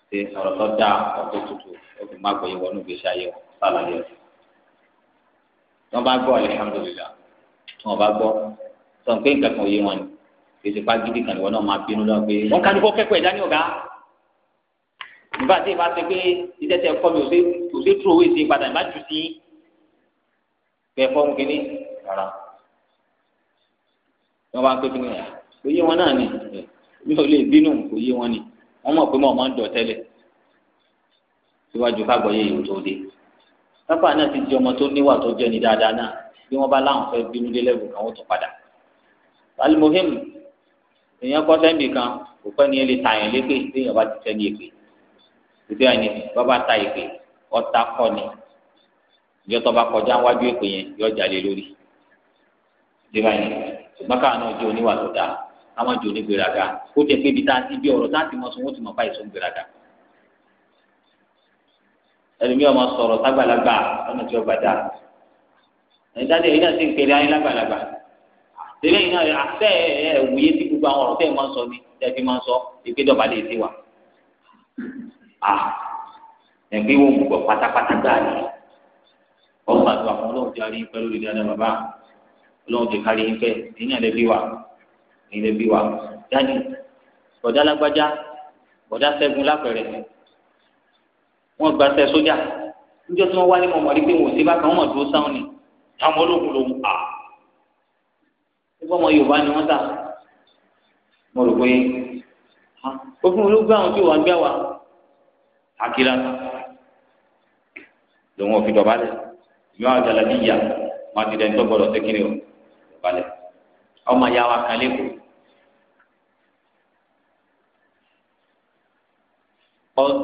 ṣe ọ̀rọ̀ tó dáa ọ̀tọ̀ tutù ọ̀gbìn má gbọ́yé wọnú gbèsè ayé wọn sálàyé wọn bá gbọ́ alihamudulilayi wọn bá gbọ́ sọ̀n pé nǹkan kan yé wọn ni èsì pa gidi kan ìwọ náà máa bínú lọ pé wọn kàn ní kó kẹ́kọ̀ọ́ ẹ̀dá ní ọ̀gá nígbà tí ìbá ṣe pé iṣẹ́ tẹ kọ́ mi ò ṣe tú owó ìṣe padà ìbá jù sí bẹ́ẹ̀ fọ́ nkíní rárá wọn bá ń pè fún mi kò yé wọn náà ni mi ò lè bínú kò yé wọn ni wọn mọ̀ pé mo máa ń dọ̀ tẹ́lẹ̀ síwájú kágbọ́yé yìí tó dé sábà náà ti di ọmọ tó níwà tó jẹ́ ni dáadáa náà bí wọ́n bá láwọn fẹ́ bínú dé lẹ́bù kan ó tún padà alimohim èèyàn kọ́ sẹ́ńbì kan kò pẹ́ ni ẹ lè ta yẹn lépè téèyàn bá ti sẹ́ni èpè títí àyìn bàbá ta èpè ọ̀tá kọ́ ni ìjọ tó bá kọjá wájú èpè yẹn yóò jalè lórí títí àyìn ṣùgbọ́n káwọn náà jẹ́ oníwà tó dáa àwọn jò ní gbèrágà kó jẹ́ pé ibi tá a ti bí ọ̀rọ̀ tá a ti mọ sọ wọ́n ti mọ báyìí sọ gbèrágà ẹlòmí ọmọ sọ̀rọ̀ tágbàlagbà ọ̀nà tí ọgbà dáa ẹ̀dá tẹ́lẹ̀ yìí náà yà sẹ́ ẹ̀ wúyé tí gbogbo àwọn ọ̀rọ̀ tẹ́ ẹ̀ máa ń sọ ni tẹ́ ẹ fi máa ń sọ ìpè dọ̀bà lè ti wà. à ẹgbẹ́ wo gbogbo pátápátá gbáà ni wọ́n máa tó àwọn ọlọ́run ti arí pẹ́ lórí dáadáa bàbá ọlọ́run ti kárí pẹ́ ẹ̀yìn àlẹ́ bí wa ẹ̀yìn àlẹ́ bí wa jáde bọ̀dá lágbájá bọ̀dá sẹ́gun lápẹ̀rẹ̀ wọ́n gba sẹ́ sójà níjọ́ tí wọ́n wá ní mọ̀mọ́ pé wọ́n ti ni àwọn ológun lòun gbogbo ọmọ yorùbá ni wọ́n tà mo rò pé òfin olóògbé àwọn tí wọ́n gbé wa àkìlá lòun ò fi dọ̀bálẹ̀ ìmọ̀ àjàlá bí ìyá wọn ti dẹni tó gbọdọ̀ sékiri o dọ̀bálẹ̀ ọmọ ìyá wa kan lẹ́kọ̀ọ́.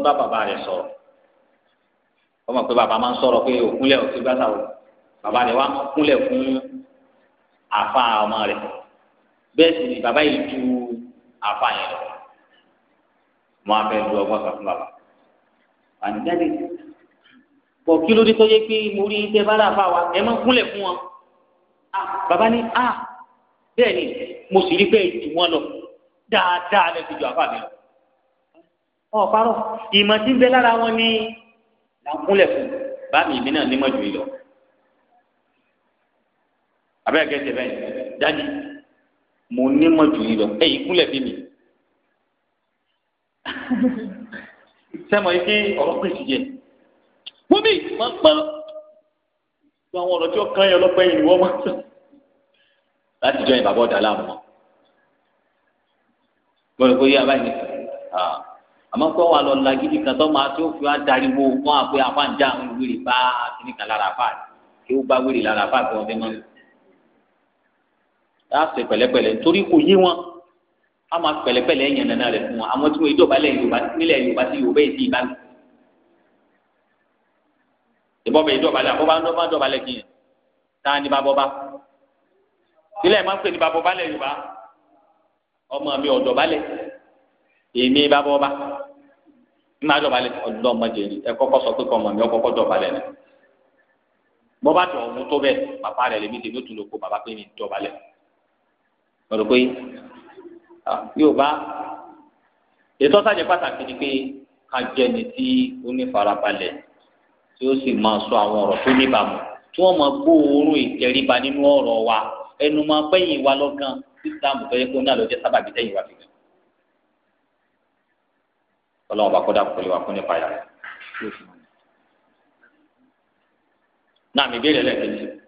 bá bàbá rẹ sọ̀rọ̀ ọmọ pé bàbá máa ń sọ̀rọ̀ pé òkúnlẹ̀ òsínbàṣà o bàbá rẹ wá kúnlẹ̀ fún àfa ọmọ rẹ̀ bẹ́ẹ̀ sì ni bàbá yìí ju àfa yẹn lọ wọn abẹ lu ọgbọ́n kan fún bàbá ànijáde pọ̀ kí ló dé tó yẹ pé mo rí tẹ bá dà fà ẹ má kúnlẹ̀ fún wọn bàbá ní a bẹ́ẹ̀ ni mo sì rí bẹ́ẹ̀ jù wọ́n lọ dáadáa lẹ́sìn ju àfa mi lọ ọ̀parọ̀ ìmọ̀ tí ń bẹ lára wọn ni là ń kúnlẹ̀ fún bá mi ìmí náà ní mọ́jú yìí lọ abẹ́rẹ́ kẹ́sẹ̀ bẹ́ẹ̀ dájú mo nímọ̀ jù yín lọ ẹ̀yìn kúnlẹ̀ bí mi. sẹ́mọ̀ yìí pé ọ̀rọ̀ pèsè jẹ wọ́n bí máa ń pọ́n tó àwọn ọ̀rọ̀ tí ó kàn yẹn lọ́pẹ́ yìí ni wọ́n máa ń sọ láti jọ ìbàbọ̀ ọ̀dà láàmú wọn lọ pé yé abáyé nìkan àmọ́ kó wà lọ lagidi kan tó máa tó fi wá dariwo wọn àpé afáǹjà ń wíri bá kíníkan lára fáà kí ó bá wíri lára fáà kí wọ́n fi máa ń lò yàá ṣe pẹ̀lẹ́pẹ̀lẹ́ torí kò yé wọn a máa pẹ̀lẹ́pẹ̀lẹ́ yẹn nana rẹ fún wọn àwọn tí wọn yìí dọ̀bálẹ̀ yorùbá nílẹ̀ yorùbá sí yorùbá yìí ti ìbánu ìbọn bẹ yìí dọ̀bálẹ̀ àbọ̀bá ńdọ́ bá dọ̀bálẹ̀ kì í náà ní babọba sílẹ̀ máa ń pè ní babọba lẹ̀ yorùbá ọmọ mi ò dọ̀bálẹ̀ èmi babọba ní máa dọ̀bálẹ̀ ọ̀dọ́ ọmọdé ẹ kọ́kọ́ sọ pé kọ́ ọmọ mi ọ kọ́kọ́ dọ̀bálẹ̀ náà bọ́bá tó ọ̀hún tó bẹ́ẹ̀ bàbá rẹ̀ lèmi tèmi ó tún lò kó bàbá pé mi dọ̀bálẹ̀ ọ̀rọ̀ pé yorùbá ètò ọ̀sàjẹ́ pàtàkì ni pé ká jẹ́ ni tí ó ní farabalẹ̀ tí ó sì máa sọ àwọn ọ̀rọ̀ tó níbàámu tí wọ́n máa gbóòórùn ìtẹríba nínú ọ̀rọ̀ wa ẹnu máa bẹ́yìn wa lọ́gán islam tó yẹ kó náà lọ́jọ́ sábàbí tẹ́yìn wa fi gan. ọlọ́run bá kọ́dà kọ́lé wa fún nípa yàrá. náà mi bẹ́ẹ̀ lẹ́lẹ́kẹ̀ẹ́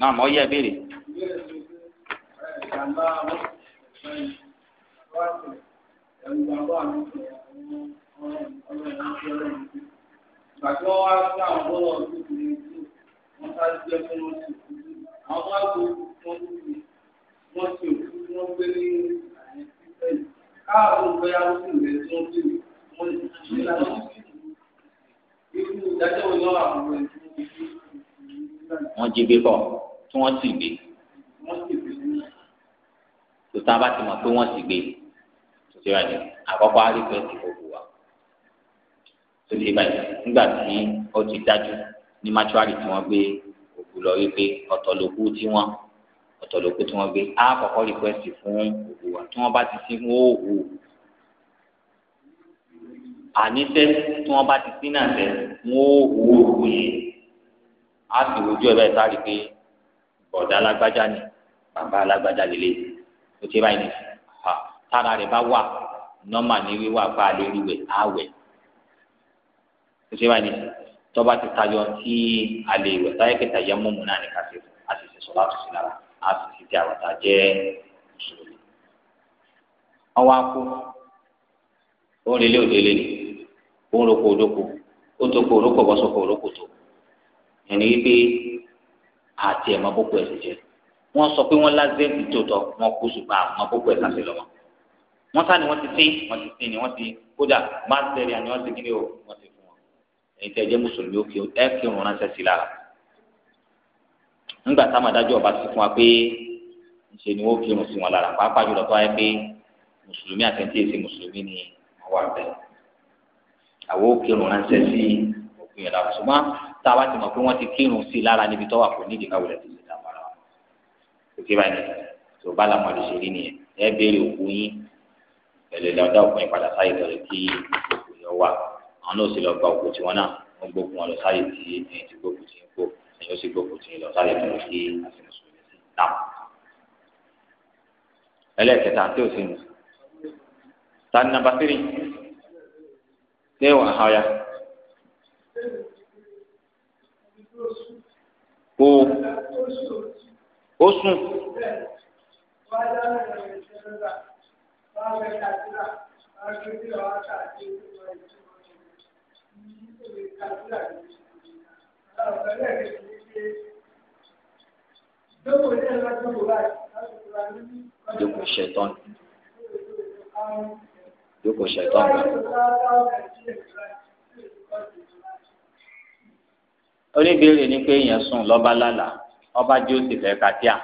náà mọ yẹ béèrè. Gbàtí wọ́n wá sí àwọn bọ́lọ̀ tó ti lè tó, wọ́n sá jẹ́ fún wọn sí òkú. Àwọn wá gbé wọn sí wọn sí òkú wọ́n gbé ní àyè títẹ̀. Káàbọ̀ bóyá ó sì lè tó sí wọ́n lè ṣe láti ṣe. Irú ìdájọ́ wo ni wọ́n wà fún ẹ̀ tó ń bí? wọ́n jí gbé bọ̀ tí wọ́n sì gbé tòtá bá ti mọ̀ pé wọ́n sì gbé tòtí wáyé àkọ́kọ́ àríkẹ́ ti gbogbo wa tòtí wáyé nígbà tí ó ti dájú ní mátúárì tí wọ́n gbé òkú lọ rí pé ọ̀tọ̀ lòkú tí wọ́n ọ̀tọ̀ lòkú tí wọ́n gbé àkọ́kọ́ rìkwẹ́sì fún òkú wa tí wọ́n bá ti sin wọ́n òkú àníṣe tí wọ́n bá ti sin náà fẹ́ wọ́n òkú òkú yẹn á sì wojú ẹ bẹ́ẹ̀ sáré pé bọ̀dá alágbájá ni bàbá alágbájá lélẹ̀ ó ti báyìí ha tára rẹ̀ bá wà nọ́mà ní wíwà bá a lè rí wẹ̀ á wẹ̀ ó ti báyìí ní tọ́ba ti tayọ tí a lè wẹ̀ táyé kẹta yẹ mọ́mú náà ní kásẹ̀ á sì ṣe sọ́lá tó sí lára á sì ṣe ti àwàtà jẹ́ mùsùlùmí. ọwọ́ akó ó ń relé òdele ni ó ń roko òdoko ó tó kó òrókò bọ́sọ̀kọ̀ òrókò tó kó ẹni pé àti ẹ̀ máa bókú ẹ̀ sì jẹ́ wọ́n sọ pé wọ́n lásìkò tòótọ́ wọ́n kú ṣùgbọ́n àwọn máa bókú ẹ̀ sàṣẹ lọ́wọ́ wọ́n sá ni wọ́n ti sí wọ́n ti sí ni wọ́n ti kódà mástẹ́rì àni wọ́n ti kí ni o wọ́n ti fún wọn èyí tẹ́ jẹ́ mùsùlùmí òkè ẹ̀ kí òun ránṣẹ́ sí lára ńgbà táwọn adájọ́ ọba ti fún wa pé ṣe ni wọ́n kírun sí wọn lára pàápàá jùlọ tó wáyé pé mùsùlùmí àtẹ̀ntì èsì mùsùlùmí ni àwa bẹ̀ àwọn òkèrun ránṣẹ́ sí òkú yẹn lára ṣùgbọ́n tá a bá ti mọ̀ pé wọ́n ti kírun sí i lára níbi tó wà kò nídìí káwé rẹ̀ ti ṣe dáa fara wọn. òkè báyìí tó bá làwọn àdìsí rí nìyẹn ẹ béèrè òkú yín pẹ̀lú ìlà ọ̀dà òkú yín padà sáyé tọ̀lẹ̀ kí òkú yọ wà àwọn náà sì lọ gba òkú tiwọn náà wọ́n gbókun wọn lọ sáyé tí ẹ̀yìn ti gbókun ti ń kó ẹ̀yìn ó sì gbókun ti ń lọ sáyé tọ̀lẹ̀ kí àfihàn ẹlẹ́ẹ̀kẹta tí ò sí ní. tani nàbà tírì. ṣé wàá hàn ya? kò ó sùn. Jókòó ṣẹ̀tọ́n. Jókòó ṣẹ̀tọ́n. oníbèrè ni pé èèyàn sùn lọ́ba lálàá ọba jẹ́ òsì fẹ́ katia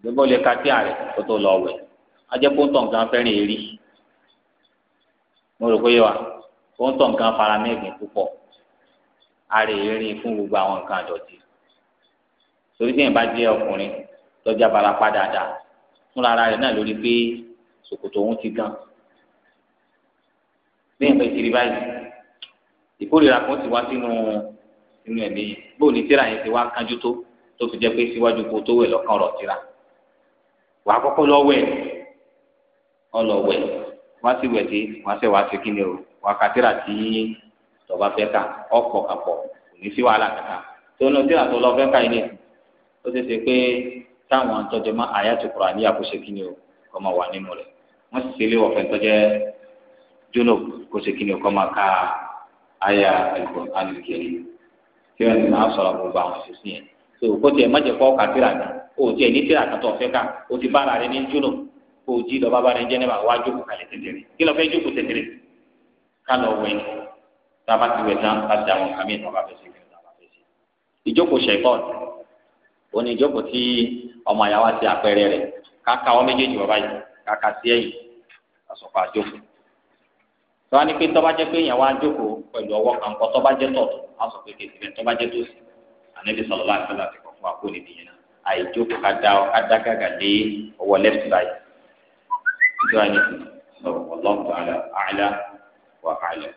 gbogbo lè katia rẹ̀ kó tó lọ wẹ̀ ajẹ́pọ̀ntọ̀ nǹkan fẹ́ràn èrí mo rò pé wa pọ̀ntọ̀ nǹkan fara mẹ́gbẹ̀ẹ́ púpọ̀ àrè erin fún gbogbo àwọn nǹkan àdọ̀tí torí tí èèyàn bá jẹ́ ọkùnrin lọ́jà barapá dáadáa fúnra ara rẹ̀ náà lórí pé ṣòkòtò òun ti gan bí èèyàn bẹ́ẹ̀ ti báyìí ìkórìíra kan ti wá sínú sínú ẹ̀mí yìí bó ní tíra yẹn ti wá kánjú tó tó fi jẹ́ pé síwájú kó tó wẹ̀ lọ́kàn rọ̀ tíra wàá kọ́kọ́ lọ wẹ̀ ọ lọ wẹ̀ wá sí wẹ̀ tí wàá sẹ̀ wá sí kí ni o wàá ka tíra tí tọba fẹ́ kà ọ̀pọ̀ kàpọ̀ kò ní sí wàhálà kankan tó nu tíra tó lọ fẹ́ kà yìí ni ó ti ṣe pé táwọn àtọ́jọ́ máa àyàtò kura ní àkóso kí ni o kọ́ máa wà nínú rẹ̀ wọ́n sì ṣe ilé ọ̀fẹ́ tọ́jẹ́ jóná kó kí ni o kọ́ máa ka àyà ẹ̀gbọ́n alùkẹ́rì tí wọ́n ti máa sọ̀rọ̀ gbogbo àwọn ìṣẹ̀sìn yẹn tó o kó tiẹ̀ má jẹ́ kọ́ ọ̀ka tíra kan o tiẹ̀ ní tíra kan tó o fẹ́ ká o ti bára rẹ ní júlò kó o jí lọ́ba bá rẹ jẹ́ níbà wá jókòó kalẹ̀ tẹ̀tẹ̀rẹ̀ kí lọ fẹ́ jókòó tẹ̀tẹ̀rẹ̀ ká lọ wẹ̀ tába ti wẹ̀ tán ká ti àwọn kàmí ìtọ́ba fẹ́ ṣe kẹ́kẹ́ tába fẹ́ ṣe. ìjókòó ṣẹ̀kọ́ọ̀t o ní ìjókòó tí ọmọ àyàwó ti àpẹẹrẹ rẹ̀ káka ọ méjèèjì bàbá yìí káka sí ẹ̀yìn àsọ̀kọ̀ àjókòó tọ́wá ni pé tọ́ba jẹ́ pé èèyàn wá jókòó pẹ̀lú ọwọ́ kan kọ́ tọ́ba jẹ́ tọ̀tún á sọ pé kejì bẹ́ẹ̀ tọ́ba jẹ́ tòsì ànábi sọ̀rọ̀ láti sọ̀rọ̀ àti kọ̀ọ̀fún àpò níbi yẹn náà àìjókòó ká dá ká dá gàgà lé ọwọ́ left side ìjọ àyè fún sọ ọlọ́ọ̀tọ̀ àlà àlà wà àlà.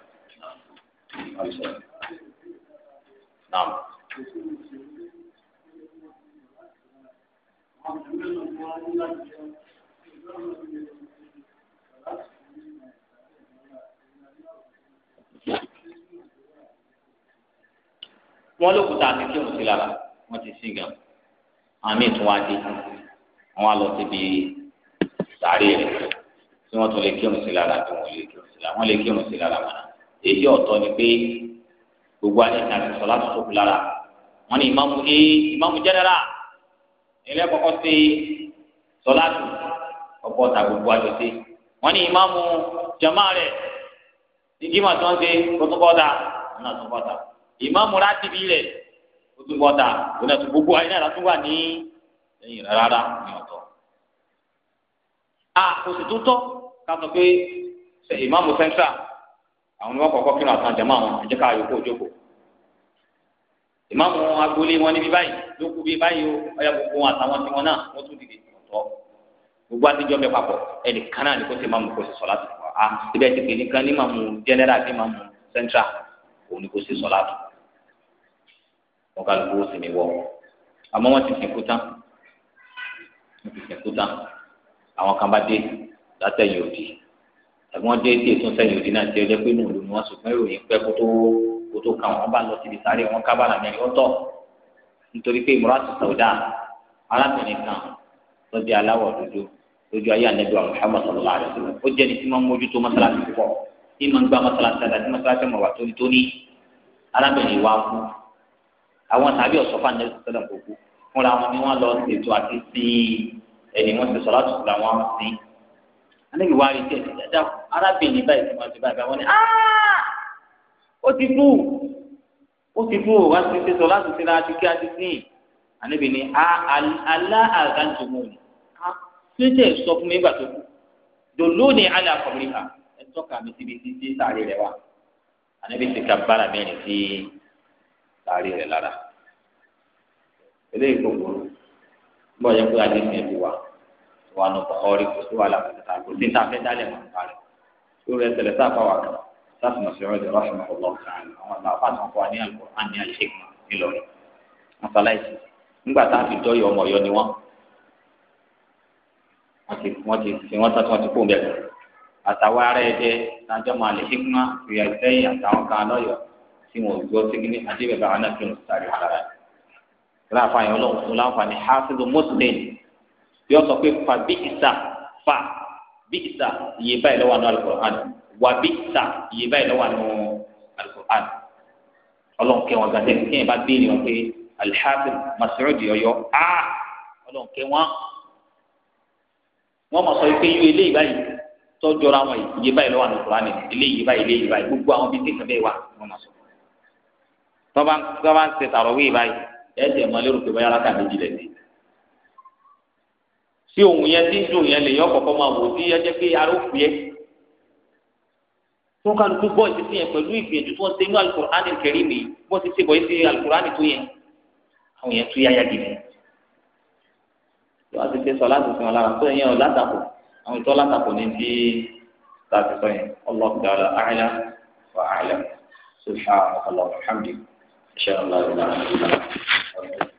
Thank you. wọn lókùtà àti kí òun ti lára wọn ti sin gan àmì ìtúwádé wọn á lọ síbi sàárè rẹ tí wọn tún lè kírun sí lára tí wọn lè kírun sí lára wọn lè kírun sí lára mọ èyí ọ̀tọ̀ ni pé gbogbo àti ìtàkùn sọlá tuntun lára wọn ni ìmáàmù ẹ ìmáàmù jẹnẹra ilé kọ́kọ́ sí sọlá tù ọkọ ta gbogbo àjọṣe wọn ni ìmáàmù jama rẹ ìgbìmọ̀ tí wọ́n ṣe kótóbọ́dà ọ̀nà àtúbọ̀dà ìmáàmù rátìbí rẹ̀ kótóbọ́dà ọ̀nà àtúbọ̀ gbogbo ayé náà látún wà ní ẹ̀yìn rárá ní ọ̀tọ̀. a kò sì tó tọ́ ká sọ pé ìmáàmù central àwọn ni wọ́n kọ́kọ́ kírun àtàn jàmá àwọn àjẹká àyòkó òjòkó ìmáàmù agboolé wọn níbi báyìí ló kú bí báyìí o ọyà gbogbo wọn àtàwọn tí wọn náà wọ́n tún dìde ọ̀tọ̀ a ah, síbẹ̀ ti pè nìkan ní màmú jẹ́nẹ́rà àti màmú sẹ́ńtrà òun ni kò sí sọ́lá tó wọn kà lóko sì ní wọ́ àmọ́ wọ́n ti sìnkú tán wọ́n ti sìnkú tán àwọn kan bá dé látẹ̀yìn òdì tàbí wọ́n dé tí ètò sẹ́yìn òdì náà ti ọjọ́ pé inú òlu ni wọ́n sùn ìròyìn pẹ́ kó tó kó tó kà wọ́n bá lọ síbi sáré wọn ká bàrà mẹ́rin ó nítorí pé ìmúra tó sọ̀dá arábìnrin kan tó di aláwọ̀ dúdú lójú ayé anabi wa muhammad sallallahu alayhi wa sallam ó jẹ́ ní tí máa ń mójútó masalasi púpọ̀ tí máa ń gbá masalasi dáadáa tí masalasi máa wà tónítóní arábìnrin wa kú àwọn tàbí ọ̀sọ́fà ní sọ́dọ̀ kò kú fúnra wọn ni wọ́n lọ ètò àti sin ẹni wọ́n ti sọ̀rọ̀ àtúntò àwọn sin anabi wa rí tẹ̀sí dáadáa arábìnrin báyìí tí wọ́n ti báyìí wọ́n ní ó ti kú ó ti kú wá sí sọ́dọ̀ àtúntò àti kí á ti sìn anabi ni alá àgántùmọ̀ ni títí ẹ sọ fún mi gbà tó kù dòló ni alẹ akọbìrì ha ẹ tọ́ka mi síbi títí sáré rẹ wa ànábi ti ka bára mẹ́rin sí sáré rẹ lára eléyìí gbogbo bọ́ọ̀ yẹ kó adé fi wá wà nù bọ̀ọ́rì kò sí wàhálà kò sí ta kò sí ta fẹ́ dálẹ̀ mọ̀ nípa rẹ̀ lórí ẹsẹ̀ lẹ́sẹ̀ àfàwà kan sáfì mọ̀ sí ọ̀rọ̀ ìdọ̀rọ̀ àfàmọ̀ ọ̀lọ́ kan àwọn àgbà fáwọn ọkọ̀ àníyàn kò àníyàn ṣèkùn nílọrin àfàlàyé nígbà tá a fi dọ́yọ̀ ọmọ ọ̀yọ́ ni wọ́n wọ́n ti fi wọ́n tán tí wọ́n ti kó bẹ́ẹ̀ àtàwọn ará ẹ̀dẹ́ lájọ́ máa lè hikma ìyá ìsẹ́yìn àtàwọn kan lọ́yọ̀ tí wọn ò gbọ́ sígi ní adébẹ̀ bàbá náà fi ń sáré sára láàfà yẹn ọlọ́run fún láǹfààní hafizu muslim yóò sọ pé fa bí ìsà fa bí ìsà iye báyìí lọ́wọ́ àná alukur'an wà bí ìsà iye báyìí lọ́wọ́ àná alukur'an ọlọ́run kẹ́ wọn gàdé kí ẹ bá béèrè wọn pé alihafiz mas'udi ọyọ a ọlọ́run kẹ́ wọn wọ́n mọ̀ sọ pé yú eléyìí báyìí tọ́jọ́ra wọn yìí báyìí lọ́wọ́ àná kúránì eléyìí báyìí eléyìí báyìí gbogbo àwọn bíi tẹ̀sán bẹ́ẹ̀ wà wọ́n mọ̀ sọ. tọ́ba tọ́ba ń tẹ̀sàrọ̀ wí báyìí ẹ̀ tẹ̀ mọ́ lérò pé báyà rákà méjì lẹ́sí. tí òun yẹn tí ń dùn yẹn lè yọ kọ̀kọ́ máa wò sí ẹjẹ́ pé ara ó fi ẹ́. tó kálukú gbọ́ ń ṣe inú tí wọn ti ké sọ láti sìn ọ lára tó yẹn ọ látàkù àwọn ìtọ́ látàkù ní ti láti sọ yẹn ọlọ́ọ̀dà àlá wà àlá sùhà ọlọ́ọ̀hàmdì ṣẹlẹ̀ ọlọ́ọ̀dà àlá.